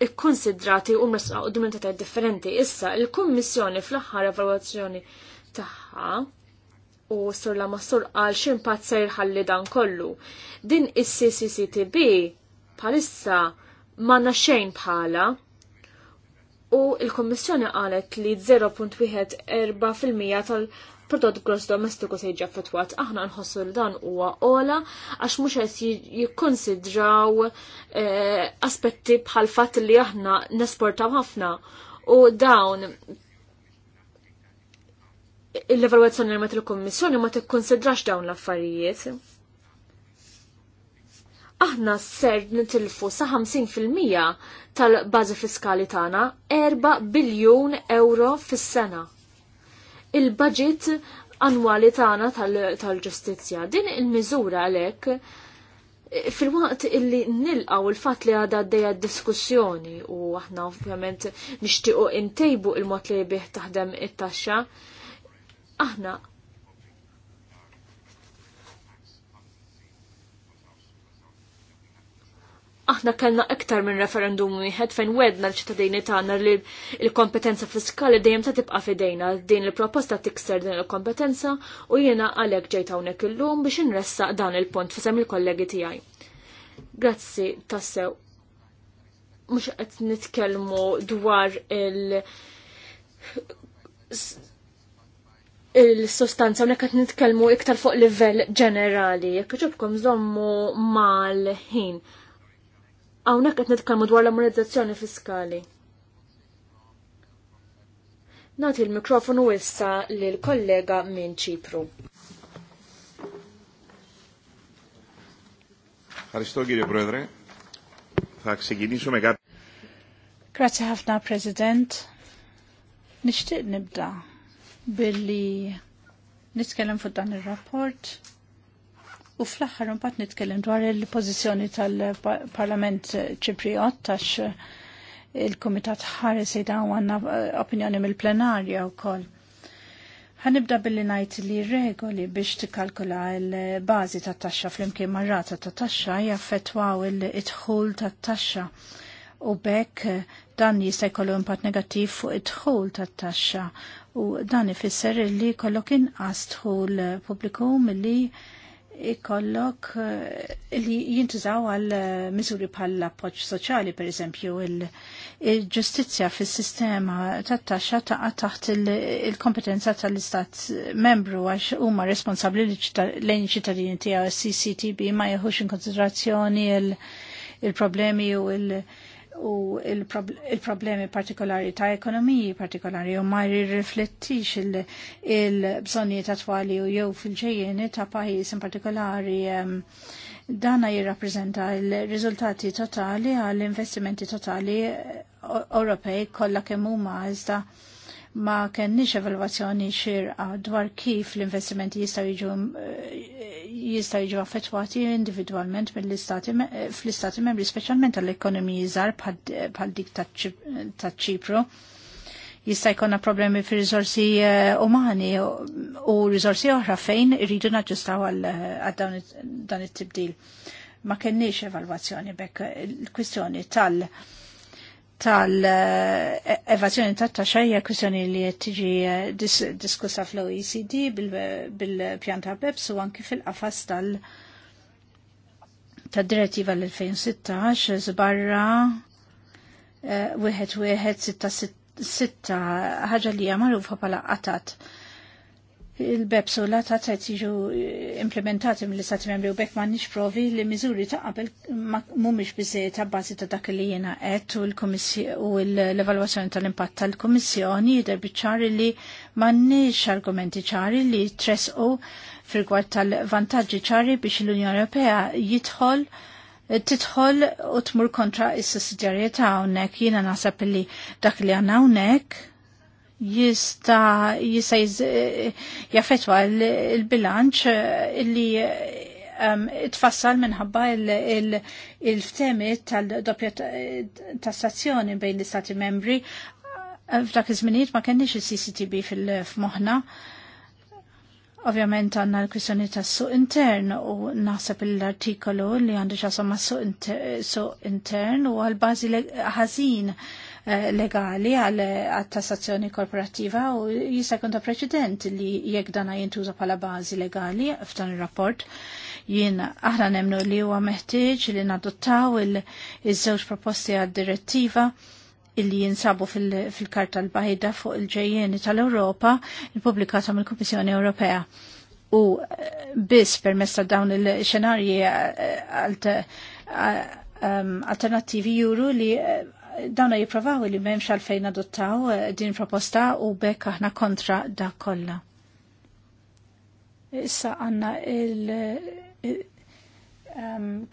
ikkonsidrati u mesqa u dimentataj differenti. Issa, il-Kummissjoni fl-aħħar evalwazzjoni tagħha u sur la sur għal ximpat ser ħalli dan kollu. Din is-CCCTB palissa ma xejn bħala u il-Kommissjoni qalet li 0.14% tal- prodott gross domestiku se jiġi affettwat. Aħna nħossu li dan huwa ola għax mhux qed jikkonsidraw eh, aspetti bħal fat li aħna nesportaw ħafna u dawn l-evaluazzjoni li l kummissjoni ma tikkonsidrax dawn l-affarijiet. Aħna ser nitilfu sa 50% tal-bażi fiskali tagħna 4 biljun euro fis-sena il-budget annwali tagħna tal-ġustizzja. -tal Din il-miżura għalhekk fil-waqt illi nilqaw il-fat li għada għaddeja diskussjoni u aħna ovvjament nixtiequ intejbu il-mod li bih taħdem it-taxxa, aħna aħna kellna iktar minn referendum wieħed fejn wedna l-ċittadini tagħna li l-kompetenza fiskali dejjem ta' tibqa' fidejna din il-proposta tikser din il-kompetenza u jiena għalhekk ġejt hawnhekk illum biex inressaq dan il-punt fisem il-kollegi tiegħi. Grazzi tassew. Mhux qed nitkellmu dwar il- il-sostanza unek għat nitkelmu iktar fuq livell ġenerali, jekk ġobkom zommu mal-ħin. Hawnhekk qed nitkellmu dwar l-ammonizzazzjoni fiskali. Nagħti l-mikrofonu issa l kollega minn Ċipru. Ευχαριστώ κύριε Πρόεδρε. Θα ξεκινήσω Grazie ħafna President. Nixtieq nibda billi nitkellem fuq dan ir-rapport U fl-axħar mbagħad nitkellem dwar il-pożizzjoni tal-Parlament Ċipriot tax il-Kumitat ħares jdaw għanna eh, opinjoni mill-plenarja wkoll. Għanibda billi ngħid li regoli biex tikkalkula l-bażi tat-taxxa flimkien mar-rata ta' taxxa jaffettwaw il itħul tat-taxxa u bekk eh, dan jista' jkollu impatt negattiv fuq it dħul tat-taxxa u dan ifisser li kollok inqas dħul pubbliku milli ikollok eh, li jintużaw għal eh, miżuri bħal appoġġ soċjali per eżempju il-ġustizzja fis sistema tat taxxa taqa' taħt il-kompetenza tal-istat membru għax huma responsabbli lejn ċittadini tiegħu s-CCTB ma jeħux in konsiderazzjoni il-problemi u il- u il-problemi il partikolari ta' ekonomiji partikolari u ma jirriflettix il bżonni il twali u jew fil-ġejjeni ta' pajis in partikolari um, dana jirrappreżenta il-riżultati totali għall-investimenti totali eh, Ewropej kollha kemm huma iżda ma kenniex evalwazzjoni xirqa dwar kif l-investimenti jistaw jiġu eh, affettwati individualment eh, fl-istati membri, specialment għall-ekonomiji żgħar bħal dik ta' ċipru jista' jkollna problemi fi riżorsi eh, umani u riżorsi oħra fejn irridu naġġustaw għal dan it-tibdil. Ma kenniex evalwazzjoni bekk il-kwistjoni tal- tal-evazjoni tat ta' xajja kwistjoni li qed tiġi eh, diskussa fl-OECD bil-pjan ta' BEPS u anki fil-qafas tal- tad-direttiva l-2016 żbarra eh, wieħed wieħed sitta sitta ħaġa li hija magħrufa bħala qatat il-BEPS u ta' qed jiġu eh, implementati mill-Istati Membri u bekk nix provi li miżuri ta' qabel mhumiex biżejjed ta' bażi ta' dak li jiena qed u l-evalwazzjoni tal-impatt tal-Kummissjoni jidher biċ-ċari li m'għandniex argumenti ċari li tresqu fil-gwart tal-vantaġġi ċari biex l-Unjoni Ewropea jidħol titħol u tmur kontra is sussidjarjetà hawnhekk jiena naħseb li dak li għandna hawnhekk jista jista jaffetwa il-bilanċ eh, illi ehm, tfassal minħabba il ftemi tal-doppja tassazzjoni bejn l-istati membri eh, f'dak iż-żminijiet ma kenniex il-CCTB fil-moħna. Ovvjament għanna l-kwistjoni tas suq intern u naħseb l-artikolu li għandu ċasom ma' suq intern u għal-bazi ħażin Eh, legali għal tassazzjoni korporattiva u jista' jkun ta' preċedent li jekk dana jintuża bħala bażi legali f'dan ir-rapport jien aħna nemnu li huwa meħtieġ li nadottaw il-żewġ proposti għad-direttiva illi jinsabu fil-karta fil karta l bajda fuq il-ġejjeni tal-Europa il-publikata mill kummissjoni Ewropea. U eh, biss permess ta' dawn il-xenarji eh, alternattivi juru li dawna jipravaw li memx għalfejn adottaw eh, din proposta u bekk aħna kontra da kolla. Issa għanna il-,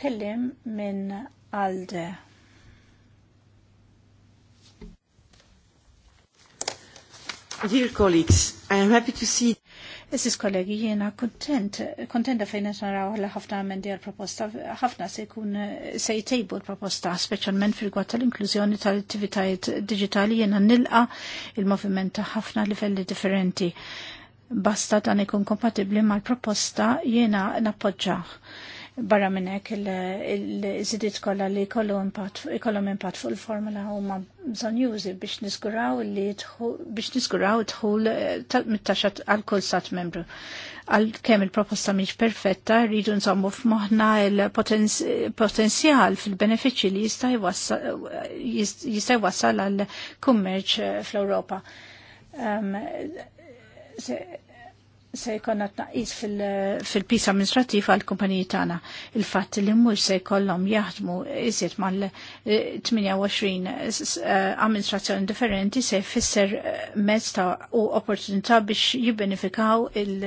kellim minn għalde. Dear colleagues, I am happy to see Issis kollegi, jiena kontent, kontenta fejn qed naraw għalla ħafna emendi għall-proposta, ħafna se jkun se jtejbu l-proposta, speċjalment fil-gwatt tal-inklużjoni tal-attivitajiet digitali, jiena nilqa il movimenta ħafna livelli differenti. Basta dan ikun kompatibbli mal-proposta jiena nappoġġaħ barra minnek il zidit kollha li jkollhom impatt fuq il-formula huma bżonn jużi biex nisguraw li biex nisguraw tħul eh, mit-taxxa għal kull stat membru. Għal kemm il-proposta mhix perfetta, rridu nżommu f'moħħna l-potenzjal fil-benefiċċji li jista' jwassal għal kummerċ eh, fl-Ewropa ehm, se jkollna tnaqqis fil pisa amministrativa għal kumpaniji tagħna. Il-fatt li mhux se jkollhom jaħdmu iżjed mal-28 eh, eh, amministrazzjoni differenti se jfisser eh, mezz ta' u opportunità biex jibbenefikaw il-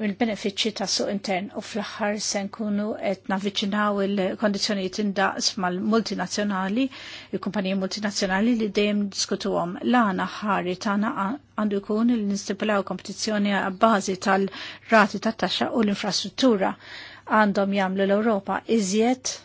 il-benefiċċji ta' suq intern u fl-aħħar se nkunu qed naviċinaw il-kondizzjonijiet indaqs mal-multinazzjonali, il-kumpaniji multinazzjonali li dejjem diskutuhom. L-għana ħari tagħna għandu jkun il nistipulaw kompetizzjoni għabbażi tal-rati tat-taxxa u l-infrastruttura għandhom jagħmlu l-Ewropa iżjed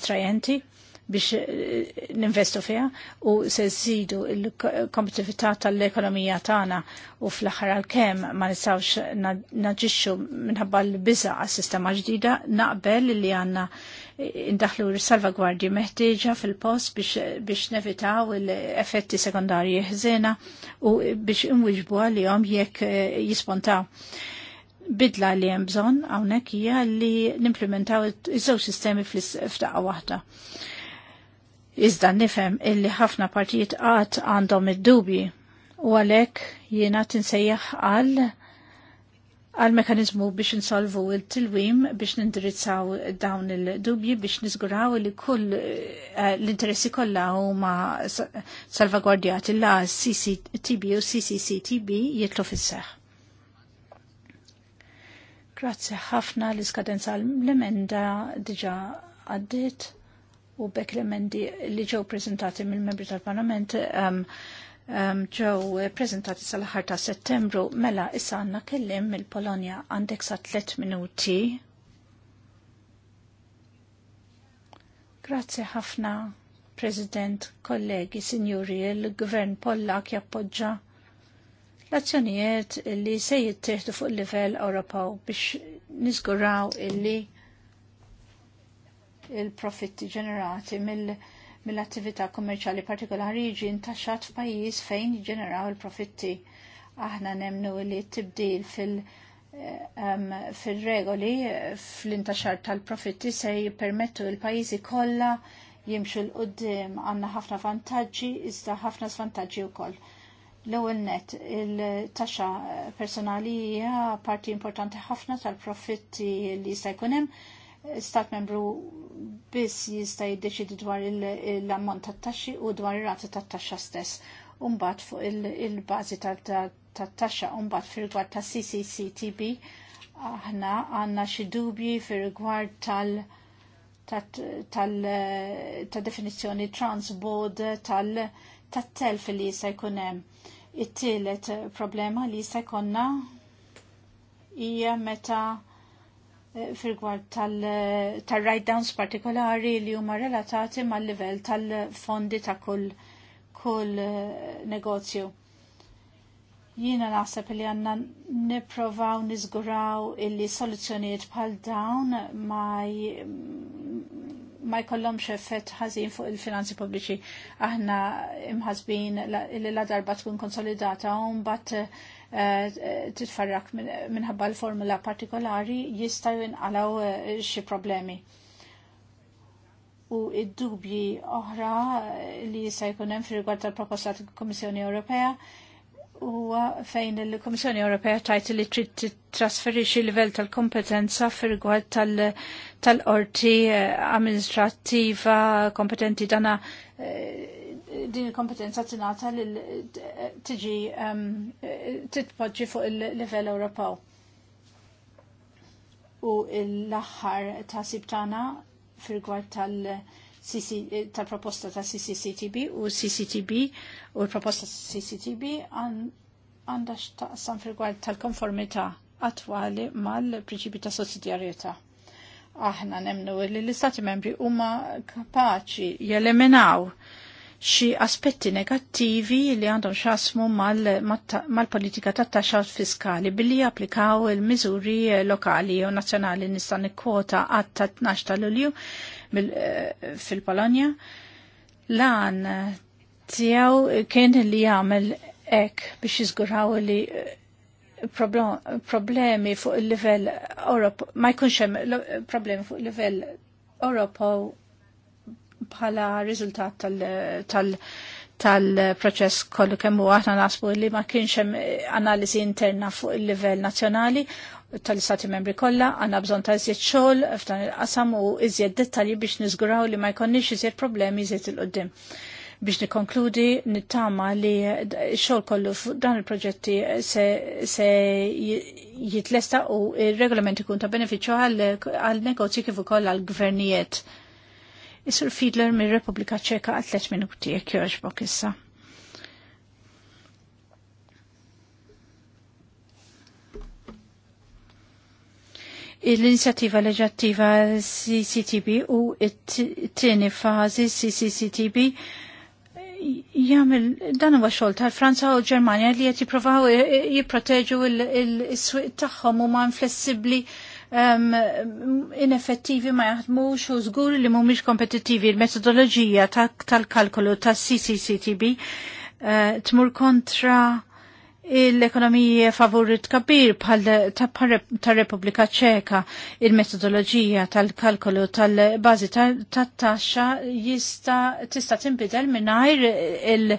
attrajenti biex eh, ninvestu fiha u se zidu l-kompetitività tal-ekonomija tagħna u fl-aħħar għalkemm ma nistgħux naġixxu minħabba l-biża għas-sistema ġdida naqbel li għandna eh, indaħlu r-salvagwardji meħtieġa fil-post biex, biex nevitaw l-effetti sekundarji ħżena u biex imwiġbu għalihom jekk eh, jispontaw bidla li hemm bżonn hawnhekk hija li nimplementaw iż-żewġ sistemi fl f'daqqa waħda. Iżda nifem illi ħafna partijiet għad għandhom id-dubi u għalek jiena tinsejjaħ għal għal mekanizmu biex insolvu il-tilwim biex nindirizzaw dawn il-dubji biex nizguraw li kull eh, l-interessi kollha huma salvagwardjati la CCTB u CCCTB jitlu fisseħ. Grazie Grazzi ħafna l-iskadenza l-emenda diġa għaddit u bekk l-emendi li ġew prezentati mill-membri tal-Parlament um, um, ġew prezentati sal-aħħar ta' Settembru mela issa għandna kellim mill-Polonja għandek sa' tliet minuti. Grazzi ħafna, President, kollegi, sinjuri, il-Gvern Pollak jappoġġa l-azzjonijiet li se jittieħdu fuq il livell Ewropew biex niżguraw illi il-profitti ġenerati mill-attività mill kommerċali partikolari jiġi intaxxat f'pajjiż fejn jiġġeneraw il-profitti. Aħna nemnu li t-tibdil fil- eh, fil-regoli eh, fl-intaxxar tal-profitti se jippermettu il-pajjiżi kollha jimxu l-qoddim għandna ħafna vantaġġi iżda ħafna svantaġġi wkoll l-ewwel net il-taxxa personali hija parti importanti ħafna tal-profitti li jista' jkun hemm stat membru biss jista' jiddeċidi dwar l-ammont tat-taxxi u dwar ir-rata tat-taxxa stess. Umbat fuq il-bażi tat-taxxa, umbat fir-rigward ta' CCCTB aħna għandna xi dubji fir-rigward tal- ta' definizzjoni transbord tal-telf li jista' jkun hemm. It-tielet problema li jista' jkollna hija meta fil-gwar tal-write-downs partikolari li huma relatati mal livell tal-fondi ta' kull kull eh, negozju. Jiena naħseb li għanna niprovaw nizguraw illi soluzzjonijiet bħal dawn ma jkollhomx effett ħażin fuq il-finanzi pubbliċi. Aħna imħasbin li la darba tkun konsolidata u mbagħad Eh, eh, titfarrak minħabba l-formula partikolari jista' jinqalaw eh, xi problemi u id-dubji oħra li jista' jkun hemm fir-rigward tal-proposta tal-Kummissjoni Ewropea huwa fejn il-Kummissjoni Ewropea tajt li trid titrasferixxi livell tal-kompetenza firigward rigward tal-qorti amministrattiva kompetenti dana din il-kompetenza tingħata ġi t ehm, titpoġġi fuq il-livell Ewropew. U l-aħħar ta' Sibtana fil-gwart tal- tal-proposta ta' CCCTB u CCTB u l-proposta CCTB għandha x'taqsam fil-gwart tal-konformità attwali mal-prinċipju ta' sussidjarjetà aħna nemnu li l-istati membri huma kapaċi jeleminaw xi aspetti negattivi li għandhom xasmu mal-politika ta' taxxa fiskali billi japplikaw il-miżuri lokali u nazzjonali nista' nikkwota għad ta' 12 ta' Lulju eh, fil-Polonja. Lan tiegħu kien li jagħmel hekk biex jiżguraw li eh, problemi fuq il-livell Ewropew ma jkunx hemm problemi fuq il-livell Ewropew bħala riżultat tal-proċess tal, tal kollu kemmu aħna nasbu li ma kienx hemm analiżi interna fuq il-livell nazzjonali tal-istati membri kollha għanna bżonn ta' iżjed xogħol f'dan il-qasam u iżjed dettalji biex niżguraw li ma jkollniex iżjed problemi iżjed il qoddim Biex nikonkludi nittama li xogħol kollu fuq dan il-proġetti se, se jitlesta u il regolament kun ta' benefiċċju għal-negozji kif ukoll għall gvernijiet Isur Fiedler mir Republika Ċeka għal 3 minuti jekk jogħġbok issa. L-inizjattiva leġattiva CCTB u t-tieni fażi CCCTB jagħmel dan huwa xogħol tal-Franza u l-Ġermanja li qed jippruvaw jipproteġu l swieq tagħhom huma inflessibbli um, ineffettivi ma jaħdmux u żgur li mhumiex kompetittivi il metodoloġija tal-kalkolu ta tas-CCCTB uh, eh, tmur kontra l ekonomija favorit kabir bħal ta' Repubblika ċeka il-metodologija tal-kalkolu tal-bazi tat-taxxa jista tista' tinbidel mingħajr il-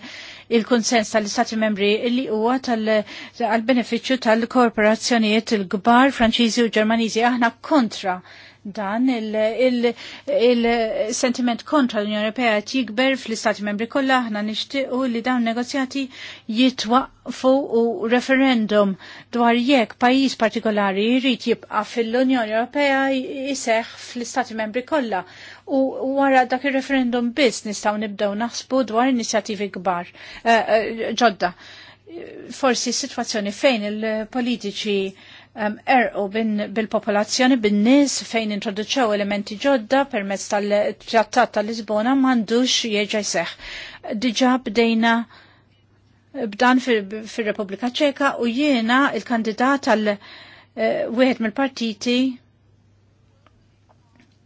il-konsens tal-Istati membri li huwa tal-beneficju tal-korporazzjonijiet il-gbar Franċiżi u Ġermaniżi. Aħna kontra dan il-sentiment kontra l-Unjoni Ewropea jikber fl-Istati Membri kollha aħna nixtiequ li dawn negozjati jitwaqfu u referendum dwar jekk pajjiż partikolari jrid jibqa' fil-Unjoni Ewropea jseħħ fl-Istati Membri kollha u wara dak il-referendum biss nistaw nibdew naħsbu dwar inizjattivi kbar eh, eh, ġodda. Forsi situazzjoni fejn il-politiċi erqu bil-popolazzjoni bin-nies fejn introduċew elementi ġodda permezz tal-trattat tal-Lisbona m'għandux jieġaj jseħħ. Diġà bdejna bdan fir-Repubblika Ċeka u jiena il-kandidat tal eh, wieħed mill-partiti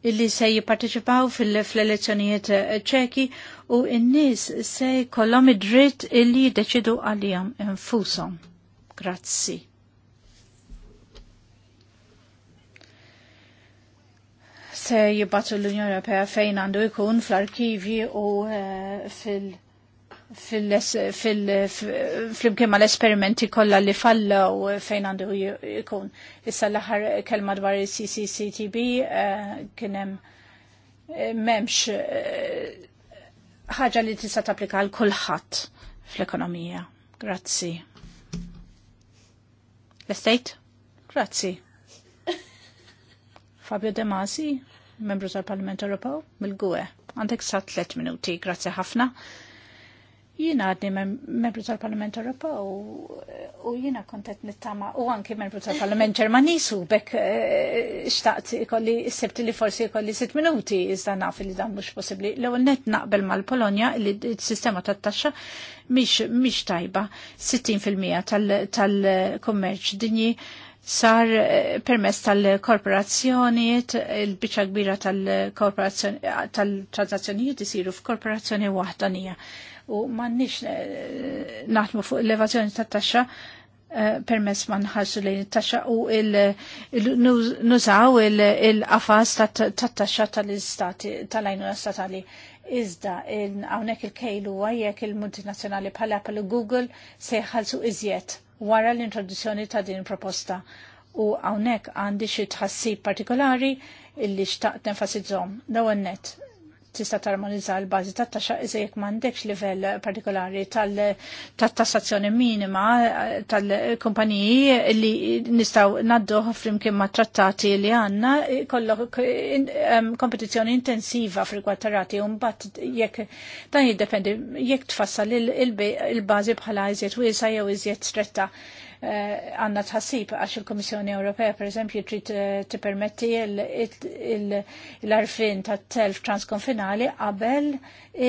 illi se jipparteċipaw fil-elezzjonijiet eh, ċeki u n-nis se kollom id-dritt illi jiddeċidu għalijam infusom. Grazzi. Se jibbatu l-Unjoni Ewropea fejn għandu jkun fl-arkivi u uh, fil- fl-imkien ma l-esperimenti kollha li u fejn għandu jkun. Issa l-aħħar kelma dwar il-CCCTB eh, kien hemm eh, m'hemmx eh, ħaġa li tista' tapplika għal kulħadd fl-ekonomija. Grazzi. L-estate? Grazzi. Fabio De Masi, membru tal-Parlament Ewropew, mill-GUE. Għandek sa' tliet minuti, grazzi ħafna. Jina għaddi membru tal-Parlament Ewropew u jina kontet nittama u anki membru tal-Parlament Ġermani u bekk eh, xtaqt ikolli s-sebt li forsi ikolli sitt minuti iżda naf li dan mhux possibbli. l net naqbel mal-Polonja li s-sistema tat-taxxa mhix tajba 60% tal-kummerċ dinji sar eh, permess tal-korporazzjoniet, il-bicċa kbira tal-korporazzjoniet tal isiru f'korporazzjoni waħdanija u m'għandniex eh, naħdmu fuq l levazzjoni tat-taxxa eh, permess ma nħarsu lejn it-taxxa u nużaw il-qafas tat-taxxa tal-istati tal-għajnuna statali. Iżda, hawnhekk il-kejlu jekk il-multinazzjonali bħal Apple u Google se jħallsu iżjed wara l-introduzzjoni ta' din proposta. U hawnhekk għandi xi tħassib partikolari illi xtaqt nenfasizzhom. Dawn net tista' tarmonizza l-bażi tat-taxxa iżda jekk m'għandekx livell partikolari tat-tassazzjoni minima eh, tal-kumpaniji li nistgħu nadduħ flimkien ma' trattati li għandna eh, kollok eh, kompetizzjoni intensiva fri kwattarati un u mbagħad jekk dan jiddependi jekk tfassal il-bażi bħala iżjed wiesa' jew iżjed stretta Eh, għanna tħassib għax il-Komissjoni Ewropea, per eżempju, trid eh, tippermetti l-arfin ta' telf transkonfinali qabel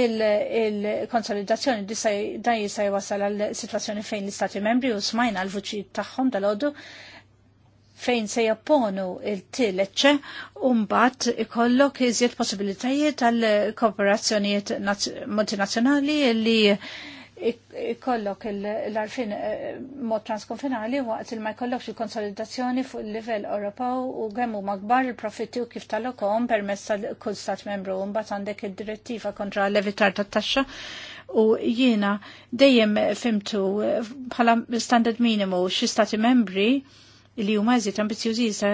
il-konsolidazzjoni dan jista' jwassal għal situazzjoni fejn l-Istati membri u smajna l-vuċi tagħhom dal-għodu fejn se japponu il-tileċe umbat ikollok iżjed possibilitajiet għal kooperazzjonijiet multinazzjonali li ikollok l-arfin eh, mod transkonfinali waqt il ma jkollokx il-konsolidazzjoni fuq il-livell Ewropew u għemmu magbar il-profitti u kif tal-okom permess tal-kull stat membru un bat għandek il-direttiva kontra l-evitar tat taxxa u jiena dejjem fimtu eh, bħala standard minimu xi stati membri li huma eżit ambizjużi jisa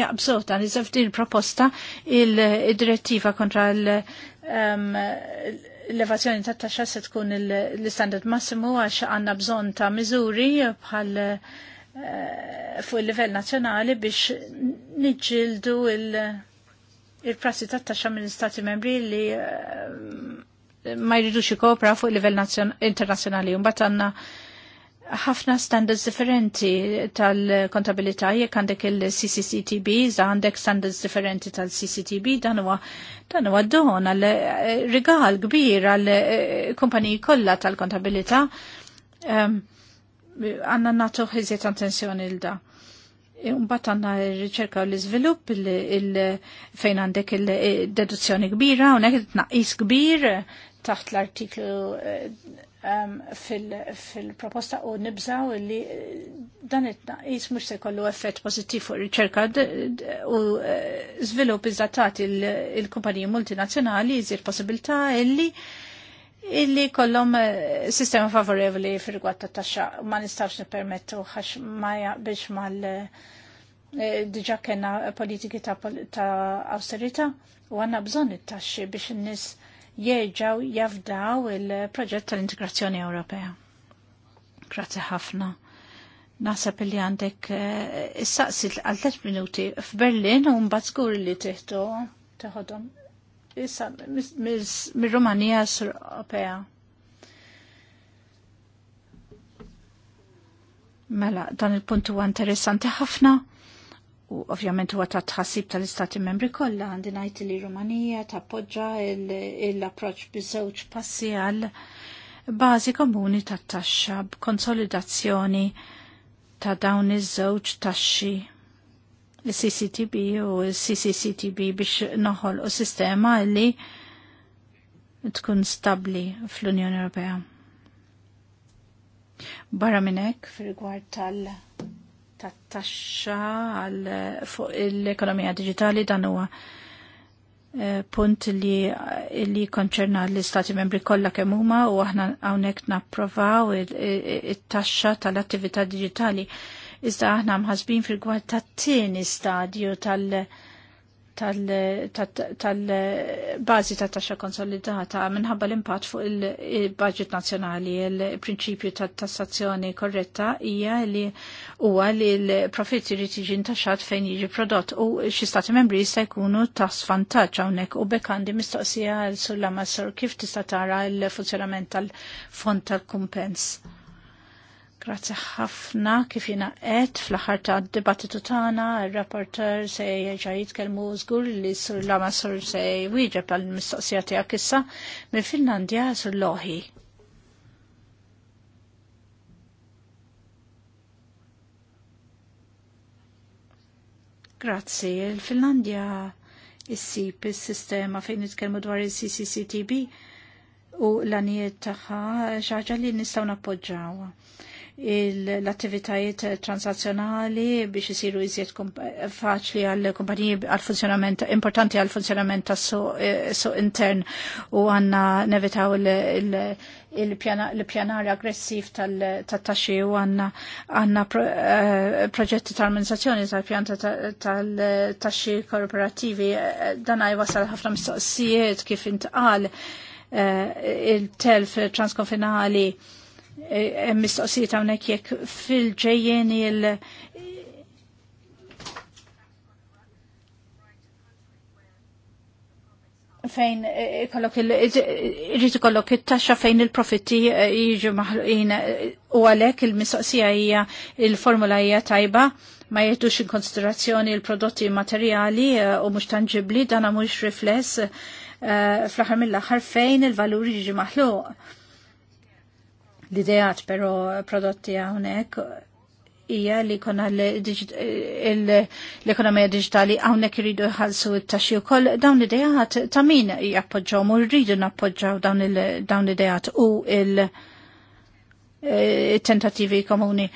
jaqbżu dan iżda proposta il-direttiva kontra l- ehm, l-evazzjoni ta' taxxa se tkun l-istandard massimu għax għanna bżon ta' miżuri bħal eh, fuq il-livell nazzjonali biex niġġildu il-prassi ta' taxxa minn stati membri li eh, ma jridux ikopra fuq il-livell internazzjonali. Mbagħad għandna ħafna standards differenti tal-kontabilità jekk għandek il-CCCTB, za għandek standards differenti tal-CCTB, dan huwa dan huwa don għal eh, rigal kbir għal eh, kumpaniji kollha tal-kontabilità. Ehm, għanna um, nagħtu ħiżiet attenzjoni l da. Mbagħad e, għandna r-riċerka u l-iżvilupp fejn għandek il-deduzzjoni eh, kbira, hawnhekk tnaqqis kbir taħt l-artiklu Um, fil-proposta u nibżaw li eh, dan it-naqis mux se kollu effett pozittiv fuq riċerka u zvilup eh, iżattati il-kumpaniji multinazzjonali jizir possibilità illi illi kollom eh, sistema favorevoli fil rigward ta' taxxa ma nistax nipermettu għax ma biex mal diġa kena politiki ta', ta austerita u għanna bżon it-taxxi biex n-nis jieġaw jafdaw il-proġett tal-integrazzjoni Ewropea. Grazie ħafna. Nasab li għandek eh, is-saqsi għal tliet minuti f'Berlin u mbagħad żgur li tieħdu taħodhom. Issa mir-Rumanija sur Ewropea. Mela, dan il-punt huwa interessanti ħafna u ovvjament huwa ta' tħassib tal-istati membri kollha għandi ngħid li Rumanija tappoġġa l-approċċ biżewġ passi għal bażi komuni tat-taxxa b'konsolidazzjoni ta' dawn iż-żewġ taxxi l cctb u l ccctb biex noħol u sistema li tkun stabli fl-Unjoni Ewropea. Barra minnek fil rigward tal- tat taxxa għal fuq l-ekonomija digitali dan huwa eh, punt li, li konċerna l-istati membri kollha kemm huma u aħna hawnhekk napprovaw it-taxxa tal-attività digitali. Iżda aħna mħasbin fil-gwad tat-tieni stadju tal- tal-bazi ta' taxxa konsolidata minħabba l-impatt fuq il-budget nazzjonali, il-prinċipju ta' tassazzjoni korretta hija li huwa li l-profitt irid jiġi ntaxxat fejn jiġi prodott u xi stati membri jista' jkunu ta' svantaġġ hawnhekk u bekk għandi mistoqsija l sulla Massor kif tista' tara l-funzjonament tal-fond tal-kumpens. Grazzi ħafna kif jina għed fl-aħħar ta' dibattitu tagħna il rapporter se jerġa' jitkellmu żgur li sur lama sur se jwieġeb għal mistoqsija tiegħek issa mill-Finlandja sur Loħi. Grazzi, il-Finlandja issib is-sistema fejn nitkellmu dwar il-CCCTB u l-għanijiet tagħha ġaġa li nistgħu nappoġġawha l-attivitajiet transazzjonali biex isiru iżjed faċli għal kumpaniji għal funzjonament importanti għal funzjonament tas suq eh, intern u għanna nevitaw il-pjanar aggressiv tal-taxxi u għanna għanna eh, proġetti tal-amministrazzjoni tal-pjanta tal-taxxi korporativi eh, dan wasal ħafna mistoqsijiet kif intqal il-telf transkonfinali mistoqsijiet hawnhekk jekk fil-ġejjeni il- fejn ikollok irrid ikollok it-taxxa fejn il-profitti jiġu maħluqin u għalhekk il-mistoqsija hija il-formula hija tajba ma jgħidux in konsiderazzjoni l-prodotti materjali eh, u mhux tanġibli dan mhux rifless eh, fl-aħħar mill-aħħar fejn il valur jiġi maħluq l ideat però prodotti għawnek ija li konna l-ekonomija digitali għawnek jridu ħalsu il-taxxi u koll dawn l ideat ta' min jappoġġaw u rridu nappoġġaw dawn l ideat u il-tentativi eh, komuni.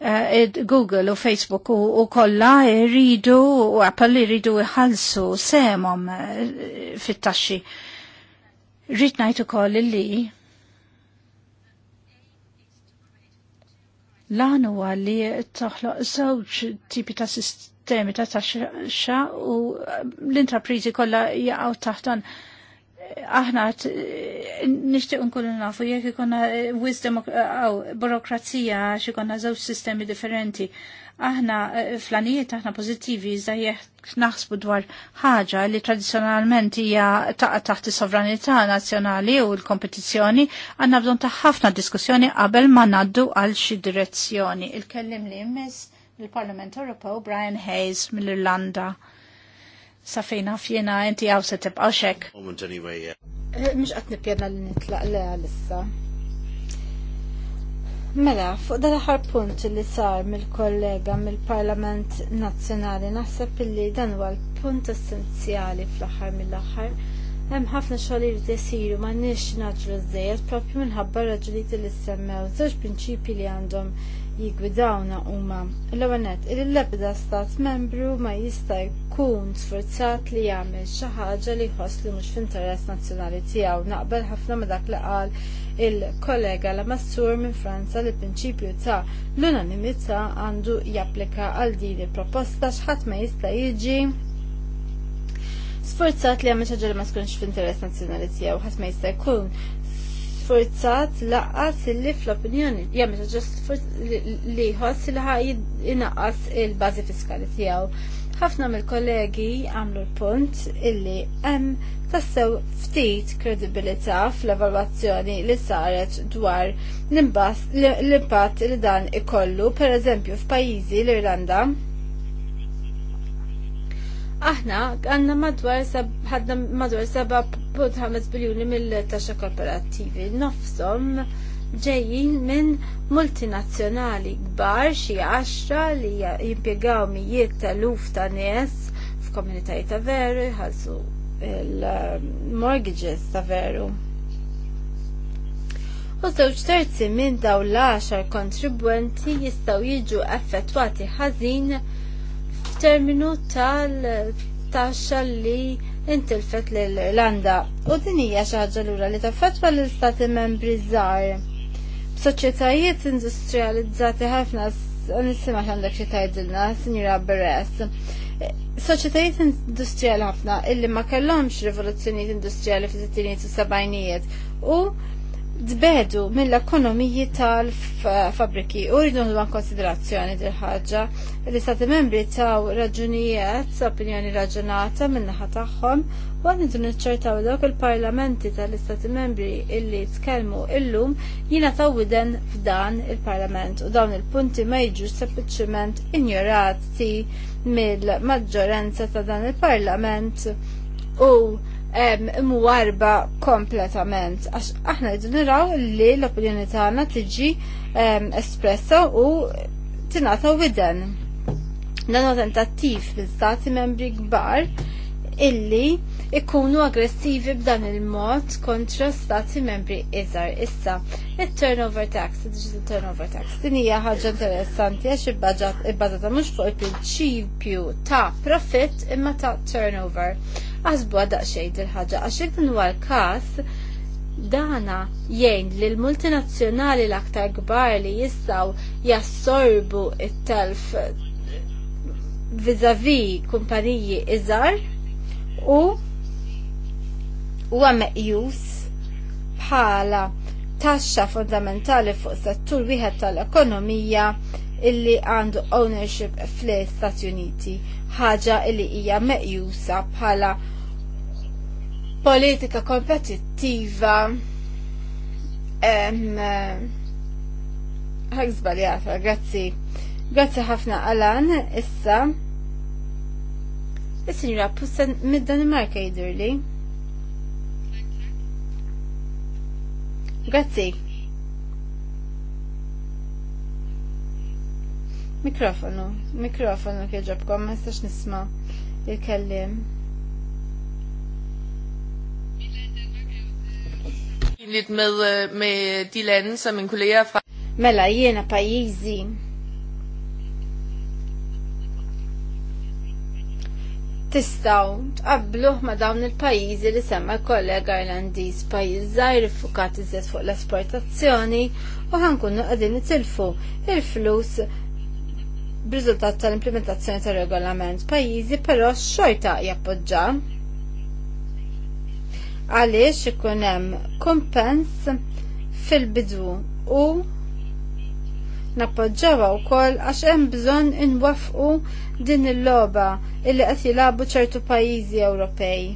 Eh, Google u Facebook u, kolla rridu u Apple rridu jħalsu semom eh, fit-taxxi. Rrit ngħid koll li Lan huwa li toħloq żewġ tipi ta' sistemi ta' taxxa u eh, l-intrapriżi kollha jaqgħu taħtan aħna eh, nixtieq nkunu nafu jekk ikonna eh, wisdom aw burokrazija xi ikonna żewġ sistemi differenti aħna eh, flanijiet aħna pozittivi zaħjeħ naħsbu dwar ħaġa li tradizjonalment hija taqa taħt is-sovranità nazzjonali u l-kompetizzjoni għandna bżonn ta' ħafna diskussjoni qabel ma naddu għal xi direzzjoni. Il-kellim li jmiss il-Parlament Ewropew Brian Hayes mill-Irlanda. Safina fjena inti għaw se tibqaw xek. Mux għatni pjena li nitlaq le għalissa. Mela, fuq dan l-aħħar punt li sar mill-kollega mill-Parlament Nazzjonali naħseb illi dan huwa l-punt essenzjali fl-aħħar mill-aħħar. Hemm ħafna xogħol jsiru ma m'għandniex naġlu żejjed propju minħabba raġunijiet li semmew żewġ prinċipji li għandhom jigwidawna huma l-ewwel nett il-lebda stat membru ma jista' jkun sforzat li jagħmel xi ħaġa li jħoss li mhux f'interess nazzjonali tiegħu naqbel ħafna ma dak li qal il-kollega la Massur minn Franza li prinċipju ta' l-unanimità għandu japplika għal din il-proposta xħat ma jista' jiġi sforzat li għamil ċaġa li ma tkunx f'interess nazzjonali tiegħu ħadd ma jista' jkun sforzat laqqas li fl-opinjoni jagħmel ġust li jħoss li ħaj il-bażi fiskali tiegħu. Ħafna mill-kollegi għamlu l-punt illi hemm tassew ftit kredibilità fl-evalwazzjoni li saret dwar l-impatt li dan ikollu, pereżempju f'pajjiżi l-Irlanda, Aħna għanna madwar ħadna madwar 7.5 biljuni mill-taxxa korporattivi. Nofsom ġejjin minn multinazzjonali kbar xi 10 li jimpjegaw mijiet tal-luf ta' nies f'komunitajiet ta' veru jħallsu il-mortgages ta' veru. U żewġ terzi minn dawn l-10 kontribwenti jistgħu jiġu effettwati ħażin f'terminu tal-taxxa li intilfet l-Irlanda u din hija xi ħaġa lura li taffetwa l-istati membri żgħar. B'soċjetajiet industrializzati ħafna nisimgħu għandek xi tgħidilna, Sinjura Beres. Soċjetajiet industrijali ħafna illi ma kellhomx rivoluzzjonijiet industrijali fis-sittinijiet u sebgħinijiet u dbedu mill-ekonomiji tal-fabriki u rridu nħudan konsiderazzjoni dil ħaġa li stati membri taw raġunijiet, opinjoni raġunata minnaħa tagħhom u għan niċċertaw dawk il-parlamenti tal-istati membri illi tkellmu illum jina taw widen f'dan il-parlament u dawn il-punti ma jiġu sempliċement ignorati mill-maġġoranza ta' dan il-parlament u warba kompletament. Għax aħna id niraw li l-opinjoni tagħna tiġi espressa u tingħata widen. Dan u tentattiv l stati membri kbar illi ikunu aggressivi b'dan il-mod kontra stati membri iżar issa. Il-turnover tax, il-digital turnover tax, din hija ħaġa interessanti għax ibbażata mhux fuq il-prinċipju ta' profit imma ta' turnover għazbu daqsxejn il-ħaġa għax din dan huwa l-każ dana jgħin li l-multinazzjonali l-aktar kbar li jistgħu jassorbu it-telf vizavi kumpaniji iżar u huwa meqjus bħala taxxa fundamentali fuq settur wieħed tal-ekonomija illi għandu ownership fl-Istati Uniti ħaġa li hija meqjusa bħala politika kompetittiva em li għafa, grazzi. Grazzi ħafna għalan, issa. Is-sinjura Pussan mid-Danimarka jidurli. Grazzi. Mikrofonu, mikrofonu kieġabkom, ma jistax nisma il-kellim. Lidt med, med de lande, som min Mela, jiena pajizi. Tistaw tqabluħ ma dawn il-pajizi li semma kollega Irlandiż pajiz żgħir iffukat iżjed fuq l-esportazzjoni u ħankunu qegħdin nitilfu il-flus b'riżultat tal-implementazzjoni tar-regolament. Pajjiżi però xorta jappoġġa għaliex ikun hemm kumpens fil-bidu u nappoġġawa wkoll għax hemm bżonn inwaffqu din il-logħba illi qed jilagħbu ċertu pajjiżi Ewropej.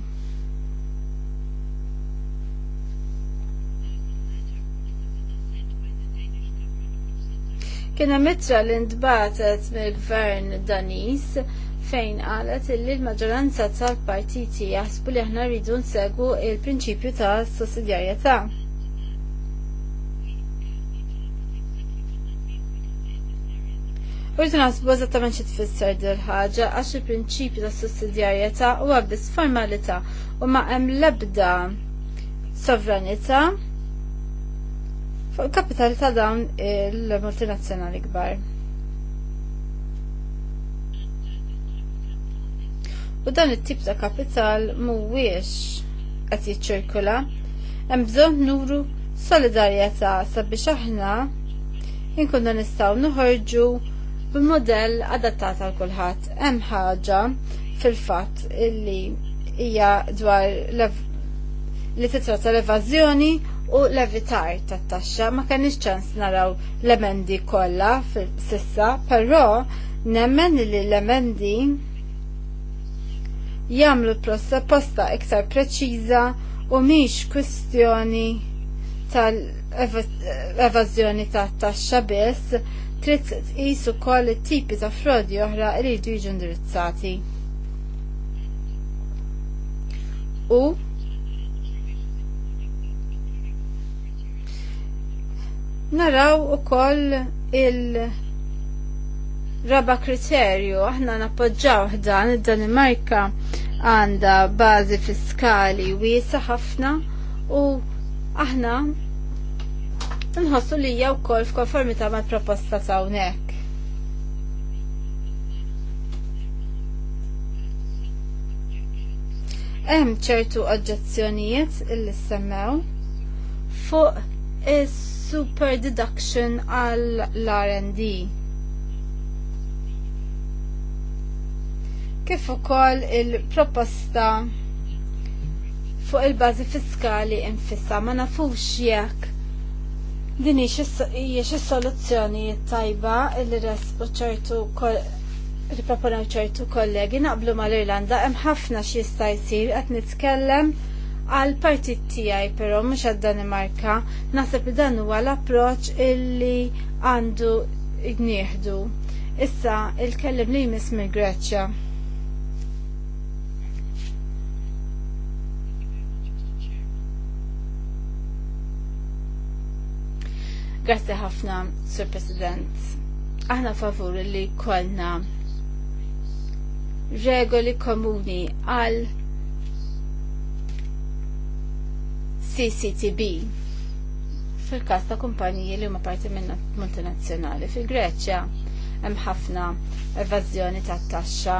Kien hemm l li ntbatet mill-gvern Danis fejn qalet li l-maġġoranza tal-partiti jasbu li aħna rridu nsegu il-prinċipju ta' sussidjarjetà. Urdu nasbu eżattament xi tfisser dil ħaġa għax il-prinċipju tas sussidjarjetà huwa biss formalità u ma hemm l-ebda sovranità fuq kapitali ta' dawn il-multinazzjonali kbar. U dan it-tip ta' kapital mhuwiex qed jiċċirkula, hemm bżonn nuru solidarjetà sabiex aħna inkunna nistgħu noħorġu b'modell adattat għal kulħadd. Hemm ħaġa fil-fatt illi hija dwar li titrata l-evażjoni u l-evitar tat-taxxa ma kenniex ċans naraw l-emendi kollha sissa, però nemmen li l-emendi jagħmlu posta iktar preċiża u mhix kwistjoni tal-evażjoni tat-taxxa biss trid tqis ukoll it-tipi ta' frodi oħra jridu jiġu indirizzati. U Naraw ukoll il-raba kriterju, aħna nappoġġaw dan id-Danimarka għanda bażi fiskali wiesa ħafna u aħna nħossu li jew kol f'konformità mal proposta ta' unek. Hemm ċertu oġġezzjonijiet illi semmew fuq super deduction għal l-R&D. Kif ukoll il-proposta fuq il-bażi fiskali infissa ma nafux jekk din hija xi soluzzjoni tajba res u ċertu riproponew ċertu kollegi naqblu mal-Irlanda hemm ħafna xi jista' jsir qed nitkellem għal partit tijaj, però mhux għad-Danimarka, naħseb li dan huwa l-approċċ illi għandu gnieħdu. Issa il-kellim li jmiss mill-Greċja. Grazie ħafna, Sir President. Aħna favur li kollna regoli komuni għal CCTB fil-kas ta' kumpaniji li huma parti minn multinazzjonali. Fil-Greċja hemm ħafna evażjoni ta' taxxa.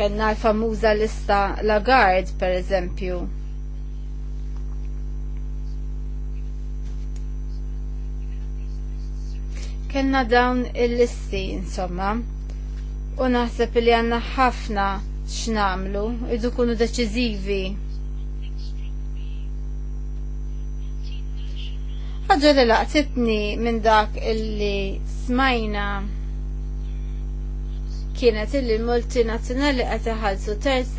Kenna l-famuża lista Lagarde, per eżempju, kellna dawn il-listi insomma u naħseb li għanna ħafna x'namlu, idu kunu deċiżivi. Ħaġa li laqtitni minn dak illi smajna kienet illi l-multinazzjonali qed iħallsu terz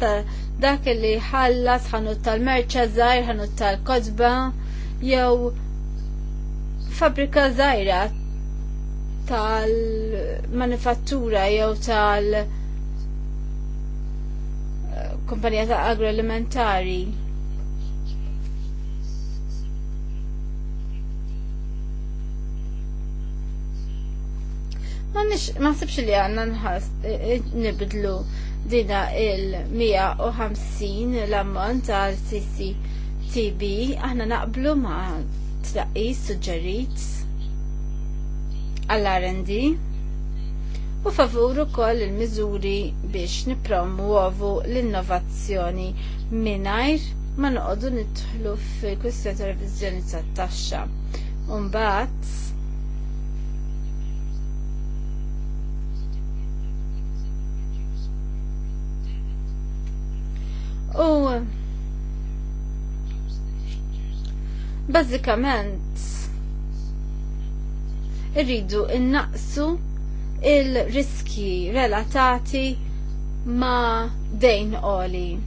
dak illi ħallas ħanut tal-merċa żgħir, ħanut tal-kotba jew fabrika żgħira tal-manifattura jew tal-, -manifattura, tal kumpanija ta' agroalimentari. Ma nix, ma sibx li għanna nħas e- e- nibdlu dina il-150 l-ammont għal cctb aħna naqblu ma' tlaqqis suġġerit għall-R&D u favuru ukoll il-miżuri biex nippromuovu l-innovazzjoni mingħajr ma noqogħdu nidħlu fil kwestja ta' revizjoni ta' taxxa U mbagħad U bazzikament irridu innaqsu il-riski relatati ma dejn oli.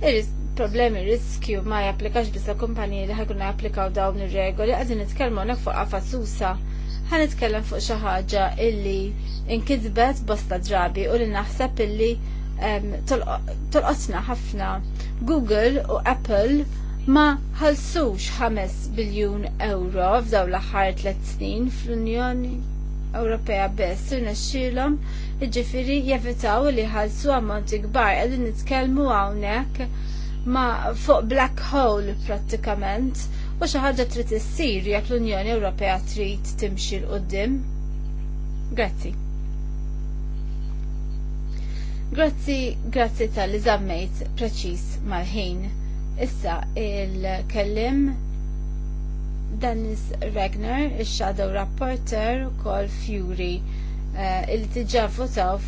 Il-problemi riskju ma japplikax biss la kumpaniji li ħajkun japplikaw dawn ir-regoli għadin nitkellmu hawnhekk fuq qafasusa ħan nitkellem fuq xi ħaġa illi inkizbet bosta drabi u li naħseb illi tolqotna ħafna. Google u Apple ma ħalsux 5 biljun euro f'dawla l-aħħar 3 snin fl-Unjoni Ewropea biss nixxielhom jiġifieri jevitaw li ħalsu ammonti kbar qegħdin nitkellmu hawnhekk ma' fuq black hole prattikament u xi ħaġa trid issir jekk l-Unjoni Ewropea trid timxi l qudiem Grazzi. Grazzi, grazzi tal-li zammejt preċis mal-ħin. Issa il-kellim Dennis Regner, il-Shadow Rapporter, kol Fury, eh, il tiġa votaw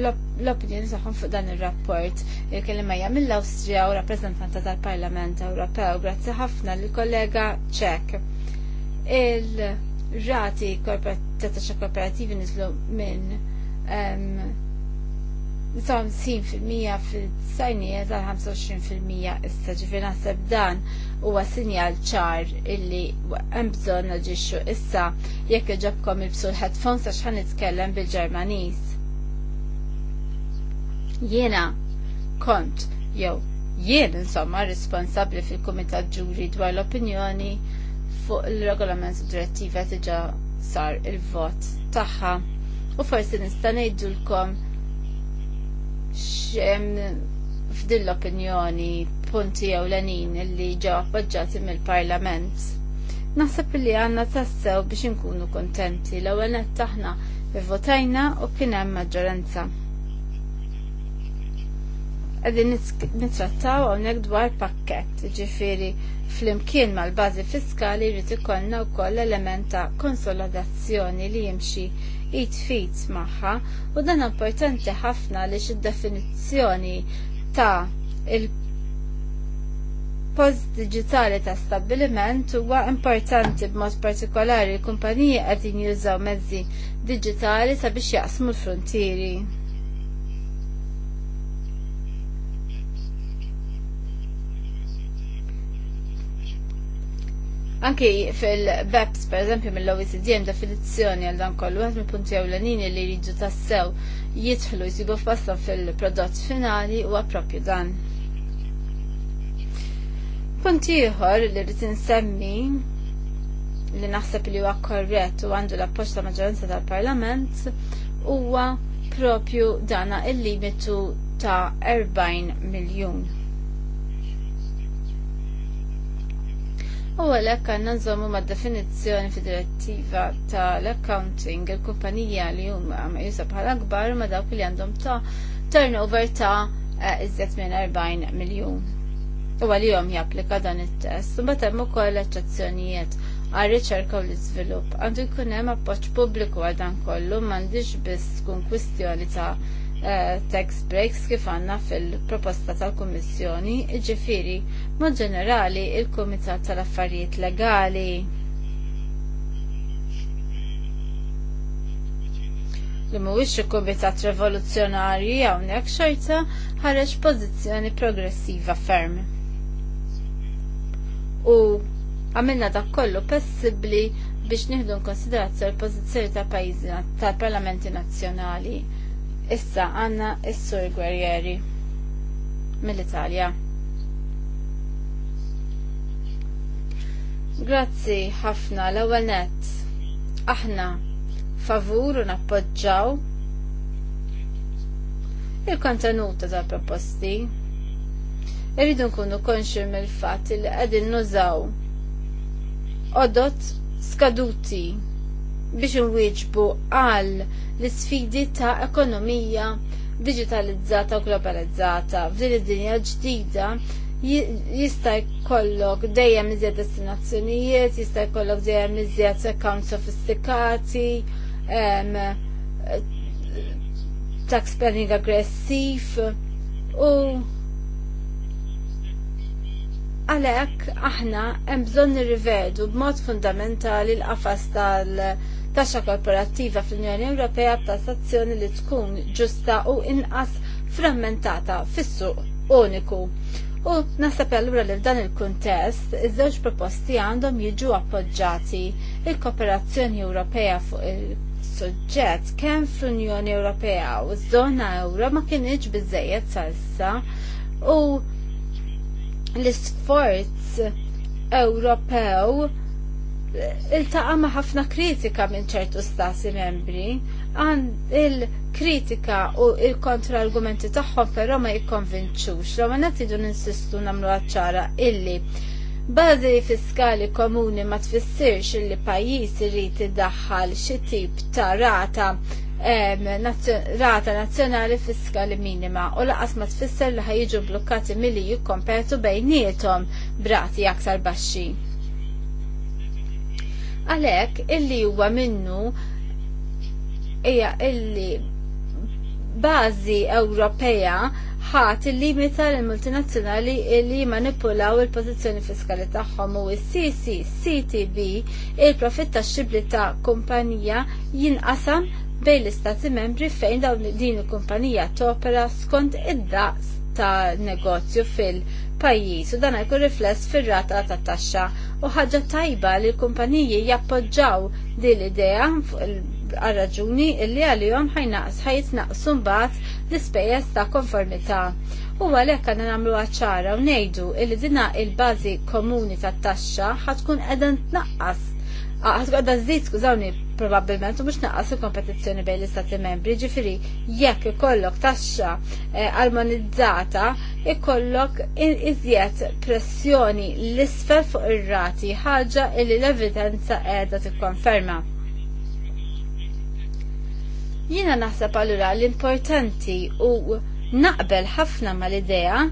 l-opinjoni tagħhom fuq dan ir-rapport il-kelima hija mill-Awstrija u rappreżentanta tal-Parlament Ewropew. Grazzi ħafna lill kollega Ċek. Il-rati ta' korporativi nizlu minn 50% fil-sajnija tal-25% issa ġifir naħseb dan huwa sinjal ċar illi hemm bżonn naġixxu issa jekk iġobkom ilbsu l-headphones għax ħan nitkellem bil-Ġermaniż. Jiena kont jew jien insomma responsabbli fil-Kumitat Ġuri dwar l-opinjoni fuq il-regolament direttiva diġà sar il-vot tagħha u forsi nista' ngħidulkom x'hemm f'din l-opinjoni punti ewlenin li ġew appoġġjati mill-Parlament. Naħseb li għandna tassew biex inkunu kontenti l-ewwel nett aħna votajna u kien hemm maġġoranza qegħdin nittrattaw hawnhekk dwar pakket, jiġifieri fl-imkien mal bażi fiskali rrid ikollna wkoll element ta' konsolidazzjoni li jimxi it fit maħħa u dan importanti ħafna li x-definizzjoni ta' il-post digitali ta' stabiliment huwa importanti b'mod partikolari l-kumpaniji qegħdin jużaw mezzi digitali sabiex jaqsmu l-frontieri. Anki fil-BEPS, per eżempju, mill-OECD hemm definizzjoni għal dan kollu, għazmi punti ewlenin li jridu tassew jidħlu jisibu f'passa fil-prodott finali u għapropju dan. Punt ieħor li rrid insemmi li naħseb li huwa korrett u għandu l-appoġġ ta' maġġoranza tal-Parlament huwa propju dana il-limitu ta' 40 miljun U għalhekk għandna nżommu mad definizzjoni fid-direttiva tal-accounting il-kumpanija li huma meqjusa bħala kbar ma dawk li għandhom ta' turnover ta' eh, izzet minn 40 miljun. U għalihom japplika dan it-test. U hemm ukoll eċċezzjonijiet għal riċerka u l-iżvilupp. Għandu jkun hemm appoġġ pubbliku għal dan kollu m'għandix biss tkun kwistjoni ta' eh, tax breaks kif għandna fil-proposta tal-Kummissjoni, ġifiri Mod ġenerali, il-Kumitat tal-Affarijiet Legali li mhuwiex il-Kumitat Revoluzzjonarji hawnhekk xorta ħareġ pożizzjoni progressiva ferm. U għamilna dak kollu possibbli biex nieħdu konsiderazzjoni l-pożizzjoni ta' pajjiżi tal-Parlamenti Nazzjonali. Issa għandna s-Sur Guerrieri mill-Italja. Grazzi ħafna l-ewwel nett. Aħna favur u nappoġġaw il-kontenuta tal proposti Irridu nkunu konxi mill-fatt li qegħdin nużaw odot skaduti biex nwieġbu għal l-sfidi ta' ekonomija digitalizzata u globalizzata f'din id-dinja ġdida jista' jkollok dejjem iżjed destinazzjonijiet, jista' jkollok dejjem iżjed account sofistikati, tax planning aggressiv u għalek aħna hemm bżonn nirrivedu b'mod fundamentali l-qafas tal-taxxa korporattiva fl-Unjoni Ewropea b'tassazzjoni li tkun ġusta u inqas frammentata fis-suq uniku. U nasab allura li f'dan il-kuntest iż-żewġ proposti għandhom jiġu appoġġati il-kooperazzjoni Ewropea fuq il-suġġett kemm fl-Unjoni Ewropea u żona Ewro ma kienx biżejjed salsa u l-isforz Ewropew eh, iltaqa' ma' ħafna kritika minn ċertu stati membri il-kritika u il-kontra-argumenti tagħhom però ma jikkonvinċux. Roma natidu ninsistu namlu għacċara illi bażi fiskali komuni ma tfissirx illi pajjiż irid iddaħħal xi tip ta' rata rata nazzjonali fiskali minima u laqas ma tfisser li ħajġu blokkati milli jikkompetu bejnietom brati aktar baxxi. Għalhekk illi huwa minnu ija illi bażi Ewropea ħat il-limita l-multinazzjonali li manipulaw il-pozizjoni fiskali tagħhom u s-CCCTB il-profitt tax-xibli ta' kumpanija jinqasam bejn l-istati membri fejn dawn din il-kumpanija topera skont id-daqs ta' negozju fil-pajjiż u dan jkun rifless fir-rata ta' taxxa u ħaġa tajba li l-kumpaniji jappoġġaw din l-idea għal-raġuni illi għal-jom ħajnaqs ħajtnaqsu mbagħad l-ispejjeż ta' konformità. U għalhekk għanna nagħmlu għacċara u ngħidu illi dina il-bażi komuni tat-taxxa ħatkun qiegħda tnaqqas ħatkun qiegħda żżid skużawni probabbilment u mhux naqqas il-kompetizzjoni bejn l-istati membri, ġifiri jekk ikollok taxxa eh, armonizzata ikollok iżjed pressjoni l-isfel fuq ir-rati ħaġa illi l-evidenza qiegħda tikkonferma. Jiena naħseb allura l-importanti u naqbel ħafna mal-idea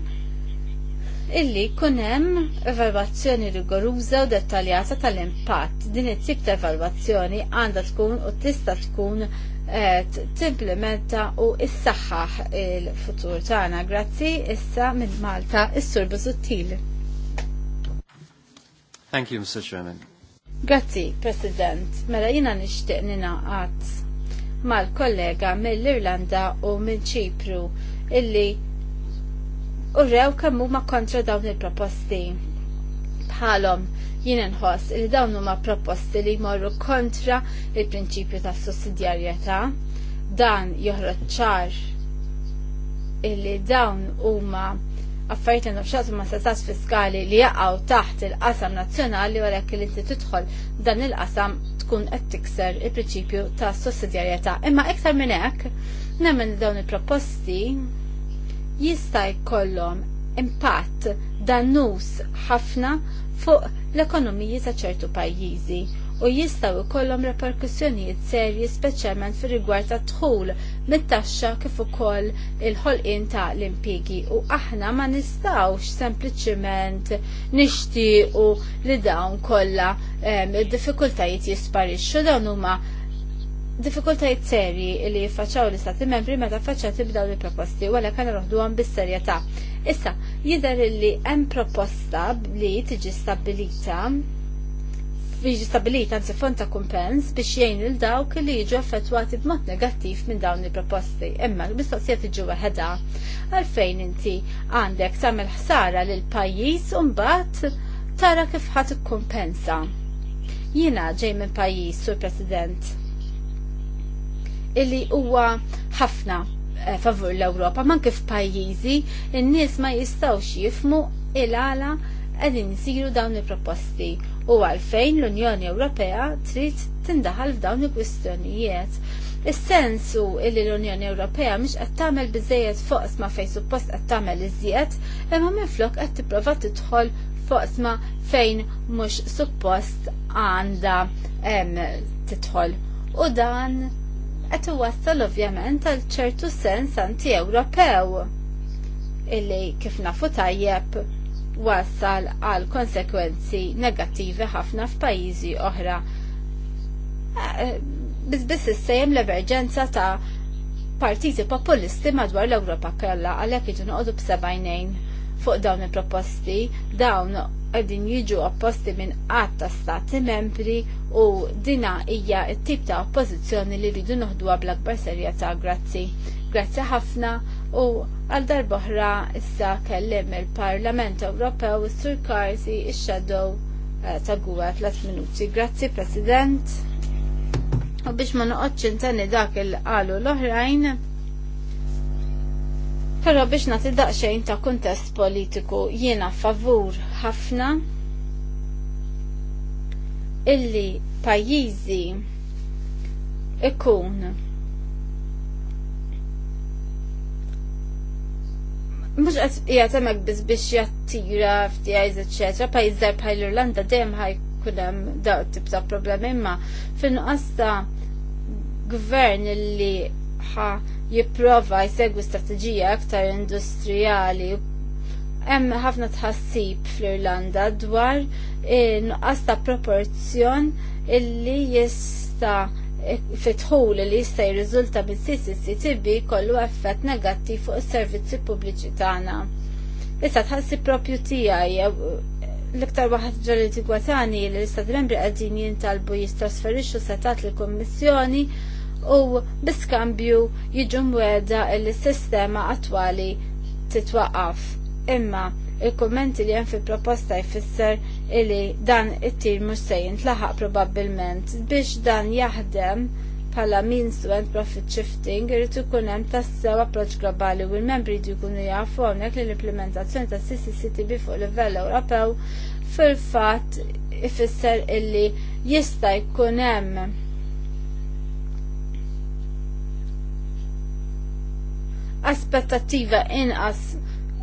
illi kunem evalwazzjoni rigoruża u dettaljata tal-impatt. Din it-tip ta' evalwazzjoni għandha tkun u tista' tkun eh, timplementa u issaħħaħ il-futur tagħna. Grazzi issa minn Malta is-Sur Busuttil. Thank you, Mr. Chairman. Grazzi, President. Mela jina nixtieq ninaqat mal-kollega mill-Irlanda u minn ċipru illi rew kemm huma kontra dawn il-proposti. Bħalhom jien nħoss li dawn huma proposti li jmorru kontra il-prinċipju tas sussidjarjetà dan joħroġ ċar illi dawn huma affarijiet għandhom ma' setax fiskali li jaqgħu taħt il-qasam nazzjonali wara li inti tidħol dan il-qasam tkun qed tikser il-prinċipju ta' sussidjarjetà. Imma iktar minn hekk nemmen dawn il-proposti jista' jkollhom impatt dannus ħafna fuq l-ekonomiji ta' ċertu pajjiżi u jistgħu jkollhom reperkussjonijiet serji speċjalment fir rigward ta' dħul mit-taxxa kif ukoll il-ħolqien ta' l-impjegi u aħna ma nistgħux sempliċiment nixtiequ li dawn kollha id-diffikultajiet jisparixxu dawn huma diffikultajiet serji li jiffaċċaw l-istati membri meta faċċa tibdaw li proposti u għalhekk nirroħduhom bis-serjetà. Issa, jidher li hemm proposta li tiġi stabilita. Viġi stabilit għanzi fonta ta' kumpens biex jgħin il dawk li jiġu effettwati b'mod negattiv minn dawn il-proposti. Imma l-mistoqsijiet iġu waħedha għalfejn inti għandek tagħmel ħsara l pajjiż u mbagħad tara kif ħat kumpensa. Jiena ġej minn pajjiż sur President illi huwa ħafna eh, favur l-Ewropa, man kif pajjiżi n nies ma jistgħux jifmu il-għala għedin jisiru dawn il-proposti u għalfejn l-Unjoni Ewropea trid tindaħal f'dawn il-kwistjonijiet. is sensu illi l-Unjoni Ewropea mhix qed tagħmel biżejjed foqsma fejn suppost qed tagħmel iżjed, imma minflok qed tipprova tidħol foqsma fejn mhux suppost għandha tidħol. U dan qed iwassal ovvjament għal ċertu sens anti Ewropew illi kif nafu tajjeb wassal għal konsekwenzi negattivi ħafna f'pajjiżi oħra. Eh, eh, Bizbiss issejjem l-emerġenza ta' partiti populisti madwar l-Ewropa kollha għalhekk jiġu noqogħdu b'sebajnejn fuq dawn il-proposti, dawn qegħdin jiġu opposti minn qatt ta' stati membri u dina hija t-tip ta' oppożizzjoni li rridu noħduha bl-akbar serjetà grazzi. Grazzi ħafna U għal darboħra issa kellim il-Parlament Ewropew Sur Karsi il shadow eh, ta' għuwa 3 minuti. Grazzi, President. U biex ma noqgħodx tani dak il-qalu l-oħrajn, Però biex nagħti daqsxejn ta' kuntest politiku jiena favur ħafna illi pajjiżi ikun mux jgħat għamak biz biex jattira f'tijajz, etc. Pajizzer pa l-Irlanda dem ħaj kunem daw tip ta' problemi imma fin għasta gvern li ħa jiprofa jsegwi strategija aktar industrijali hemm ħafna tħassib fl-Irlanda dwar eh, nuqqas ta' proporzjon illi jista' fitħul li jista' jirriżulta minn CCCTB kollu effett negattiv fuq is-servizzi pubbliċi tagħna. Issa tħassi propju tiegħi l-iktar waħed ġalli tigwatani li l istad Membri qegħdin jintalbu jistrasferixxu setat lill kummissjoni u biskambju jiġu mweda il sistema attwali titwaqaf. Imma il-kummenti li hemm fil-proposta jfisser illi dan it mhux se jintlaħaq probabbilment biex dan jaħdem bħala means to end profit shifting irrid ikun hemm tassew approċċ globali u l-membri jdu jkunu jafu hawnhekk li l-implementazzjoni ta' CCCTB fuq livell Ewropew fil-fatt ifisser illi jista' jkun hemm aspettattiva inqas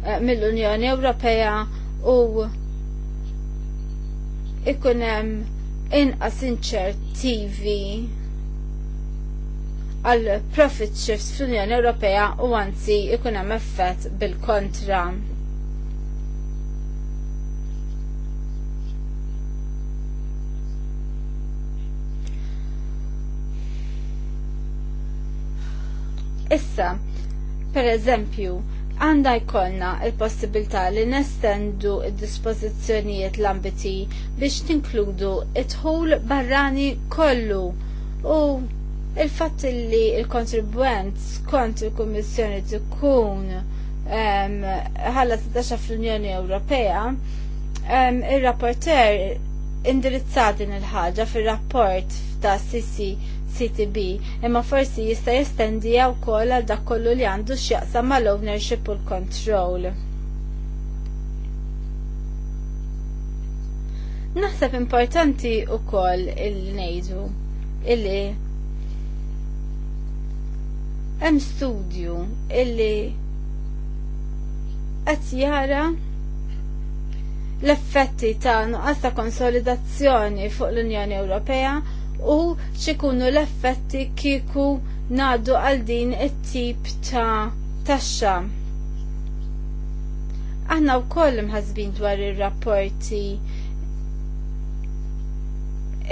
eh, mill-Unjoni Ewropea u ikun hemm inqas inċertivi għal profit shifts fl-Unjoni Ewropea u anzi ikun hemm effett bil-kontra. Issa, per eżempju, għanda jkollna il-possibilità li nestendu id-dispożizzjonijiet l-ambiti biex tinkludu it-ħul barrani kollu u il-fatt li il-kontribwent skont il-Kummissjoni tkun ħalla um, fl-Unjoni Ewropea, um, il-rapporter indirizzat din il-ħaġa fil-rapport ta' Sisi CTB imma forsi jista' jestendija wkoll għal dak kollu li għandu x'jaqsam mal-ownership u l-control. Naħseb importanti wkoll il nejdu illi hemm studju illi qed jara l-effetti ta' nuqqas ta' konsolidazzjoni fuq l-Unjoni Ewropea u xikunu l-effetti kieku nadu għal din it-tip ta' taxxa. Aħna u koll mħazbin dwar ir-rapporti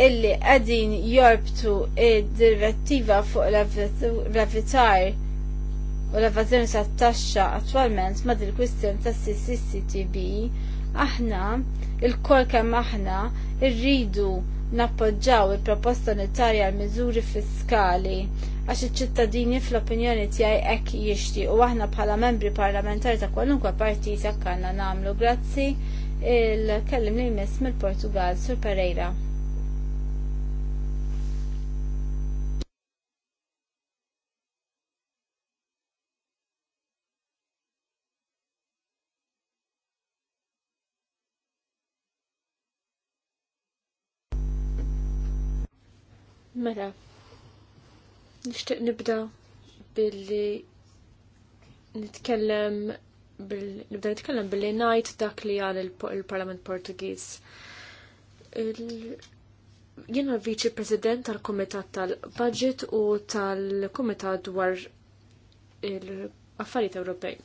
illi għadin jorbtu id-direttiva fuq l-avvitar u l-evazjoni sa' taxxa attualment ma' dil kwistjoni ta' CCCTV aħna il-kol kemm aħna rridu nappoġġaw il-proposta unitarja għal miżuri fiskali għax iċ-ċittadini fl-opinjoni tiegħi hekk jixtiequ aħna bħala membri parlamentari ta' kwalunkwe partit hekk għandna nagħmlu. Grazzi il-kellim li jmiss mill-Portugal Sur Pereira. Mela, nishtiq nibda billi nitkellem nibda nitkellem billi najt dak li għal il-Parlament Portugiż. Jena viċi president tal-Komitat tal-Budget u tal-Komitat dwar il-Affarijiet Ewropej.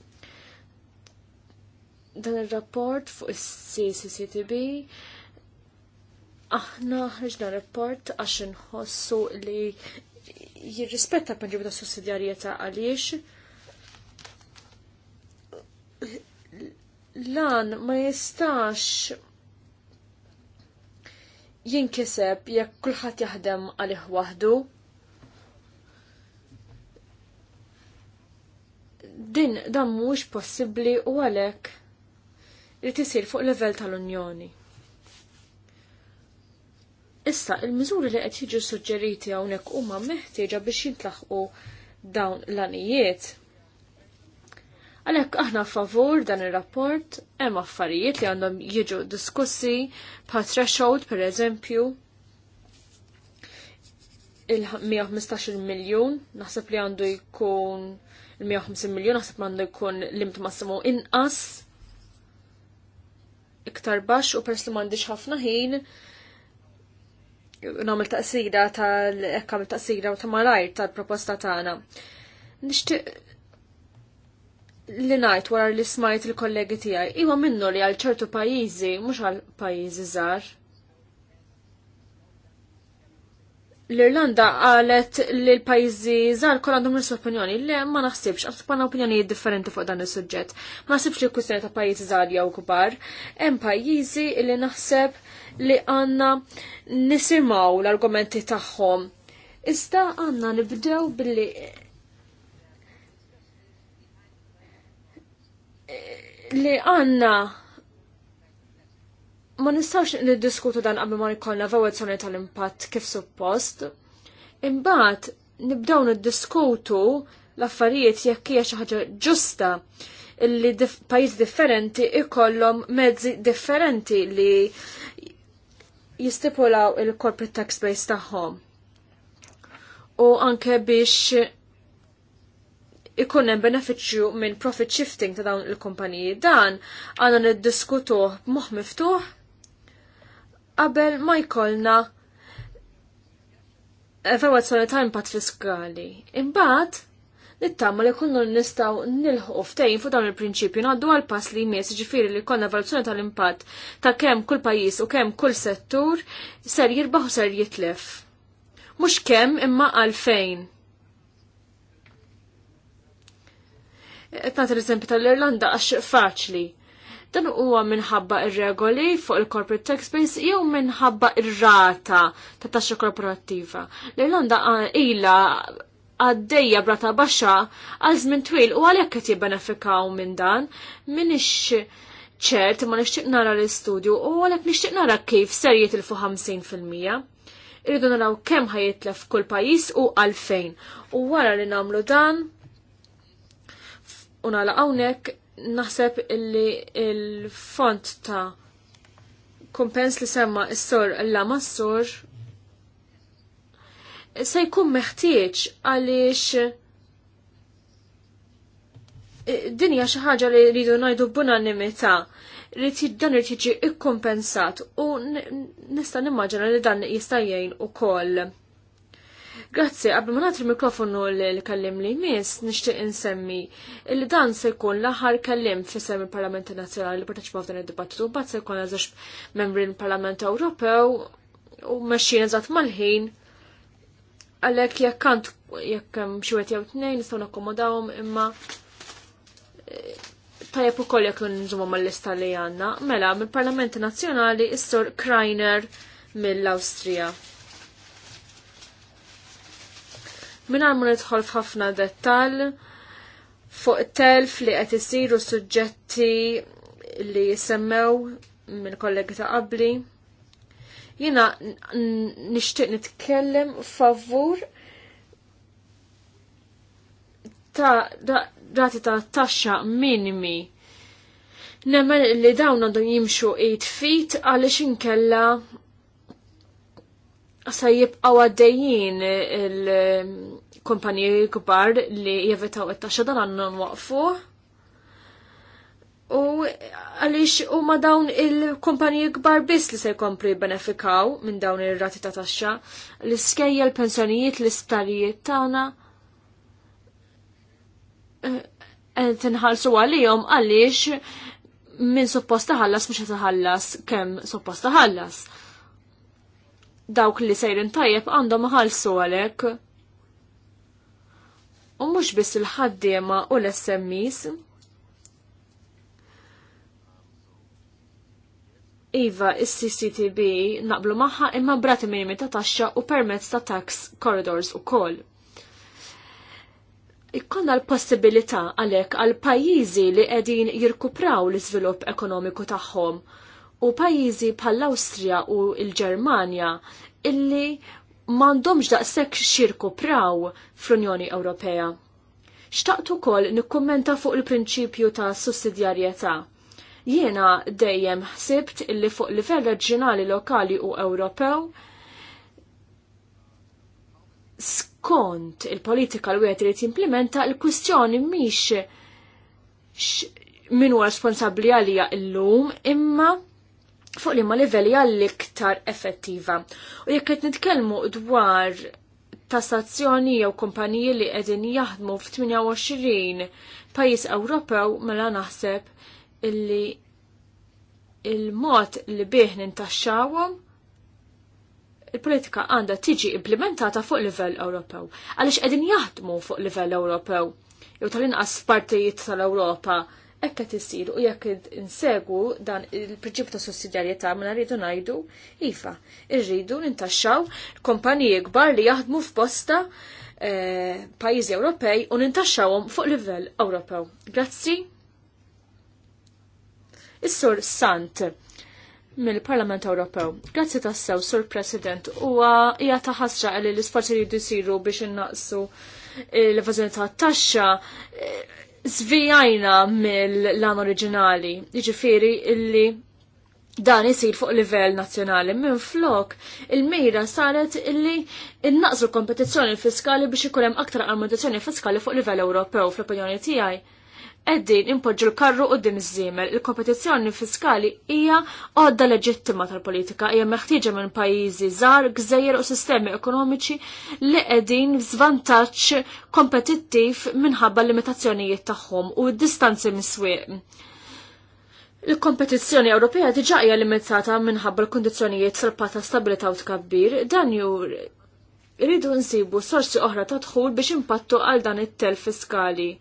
Dan il-rapport fuq is-CCTB Aħna ħarġna report għax nħossu li jirrispetta prinċipju ta' sussidjarjetà għaliex lan ma jistax jinkiseb jekk kulħadd jaħdem għalih waħdu. Din dan mhuwiex possibbli u għalhekk li tisir fuq level tal-Unjoni. Issa, il-miżuri li qed jiġu suġġeriti hawnhekk huma meħtieġa biex jintlaħqu dawn l-anijiet. Għalhekk aħna favur dan ir-rapport hemm affarijiet li għandhom jiġu diskussi pa threshold pereżempju il-115 miljun naħseb li għandu jkun il-150 miljun naħseb għandu jkun limt massimu inqas iktar baxx u pers li m'għandix ħafna ħin nagħmel taqsida tal-ekka taqsira u ta' malajr tal-proposta tagħna. Nixtieq li najt wara li smajt il-kollegi tijaj, iwa minnu li għal ċertu pajizi, mux għal pajizi zar, l-Irlanda għalet li l-pajzi zar kol għandhom nisa opinjoni. Le, ma naħsibx, għax panna opinjoni differenti fuq dan il-sujġet. Ma naħsibx li kustjoni ta' pajzi zar jew kbar. Hemm pajjiżi li naħseb li għanna nisimaw l-argumenti tagħhom. Iżda għanna nibdew billi li għanna ma nistawx niddiskutu dan qabel ma nikollna evaluazzjoni tal-impatt kif suppost. Imbagħad nibdew niddiskutu l-affarijiet jekk hija xi ħaġa ġusta illi dif pajjiż differenti ikollhom mezzi differenti li jistipulaw il-corporate tax base tagħhom. U anke biex ikun hemm benefiċċju minn profit shifting ta' dawn il-kumpaniji dan għandna niddiskutuh b'moħħ miftuħ qabel ma jkollna evalwazzjoni ta' impatt fiskali. Imbagħad nittama li kunnu nistgħu nilħu ftejn fuq dawn il-prinċipju ngħaddu għal pass li jmiss jiġifieri li konna valutazzjoni tal-impatt ta' kemm kull pajjiż u kemm kull settur ser jirbaħ u ser jitlef. Mhux kemm imma għalfejn. Qed nagħti l-eżempju tal-Irlanda għax faċli Dan huwa minħabba ir-regoli fuq il-corporate tax base jew minħabba ir-rata ta' taxxa korporattiva. L-Irlanda ah, ilha għaddejja brata baxxa għal żmien twil u għalhekk qed jibbenefikaw minn dan minix ċert ma nixtieq nara l-istudju u għalhekk nixtieq nara kif ser jitilfu 50%. Irridu naraw kemm ħajitlef kull pajjiż u għalfejn. U wara li nagħmlu dan u nagħlaq hawnhekk naħseb illi il-font ta' kumpens li semma s-sor l-lama s-sor se jkun meħtieġ għaliex eh, dinja xi ħaġa li rridu ngħidu b'unanimità li dan irid jiġi ikkompensat u nista' nimmaġina li dan jista' jgħin ukoll Grazzi, qabel ma natri il-mikrofonu li kellim li jmiss, nixtieq insemmi li dan se jkun l-aħħar kellim fisem il parlamenti Nazzjonali li parteċipaw f'dan id-dibattitu, mbagħad se jkun għazax membri l-Parlament Ewropew u mexxin eżatt mal-ħin għalhekk jekk kant jekk hemm xi wieħed jew tnejn nistgħu nakkomodawhom imma eh, tajjeb ukoll jekk nżomhom mal-lista li għandna. Mela, mill-Parlament Nazzjonali is-Sur Kreiner mill-Awstrija. Mingħajr ma nidħol f'ħafna dettal fuq telf li qed isiru suġġetti li semmew minn kollegi ta' qabli. Jiena nixtieq nitkellem favur ta' rati ta' taxxa minimi. Nemmen li dawn għandhom jimxu 8 feet għaliex inkella sa jibqaw għaddejjien il-kumpanji kbar li jivetaw it-taxxa dan għandhom waqfu. U għalix u ma dawn il-kumpaniji kbar biss li se jkomplu benefikaw minn dawn il rati ta' taxxa, l-iskejja l-pensjonijiet, l-istarijiet tagħna tinħalsu eh, għalihom għaliex min supposta ħallas mhux ħallas kemm supposta ħallas dawk li sejrin tajjeb għandhom ħalsu għalek. U mhux biss il-ħaddiema u l-SMEs. Iva, il cctb naqblu maħħa imma brati minimi ta' taxxa u permezz ta' tax corridors u kol. Ikkonna l-possibilità għalek għal pajjiżi li qegħdin jirkupraw l-iżvilupp ekonomiku tagħhom u pajjiżi bħall-Awstrija u l-Ġermanja illi m'għandhomx daqshekk xirku praw fl-Unjoni Ewropea. Xtaqt ukoll nikkummenta fuq il-prinċipju ta' sussidjarjetà. Jiena dejjem ħsibt illi fuq livell reġjonali lokali u Ewropew skont il-politika l wieħed irid jimplementa l-kwistjoni mhix min huwa responsabbli għalija llum imma fuq li ma livelli għall-iktar effettiva. U jekk qed nitkellmu dwar tassazzjoni jew kumpaniji li qegħdin jaħdmu f'28 pajjiż Ewropew mela naħseb illi il-mod li bih nintaxxawhom il-politika għandha tiġi implementata fuq livell Ewropew. Għaliex qegħdin jaħdmu fuq livell Ewropew jew tal-inqas partijiet tal-Ewropa hekk qed isir u jekk insegu dan il prinċip ta' sussidjarjetà minn rridu ngħidu iva, irridu nintaxxaw kompaniji kbar li jaħdmu f'posta eh, pajjiżi Ewropej u nintaxxawhom fuq livell Ewropew. Grazzi. Is-Sur Sant mill-Parlament Ewropew. Grazzi tassew, Sur President, huwa hija ta' ħasra li l-isforzi li jsiru biex innaqsu l-evażjoni ta' taxxa zvijajna mill-lan oriġinali, jiġifieri illi dan isir fuq livell nazzjonali. Minn flok, il-mira saret illi innaqsu kompetizzjoni fiskali biex ikun hemm aktar armonizzazzjoni fiskali fuq livell Ewropew fl-opinjoni tiegħi qegħdin impoġġu l-karru din iż-żiemel. Il-kompetizzjoni fiskali hija għodda leġittima tal-politika, hija meħtieġa minn pajjiżi żgħar, gżejjer u sistemi ekonomiċi li qegħdin f'żvantaġġ kompetittiv minħabba l limitazzjonijiet tagħhom u d-distanzi miswieq. Il-kompetizzjoni Ewropea diġa hija limitata minħabba l-kundizzjonijiet sal-pat pata stabilità u tkabbir, dan jur iridu nsibu sorsi oħra ta' dħul biex impattu għal dan it-tel fiskali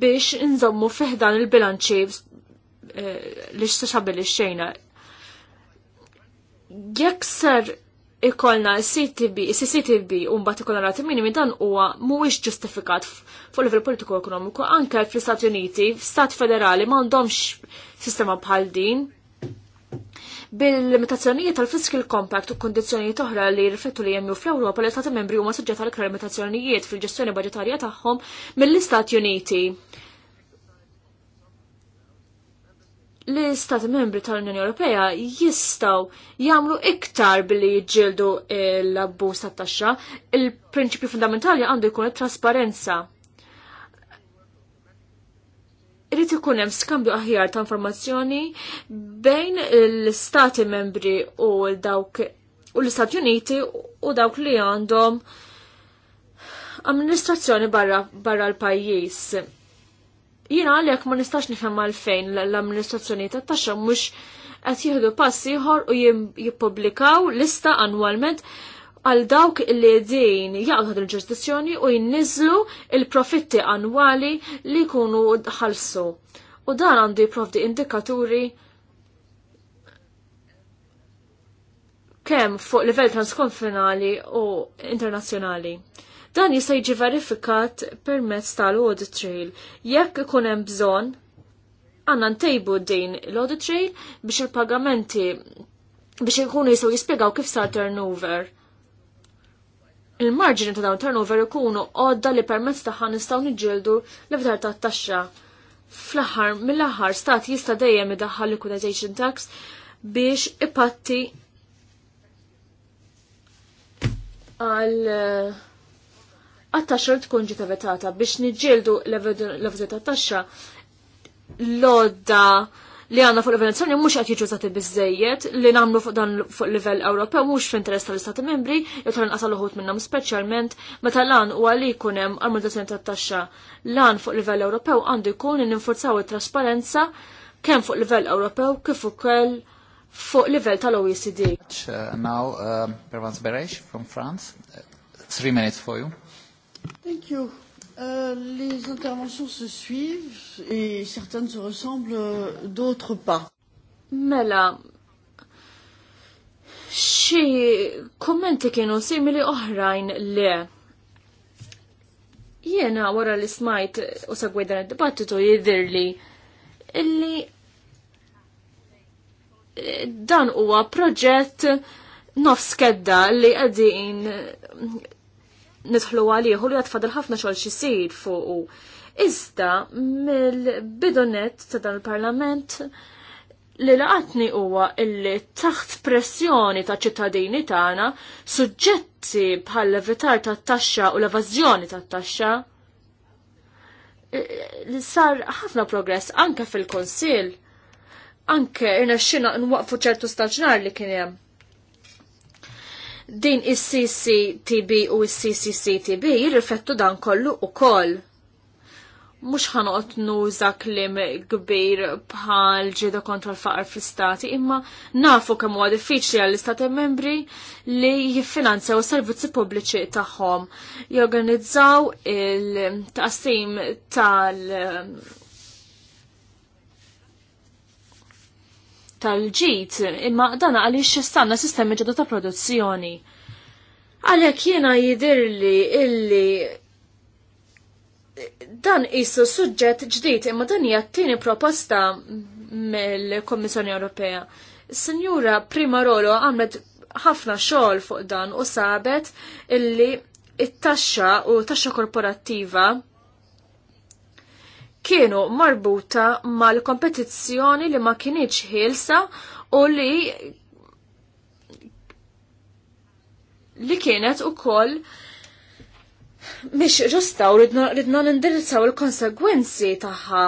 biex nżommu fiħdan il-bilanċi eh, li x li xejna. Jekk ser ikolna CCTB, CCTB unbat ikolna rati minimi dan huwa mhuwiex ġustifikat fuq livell politiku ekonomiku anke fl-Istati Uniti, Stat Federali m'għandhomx sistema bħal din bil-limitazzjonijiet tal-Fiscal Compact u kondizzjonijiet oħra li riflettu li jemmu fl-Ewropa li stati membri huma suġġett għal limitazzjonijiet fil-ġestjoni budġetarja tagħhom mill-Istati Uniti. L-Istati membri tal-Unjoni Ewropea jistgħu jagħmlu iktar billi jġildu l-abbuż tat-taxxa. Il-prinċipju fundamentali għandu jkun it-trasparenza irrit ikun hemm skambju aħjar ta' informazzjoni bejn l-Stati membri u dawk u l-Istati Uniti u dawk li għandhom amministrazzjoni barra, barra l-pajjiż. Jiena għalhekk ma nistax nifhem għalfejn l-amministrazzjoni ta' taxxa mhux qed jieħdu pass ieħor u jippubblikaw lista annwalment għal dawk li din jaqdu il ġurisdizzjoni u jinniżlu il-profitti annwali li jkunu ħalsu. U dan għandu jipprovdi indikaturi kemm fuq livell transkonfinali u internazzjonali. Dan jista' jiġi verifikat permezz tal-audit trail. Jekk ikun hemm bżonn, għandna ntejbu din l-audit trail biex il-pagamenti biex ikunu jistgħu jispjegaw kif sar turnover il-marġini ta' dawn turnover ikunu għodda li permezz tagħha nistgħu niġġieldu l-iftar ta' taxxa. Fl-aħħar mill-aħħar stat jista' dejjem l liquidization tax biex ipatti għal eh, għattaxra tkun ġita vetata biex niġġieldu l-evdu ta' taxxa l-odda li għanna fuq livell nazzjonali mhux qed jiġu zati bizzejiet li nagħmlu fuq dan fuq livell Ewropew mhux f'interess tal-Istati Membri jew tal-inqas uħud minnhom speċjalment meta lan huwa li jkun hemm armonizzazzjoni tat-taxxa lan fuq livell Ewropew għandu jkun ninfurzaw it-trasparenza kemm fuq livell Ewropew kif ukoll fuq livell tal-OECD. Uh, now, uh, Pervance Beresh from France. Uh, three minutes for you. Thank you. Euh, les interventions se suivent et certaines se ressemblent, euh, d'autres pas. Mela, xi kummenti kienu simili oħrajn le. Jiena wara li smajt u segwej dan id-dibattitu jidhirli illi dan huwa proġett nofs kedda li qegħdin nidħlu għalih u li għatfadil ħafna xogħol xisir fuq. Iżda mill-bidonet ta' dan il-parlament li laqatni huwa illi taħt pressjoni ta' ċittadini tagħna suġġetti bħal levitar ta' taxxa u l-evażjoni ta' taxxa li e, e, sar ħafna progress anke fil-Konsil anke irna xina nwaqfu ċertu staġnar li kien hemm din is-CCTB u is-CCCTB jirrifettu dan kollu u koll. Mux ħanot nuża klim kbir bħal ġida kontra l-faqar fl-istati, imma nafu kemm huwa diffiċli għall-istati membri li jiffinanzjaw servizzi pubbliċi tagħhom, jorganizzaw il-taqsim tal- tal-ġit, imma dan għaliex stanna sistemi ġodda ta' produzzjoni. Għalhekk jiena jidirli illi dan isu suġġett ġdid imma dan hija t-tieni proposta mill-Kommissjoni Ewropea. Prima Rolo għamlet ħafna xogħol fuq dan u sabet illi it-taxxa u taxxa korporattiva kienu marbuta mal-kompetizzjoni li ma kienieċ ħilsa u li li kienet u koll mish ġusta u ridna nindirizzaw il-konsegwenzi taħħa.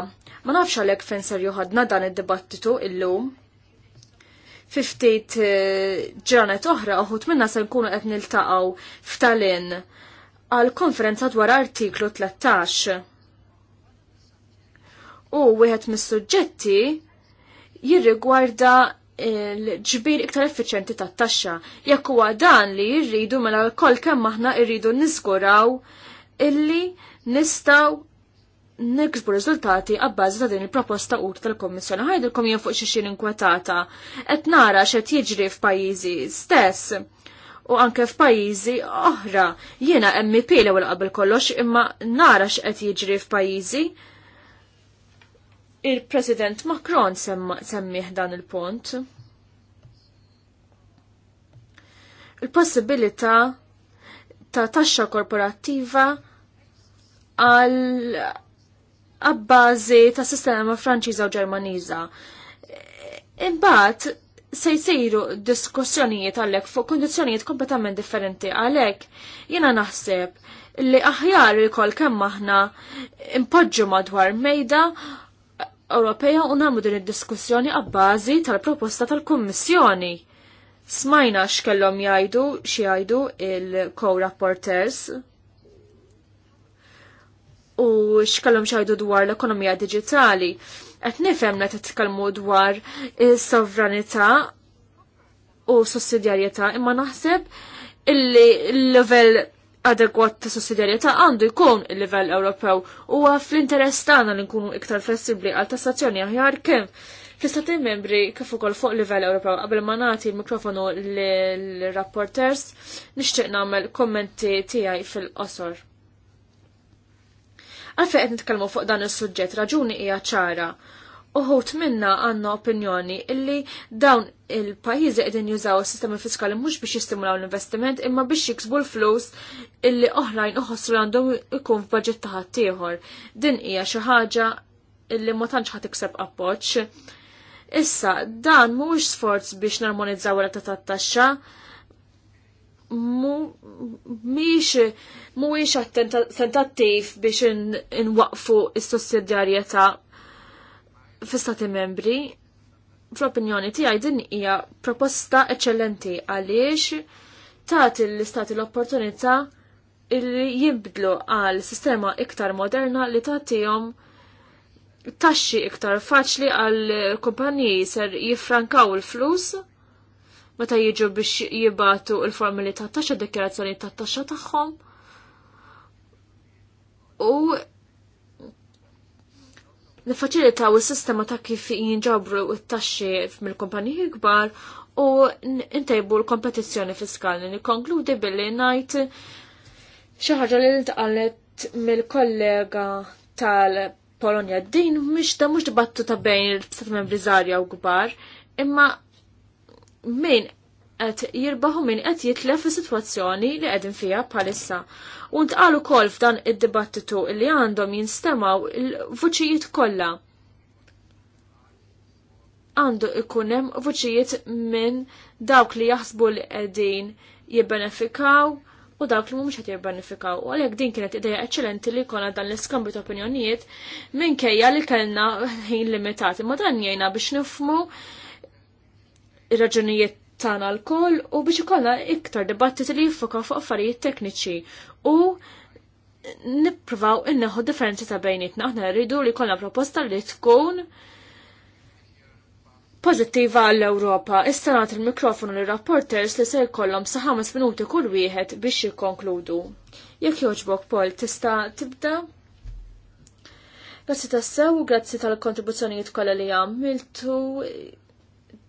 Ma nafx għalek fejn ser juħadna dan id-dibattitu illum. Fiftit eh, ġranet oħra uħut minna se nkunu qed niltaqgħu f'Talin għal konferenza dwar artiklu 13 u wieħed mis-suġġetti jirrigwarda l-ġbir iktar effiċenti tat taxxa Jekk huwa dan li jirridu mela l-koll kemm aħna rridu niżguraw illi nistgħu nikbu riżultati għabbażi ta' din il-proposta ut tal-Kommissjoni. Ħajdilkom jien fuq xi inkwetata qed nara x'qed jiġri f'pajjiżi stess u anke f'pajjiżi oħra. Jiena MP l-ewwel qabel kollox imma nara x'qed jiġri f'pajjiżi Il-President Macron semmiħ dan il-punt. Il-possibilità ta' taxxa korporattiva għal għabbażi ta' sistema Franċiża u Ġermaniża. Imbagħad se jsiru diskussjonijiet għalhekk fuq kundizzjonijiet kompletament differenti għalhekk jiena naħseb li aħjar il-kol kemm aħna impoġġu madwar mejda Ewropea u nagħmlu din id-diskussjoni għabbażi tal-proposta tal-Kummissjoni. Smajna x'kellhom jgħidu xi jgħidu il-co-rapporters u x'kellhom jgħidu dwar l-ekonomija diġitali. Qed nifhem li titkellmu dwar is-sovranità u sussidjarjetà imma naħseb il level adekwat ta' sussidjarjetà għandu jkun il-livell Ewropew u fl-interess tagħna li nkunu iktar flessibbli għal tassazzjoni aħjar kemm fl-istati membri kif ukoll fuq livell Ewropew qabel ma nagħti l-mikrofonu l-rapporters nixtieq nagħmel kommenti tiegħi fil-qosor. Għalfejn qed nitkellmu fuq dan is-suġġett raġuni hija ċara uħut minna għanna opinjoni illi dawn il-pajizi għedin jużaw s-sistema fiskali mux biex jistimulaw l-investiment imma biex jiksbu l-flus illi oħrajn uħossu għandhom ikun f'budget taħat tiħor. Din hija xi ħaġa illi ma tantx ħat ikseb appoġġ. Issa, dan mhuwiex sforz biex narmonizzaw rata tat-taxxa, miex mhuwiex attentattiv biex inwaqfu s sussidjarjetà fistati membri, fl-opinjoni tiegħi din hija proposta eċċellenti għaliex tagħti l-istati l-opportunità illi jibdlu għal sistema iktar moderna li tagħtihom taxxi iktar faċli għal kumpaniji ser jiffrankaw il-flus meta jiġu biex jibatu il-formuli ta' taxxa, dikjarazzjoni ta' taxxa tagħhom. U nifaċilitaw is-sistema ta' kif jinġabru it-taxxi mill-kumpaniji kbar u ntejbu l-kompetizzjoni fiskali. Nikkonkludi billi ngħid xaħġa ħaġa li ntqalet mill-kollega tal-Polonja din mux ta' mhux dibattu ta' bejn il-Stat Membri u kbar, imma min qed jirbaħu minn qed jitlef is-sitwazzjoni li qegħdin fiha bħalissa. U għalu kol f'dan id-dibattitu li għandhom jinstemaw il-vuċijiet kollha. Għandu ikunem hemm vuċijiet minn dawk li jaħsbu li qegħdin jibbenefikaw u dawk li mhumiex qed jibbenefikaw. U għalhekk din kienet idea eċċellenti li jkollna dan l-iskambju ta' opinjonijiet minkejja li kellna ħin limitati, ma dan jajna biex nifmu ir-raġunijiet tana l-koll u biex ikollna iktar dibattiti li jiffoka fuq affarijiet tekniċi u nippruvaw inneħu differenzi ta' bejnietna. Aħna rridu li kolla proposta li tkun pozittiva għall-Ewropa. Issa nagħti il-mikrofonu lir rapporters li se jkollhom sa ħames minuti kull wieħed biex jikkonkludu. Jekk jogħġbok Paul tista' tibda? Grazzi tassew, grazzi tal-kontribuzzjonijiet kollha li għamiltu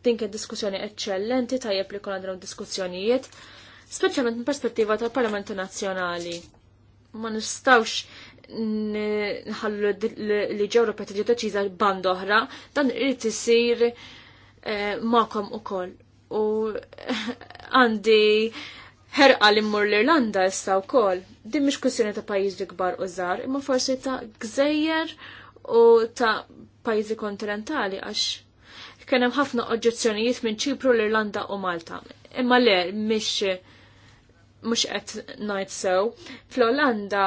din kien diskussjoni eccellenti tajjeb li kolla dawn diskussjonijiet, speċjalment minn perspettiva tal-Parlamentu Nazzjonali. Ma nistawx nħallu li ġew repetiġi deċiża band oħra, dan irid isir eh, ma'kom ukoll. U għandi ħerqa li mmur l-Irlanda issa wkoll. Din mhix kwistjoni ta' pajjiżi kbar u żgħar, imma forsi ta' gżejjer u ta' pajjiżi kontinentali għax kien hemm ħafna oġġezzjonijiet minn Ċipru l-Irlanda u Malta. Imma le mhix mhux qed ngħid sew. Fl-Olanda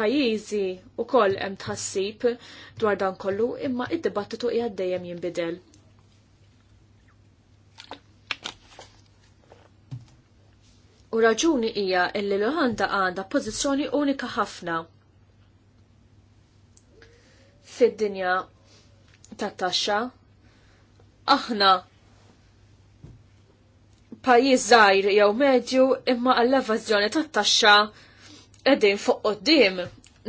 pajjiżi wkoll hemm tħassib dwar dan kollu, imma id-dibattitu hija dejjem jinbidel. U raġuni hija li l-Olanda għandha pożizzjoni unika ħafna fid-dinja tat-taxxa aħna pajjiż żgħir jew medju imma għall-evażjoni tat-taxxa qegħdin fuq qoddim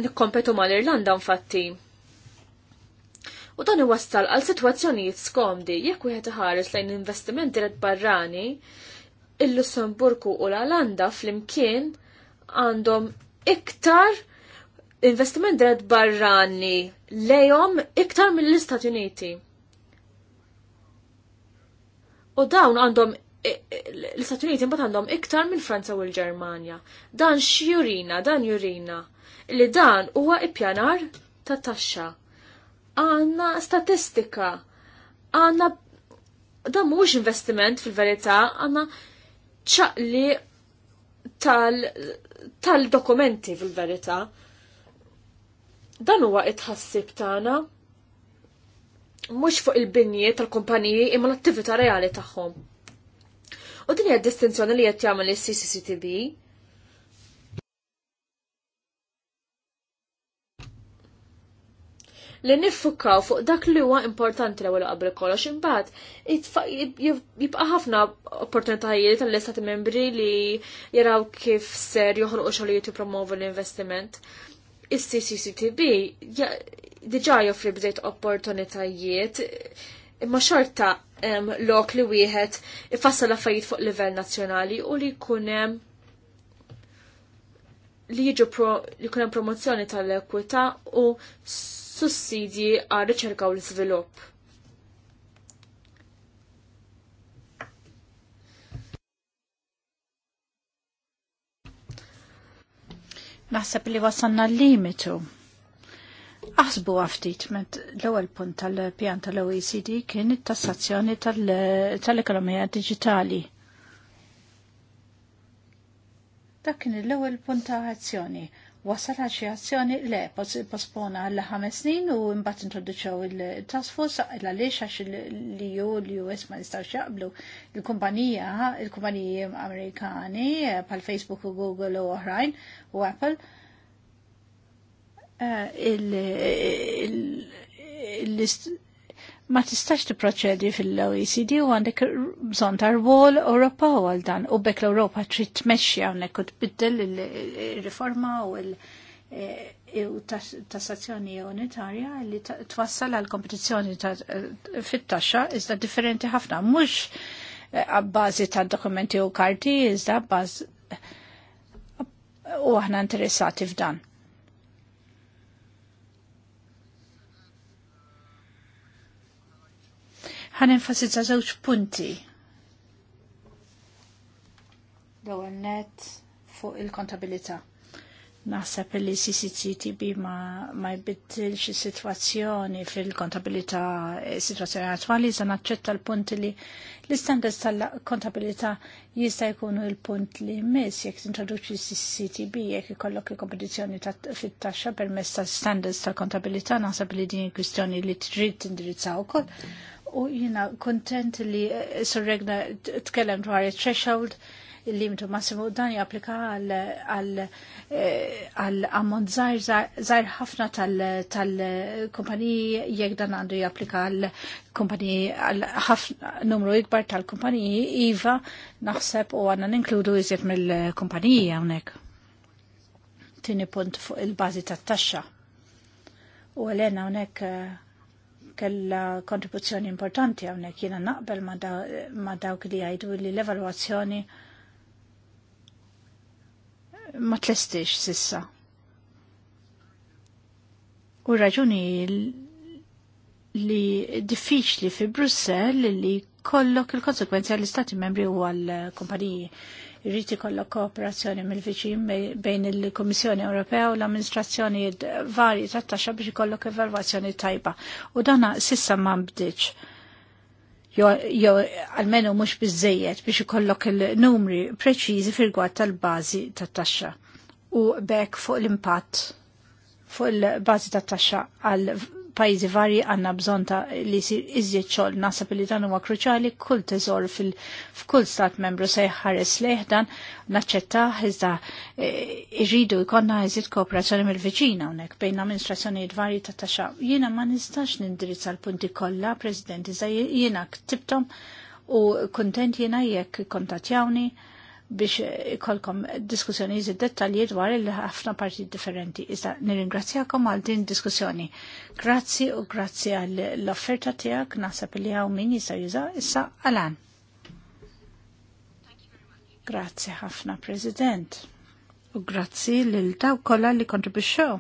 nikkompetu mal-Irlanda infatti. U dan iwassal għal sitwazzjonijiet skomdi jekk wieħed iħares lejn investiment dirett barrani, il-Lussemburgu u l-Alanda flimkien għandhom iktar investiment dirett barrani lejhom iktar mill-Istati Uniti. U dawn għandhom l istat Uniti mbagħad għandhom iktar minn Franza u l-Ġermanja. Dan x'jurina, dan jurina li dan huwa ippjanar ta' taxxa. Għandna statistika, għandna dan mhux investiment fil-verità, għandna ċaqli tal-dokumenti tal fil-verità. Dan huwa it-ħassib tagħna mhux fuq il-binjiet tal-kumpaniji imma l-attività reali tagħhom. U din hija distinzjoni li qed jagħmel is-CCTB. Li niffukaw fuq dak li huwa importanti l-ewwel qabel kollox imbagħad jibqa' ħafna opportunitajiet tal-istati membri li jaraw kif ser joħloqu xogħlijiet jippromovu l-investiment. Is-CCCTB diġa joffri bdejt opportunitajiet imma xorta um, lok li wieħed ifassal affarijiet fuq livell nazzjonali u li kunem li jiġu pro, li jkun hemm promozzjoni tal-ekwità u sussidji għal riċerka u l-iżvilupp. Naħseb li wasanna l-limitu Aħsbu għaftit, met l-ewel punt tal-pjan tal-OECD kien it-tassazzjoni tal-ekonomija digitali. Dak kien l-ewel punt ta' azzjoni. Wasal għaxi azzjoni le, pospona l ħames snin u mbagħad introduċew il-tasfus għaliex għax li ju l-US ma nistaw jaqblu. Il-kumpanija, il-kumpaniji Amerikani eh, pal Facebook u Google u oħrajn u Apple Eh, ma tistax tipproċedi fil-OECD u għandek bżon ta' rwol Ewropa u għal dan u bekk l-Ewropa trid tmexxi hawnhekk u tbiddel il-riforma u e- tassazzjoni unitarja li twassal għal kompetizzjoni fit-taxxa iżda differenti ħafna mhux e, għabbażi ta' dokumenti u karti iżda għabbaż u aħna interessati f'dan ħan żewġ punti. l net fuq il-kontabilità. Naħseb li CCTB ma, ma jbiddilx is-sitwazzjoni fil-kontabilità situazzjoni attwali se naċċetta l-punt li l-istandards tal-kontabilità jista' jkunu l-punt li miss jekk tintroduċi CCTB jekk ikollok il-kompetizzjoni fit-taxxa permezz tal-standards tal-kontabilità naħseb li din kwistjoni li trid tindirizzaw ukoll U jina kontent li eh, sorregna tkellem dwar il-threshold il-limitu massimu dan japplika għal eh, ammont zaħir ħafna tal-kumpaniji jek dan għandu japplika għal kumpaniji għal ħafna numru ikbar tal-kumpaniji IVA naħseb u għanna ninkludu jizjet mill-kumpaniji għonek. Tini punt fuq il-bazi tat-taxxa. U għalena għonek uh, kella kontribuzzjoni importanti għawnek jena naqbel ma dawk li għajdu li l-evaluazzjoni ma tlestix sissa. U raġuni li diffiċli fi Brussel li kollok il-konsekwenzi għall-istati membri u għall-kumpaniji irrid ikollok kooperazzjoni mill-viċin bejn il-Kummissjoni Ewropea u l-amministrazzjoni varji tat-taxxa biex ikollok evalwazzjoni tajba. U dana sissa ma mbdiċ. Jo għalmenu mhux biżejjed biex ikollok il-numri preċiżi fil-gwad tal-bażi tat-taxxa. U bek fuq l-impatt fuq il-bażi tat-taxxa għal pajzi varji għandna bżonn ta' li jisir iżjed xogħol nasab li dan huwa kruċjali kull teżor f'kull stat membru se jħares lejh dan naċċettah iżda eh, irridu jkollna iżjed kooperazzjoni mill-viċina hawnhekk bejn amministrazzjonijiet varji ta' taxxa. Jiena ma nistax nindirizza l-punti kollha, President, iżda jiena ktibtom u kuntent jiena jekk kontattjawni biex ikolkom diskussjoni jizid dettalji dwar il-ħafna parti differenti. Iżda nir-ingrazzjakom għal din diskussjoni. Grazzi u grazzi għall l-offerta tijak nasab li għaw min jisa juża issa għalan. Grazzi ħafna, President. U grazzi lil taw kolla li kontribuxxew.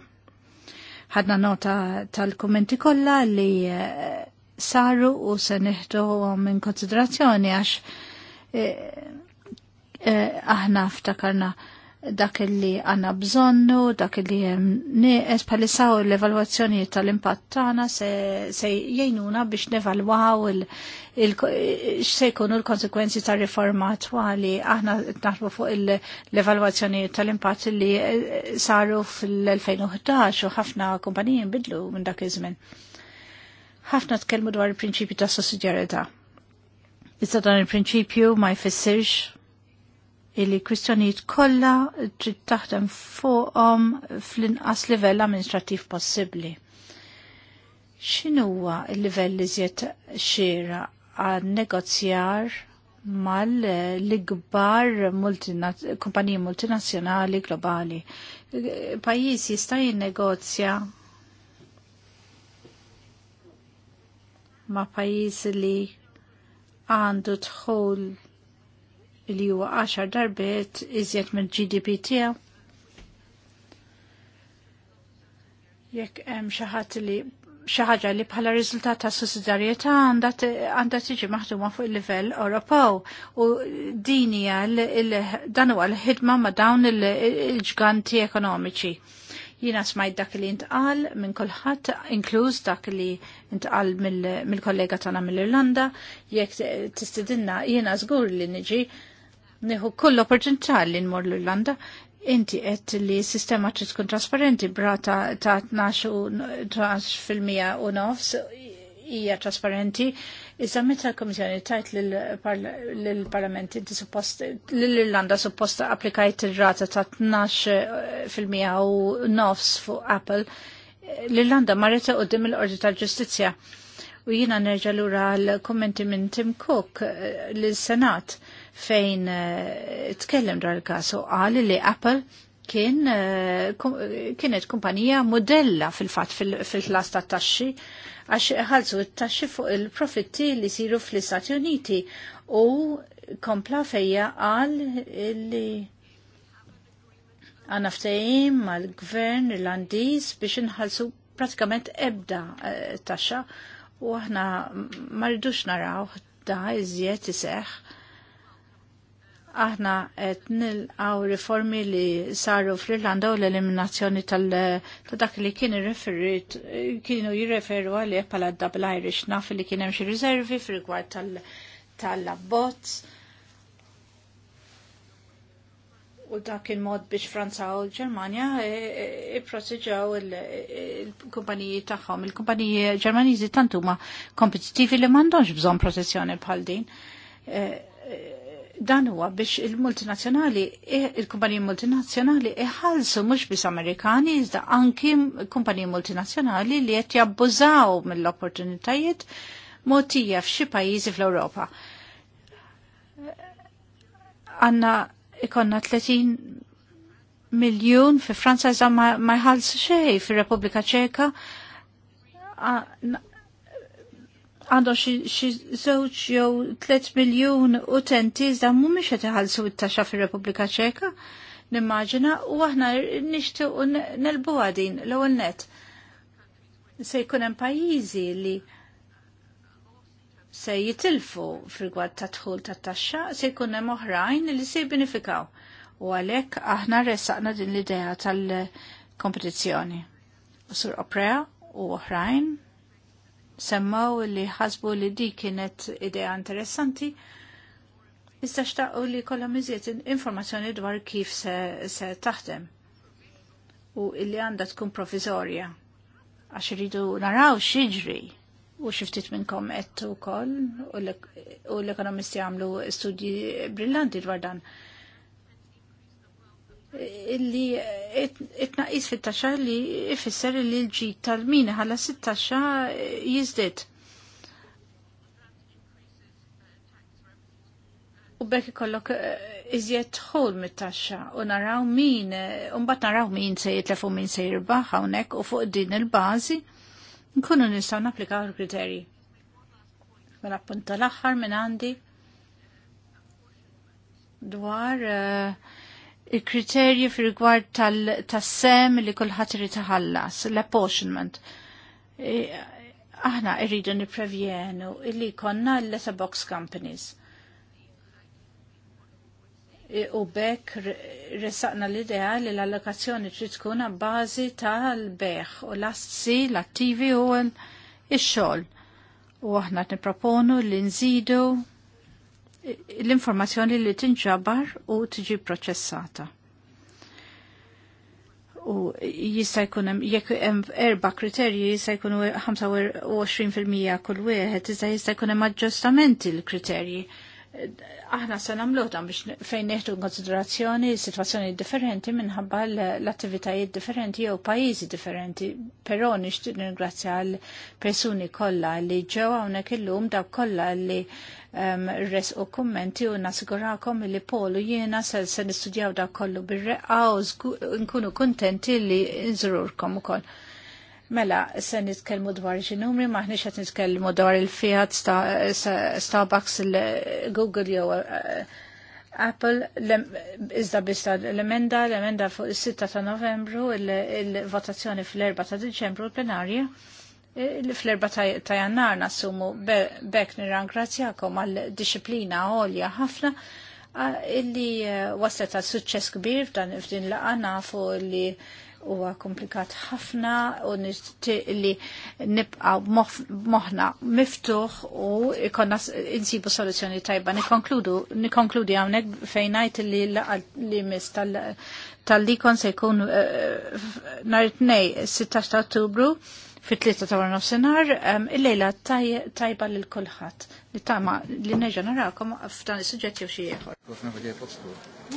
Ħadna nota tal-kommenti kollha li eh, saru u se neħdu minn konsiderazzjoni għax eh, Eh, aħna ftakarna dak li għanna bżonnu, dak li jem nieqes palisaw l evaluazzjoni tal-impatt tagħna se, se jgħinuna biex nevalwaw x'se jkunu l-konsekwenzi tar-riforma twali aħna naħbu fuq l evaluazzjoni tal-impatt li eh, saru fil-2011 u ħafna kumpaniji bidlu minn dak iż-żmien. Ħafna tkellmu dwar il-prinċipju ta' sussidjarità. Iżda dan il-prinċipju ma jfissirx illi kwistjonijiet kollha trid taħdem fuqhom fl-inqas livell amministrattiv possibbli. X'inhuwa l-livell li żjed xiera għal negozjar mal-ikbar kumpaniji multinazzjonali globali. Pajjiż jista' jinnegozja ma' pajjiż li għandu dħul li huwa 10 darbiet iżjed mill-GDP tiegħu. Jekk hemm xi ħadd li xi ħaġa li bħala riżultat ta' sussidarjetà għandha tiġi maħduma fuq il-livell Ewropew u din hija dan huwa l-ħidma ma' dawn il-ġganti ekonomiċi. Jiena smajt dak li intqal minn kulħadd, inkluż dak li intqal mill-kollega tagħna mill-Irlanda, jekk tistidinna jiena żgur li niġi neħu kull opportunità li nmur l-Irlanda. Inti qed li s-sistema trid tkun trasparenti brata ta' 12 fil-mija u nofs hija trasparenti. Iżda meta l-Komissjoni tajt lill-Parlament inti suppost lill-Irlanda suppost applikajt ir-rata ta' 12 eh, fil-mija u nofs fuq Apple, l-Irlanda u dim il-Qorti tal-Ġustizzja. U jina nerġa lura l-kommenti minn Tim Cook eh, l-Senat fejn eh, tkellem dwar il-każ u qal li Apple kien eh, kienet kumpanija modella fil-fatt fil-klas ta' taxxi għax ħalsu t-taxxi fuq il-profitti li siru fl-Istati Uniti u kompla fejja għal li għanna ftejim mal gvern irlandiż biex nħalsu pratikament ebda eh, taxxa u aħna marridux naraw da iżjed iseħħ aħna qed nilqgħu riformi li saru fl-Irlanda u l-eliminazzjoni tal dak li kien referit, kienu jirreferu għalih bħala double Irish naf li kien hemm xi riservi f'rigward tal-abbozz. U dak il-mod biex Franza u l-Ġermanja e, e, ipproteġaw il-kumpaniji tagħhom. Il-kumpaniji Ġermaniżi tant huma kompetittivi li m'għandhomx bżonn protezzjoni bħal din e, dan huwa biex il-multinazzjonali, eh, il-kumpaniji multinazzjonali iħalsu mhux biss Amerikani, iżda anki kumpaniji multinazzjonali li qed jabbużaw mill-opportunitajiet motija f'xi pajjiżi fl-Ewropa. Għanna ikonna 30 miljun fi Franza iżda ma jħalsu xejn fir-Repubblika Ċeka għandhom xi żewġ jew 3 miljun utenti iżda mhumiex qed iħallsu it taxxa fir-Repubblika Ċeka nimmaġina u aħna nixtiequ nelbu għadin l-ewwel net. Se jkun hemm pajjiżi li se jitilfu fil-gwad ta' dħul ta' taxxa se jkun hemm oħrajn li se jibbenefikaw. U għalhekk aħna ressaqna din l-idea tal-kompetizzjoni. Sur Oprea u oħrajn semmaw li ħasbu li di kienet idea interessanti. Iżda xtaqqu li kollha iżiet informazzjoni dwar kif se, se taħdem u illi għandha tkun provizorja għax iridu naraw xiġri u xiftit minnkom qed ukoll u l-ekonomisti għamlu studji brillanti dwar dan illi it-naqis fit-taxxa li ifisser li l-ġid tal-mina ħalla sit-taxxa eh, jiżdied. U bekk ikollok eh, iżjed ħol mit-taxxa u naraw min, eh, u mbagħad naraw min se jitlef u min se jirbaħ hawnhekk u fuq din il-bażi nkunu nistgħu napplikaw il-kriterji. Mela appunta l-aħħar minn għandi dwar uh, il-kriterji fi rigward tal-sem li kullħat irid iħallas, l-apportionment. E, aħna irridu niprevjenu illi konna l-letterbox companies. E, u bekk resaqna l-idea li l-allokazzjoni trid tkun bażi tal-beħ u l-assi, l-attivi u l-xogħol. U aħna niproponu li nżidu l-informazzjoni li tinġabar u tiġi proċessata. U jista' jkun hemm jekk hemm erba' kriterji jista' jkun 25% er- kull wieħed, iżda jista' jkun hemm aġġustamenti l-kriterji aħna se nagħmlu dan biex fejn neħdu konsiderazzjoni situazzjoni differenti minħabba l-attivitajiet differenti jew pajjiżi differenti. Però nixtieq ningrazzja għal persuni kollha li ġew hawnhekk illum dak kollha li um, ehm, res u kummenti u nasigurakom li polu jiena se nistudjaw da kollu bir-reqqa u nkunu kontenti li nżururkom ukoll. koll Mela, se nitkellmu dwar xi numri, maħniex qed nitkellmu dwar il-Fiat, Starbucks, google jew uh, Apple, iżda bista l-emenda, l-emenda fuq is-6 ta' Novembru, il-votazzjoni fl-4 ta' Diċembru l-plenarja, fl-4 ta' Jannar nassumu bekk nirrangrazzjakom għal-disciplina għolja ħafna uh, illi uh, waslet għal suċċess kbir f'dan f'din laqa nafu li huwa komplikat ħafna u li nibqaw moħna miftuħ u ikonna insibu soluzzjoni tajba. Nikonkludu, nikonkludi hawnhekk fejn ngħid li li mis tal-likon se jkun eh, nhar tnej 16 ta' Ottubru fit-tlieta ta' warna senar il-lejla tajba lil kulħadd li tama li neġa' narakom f'dan is-suġġett jew xi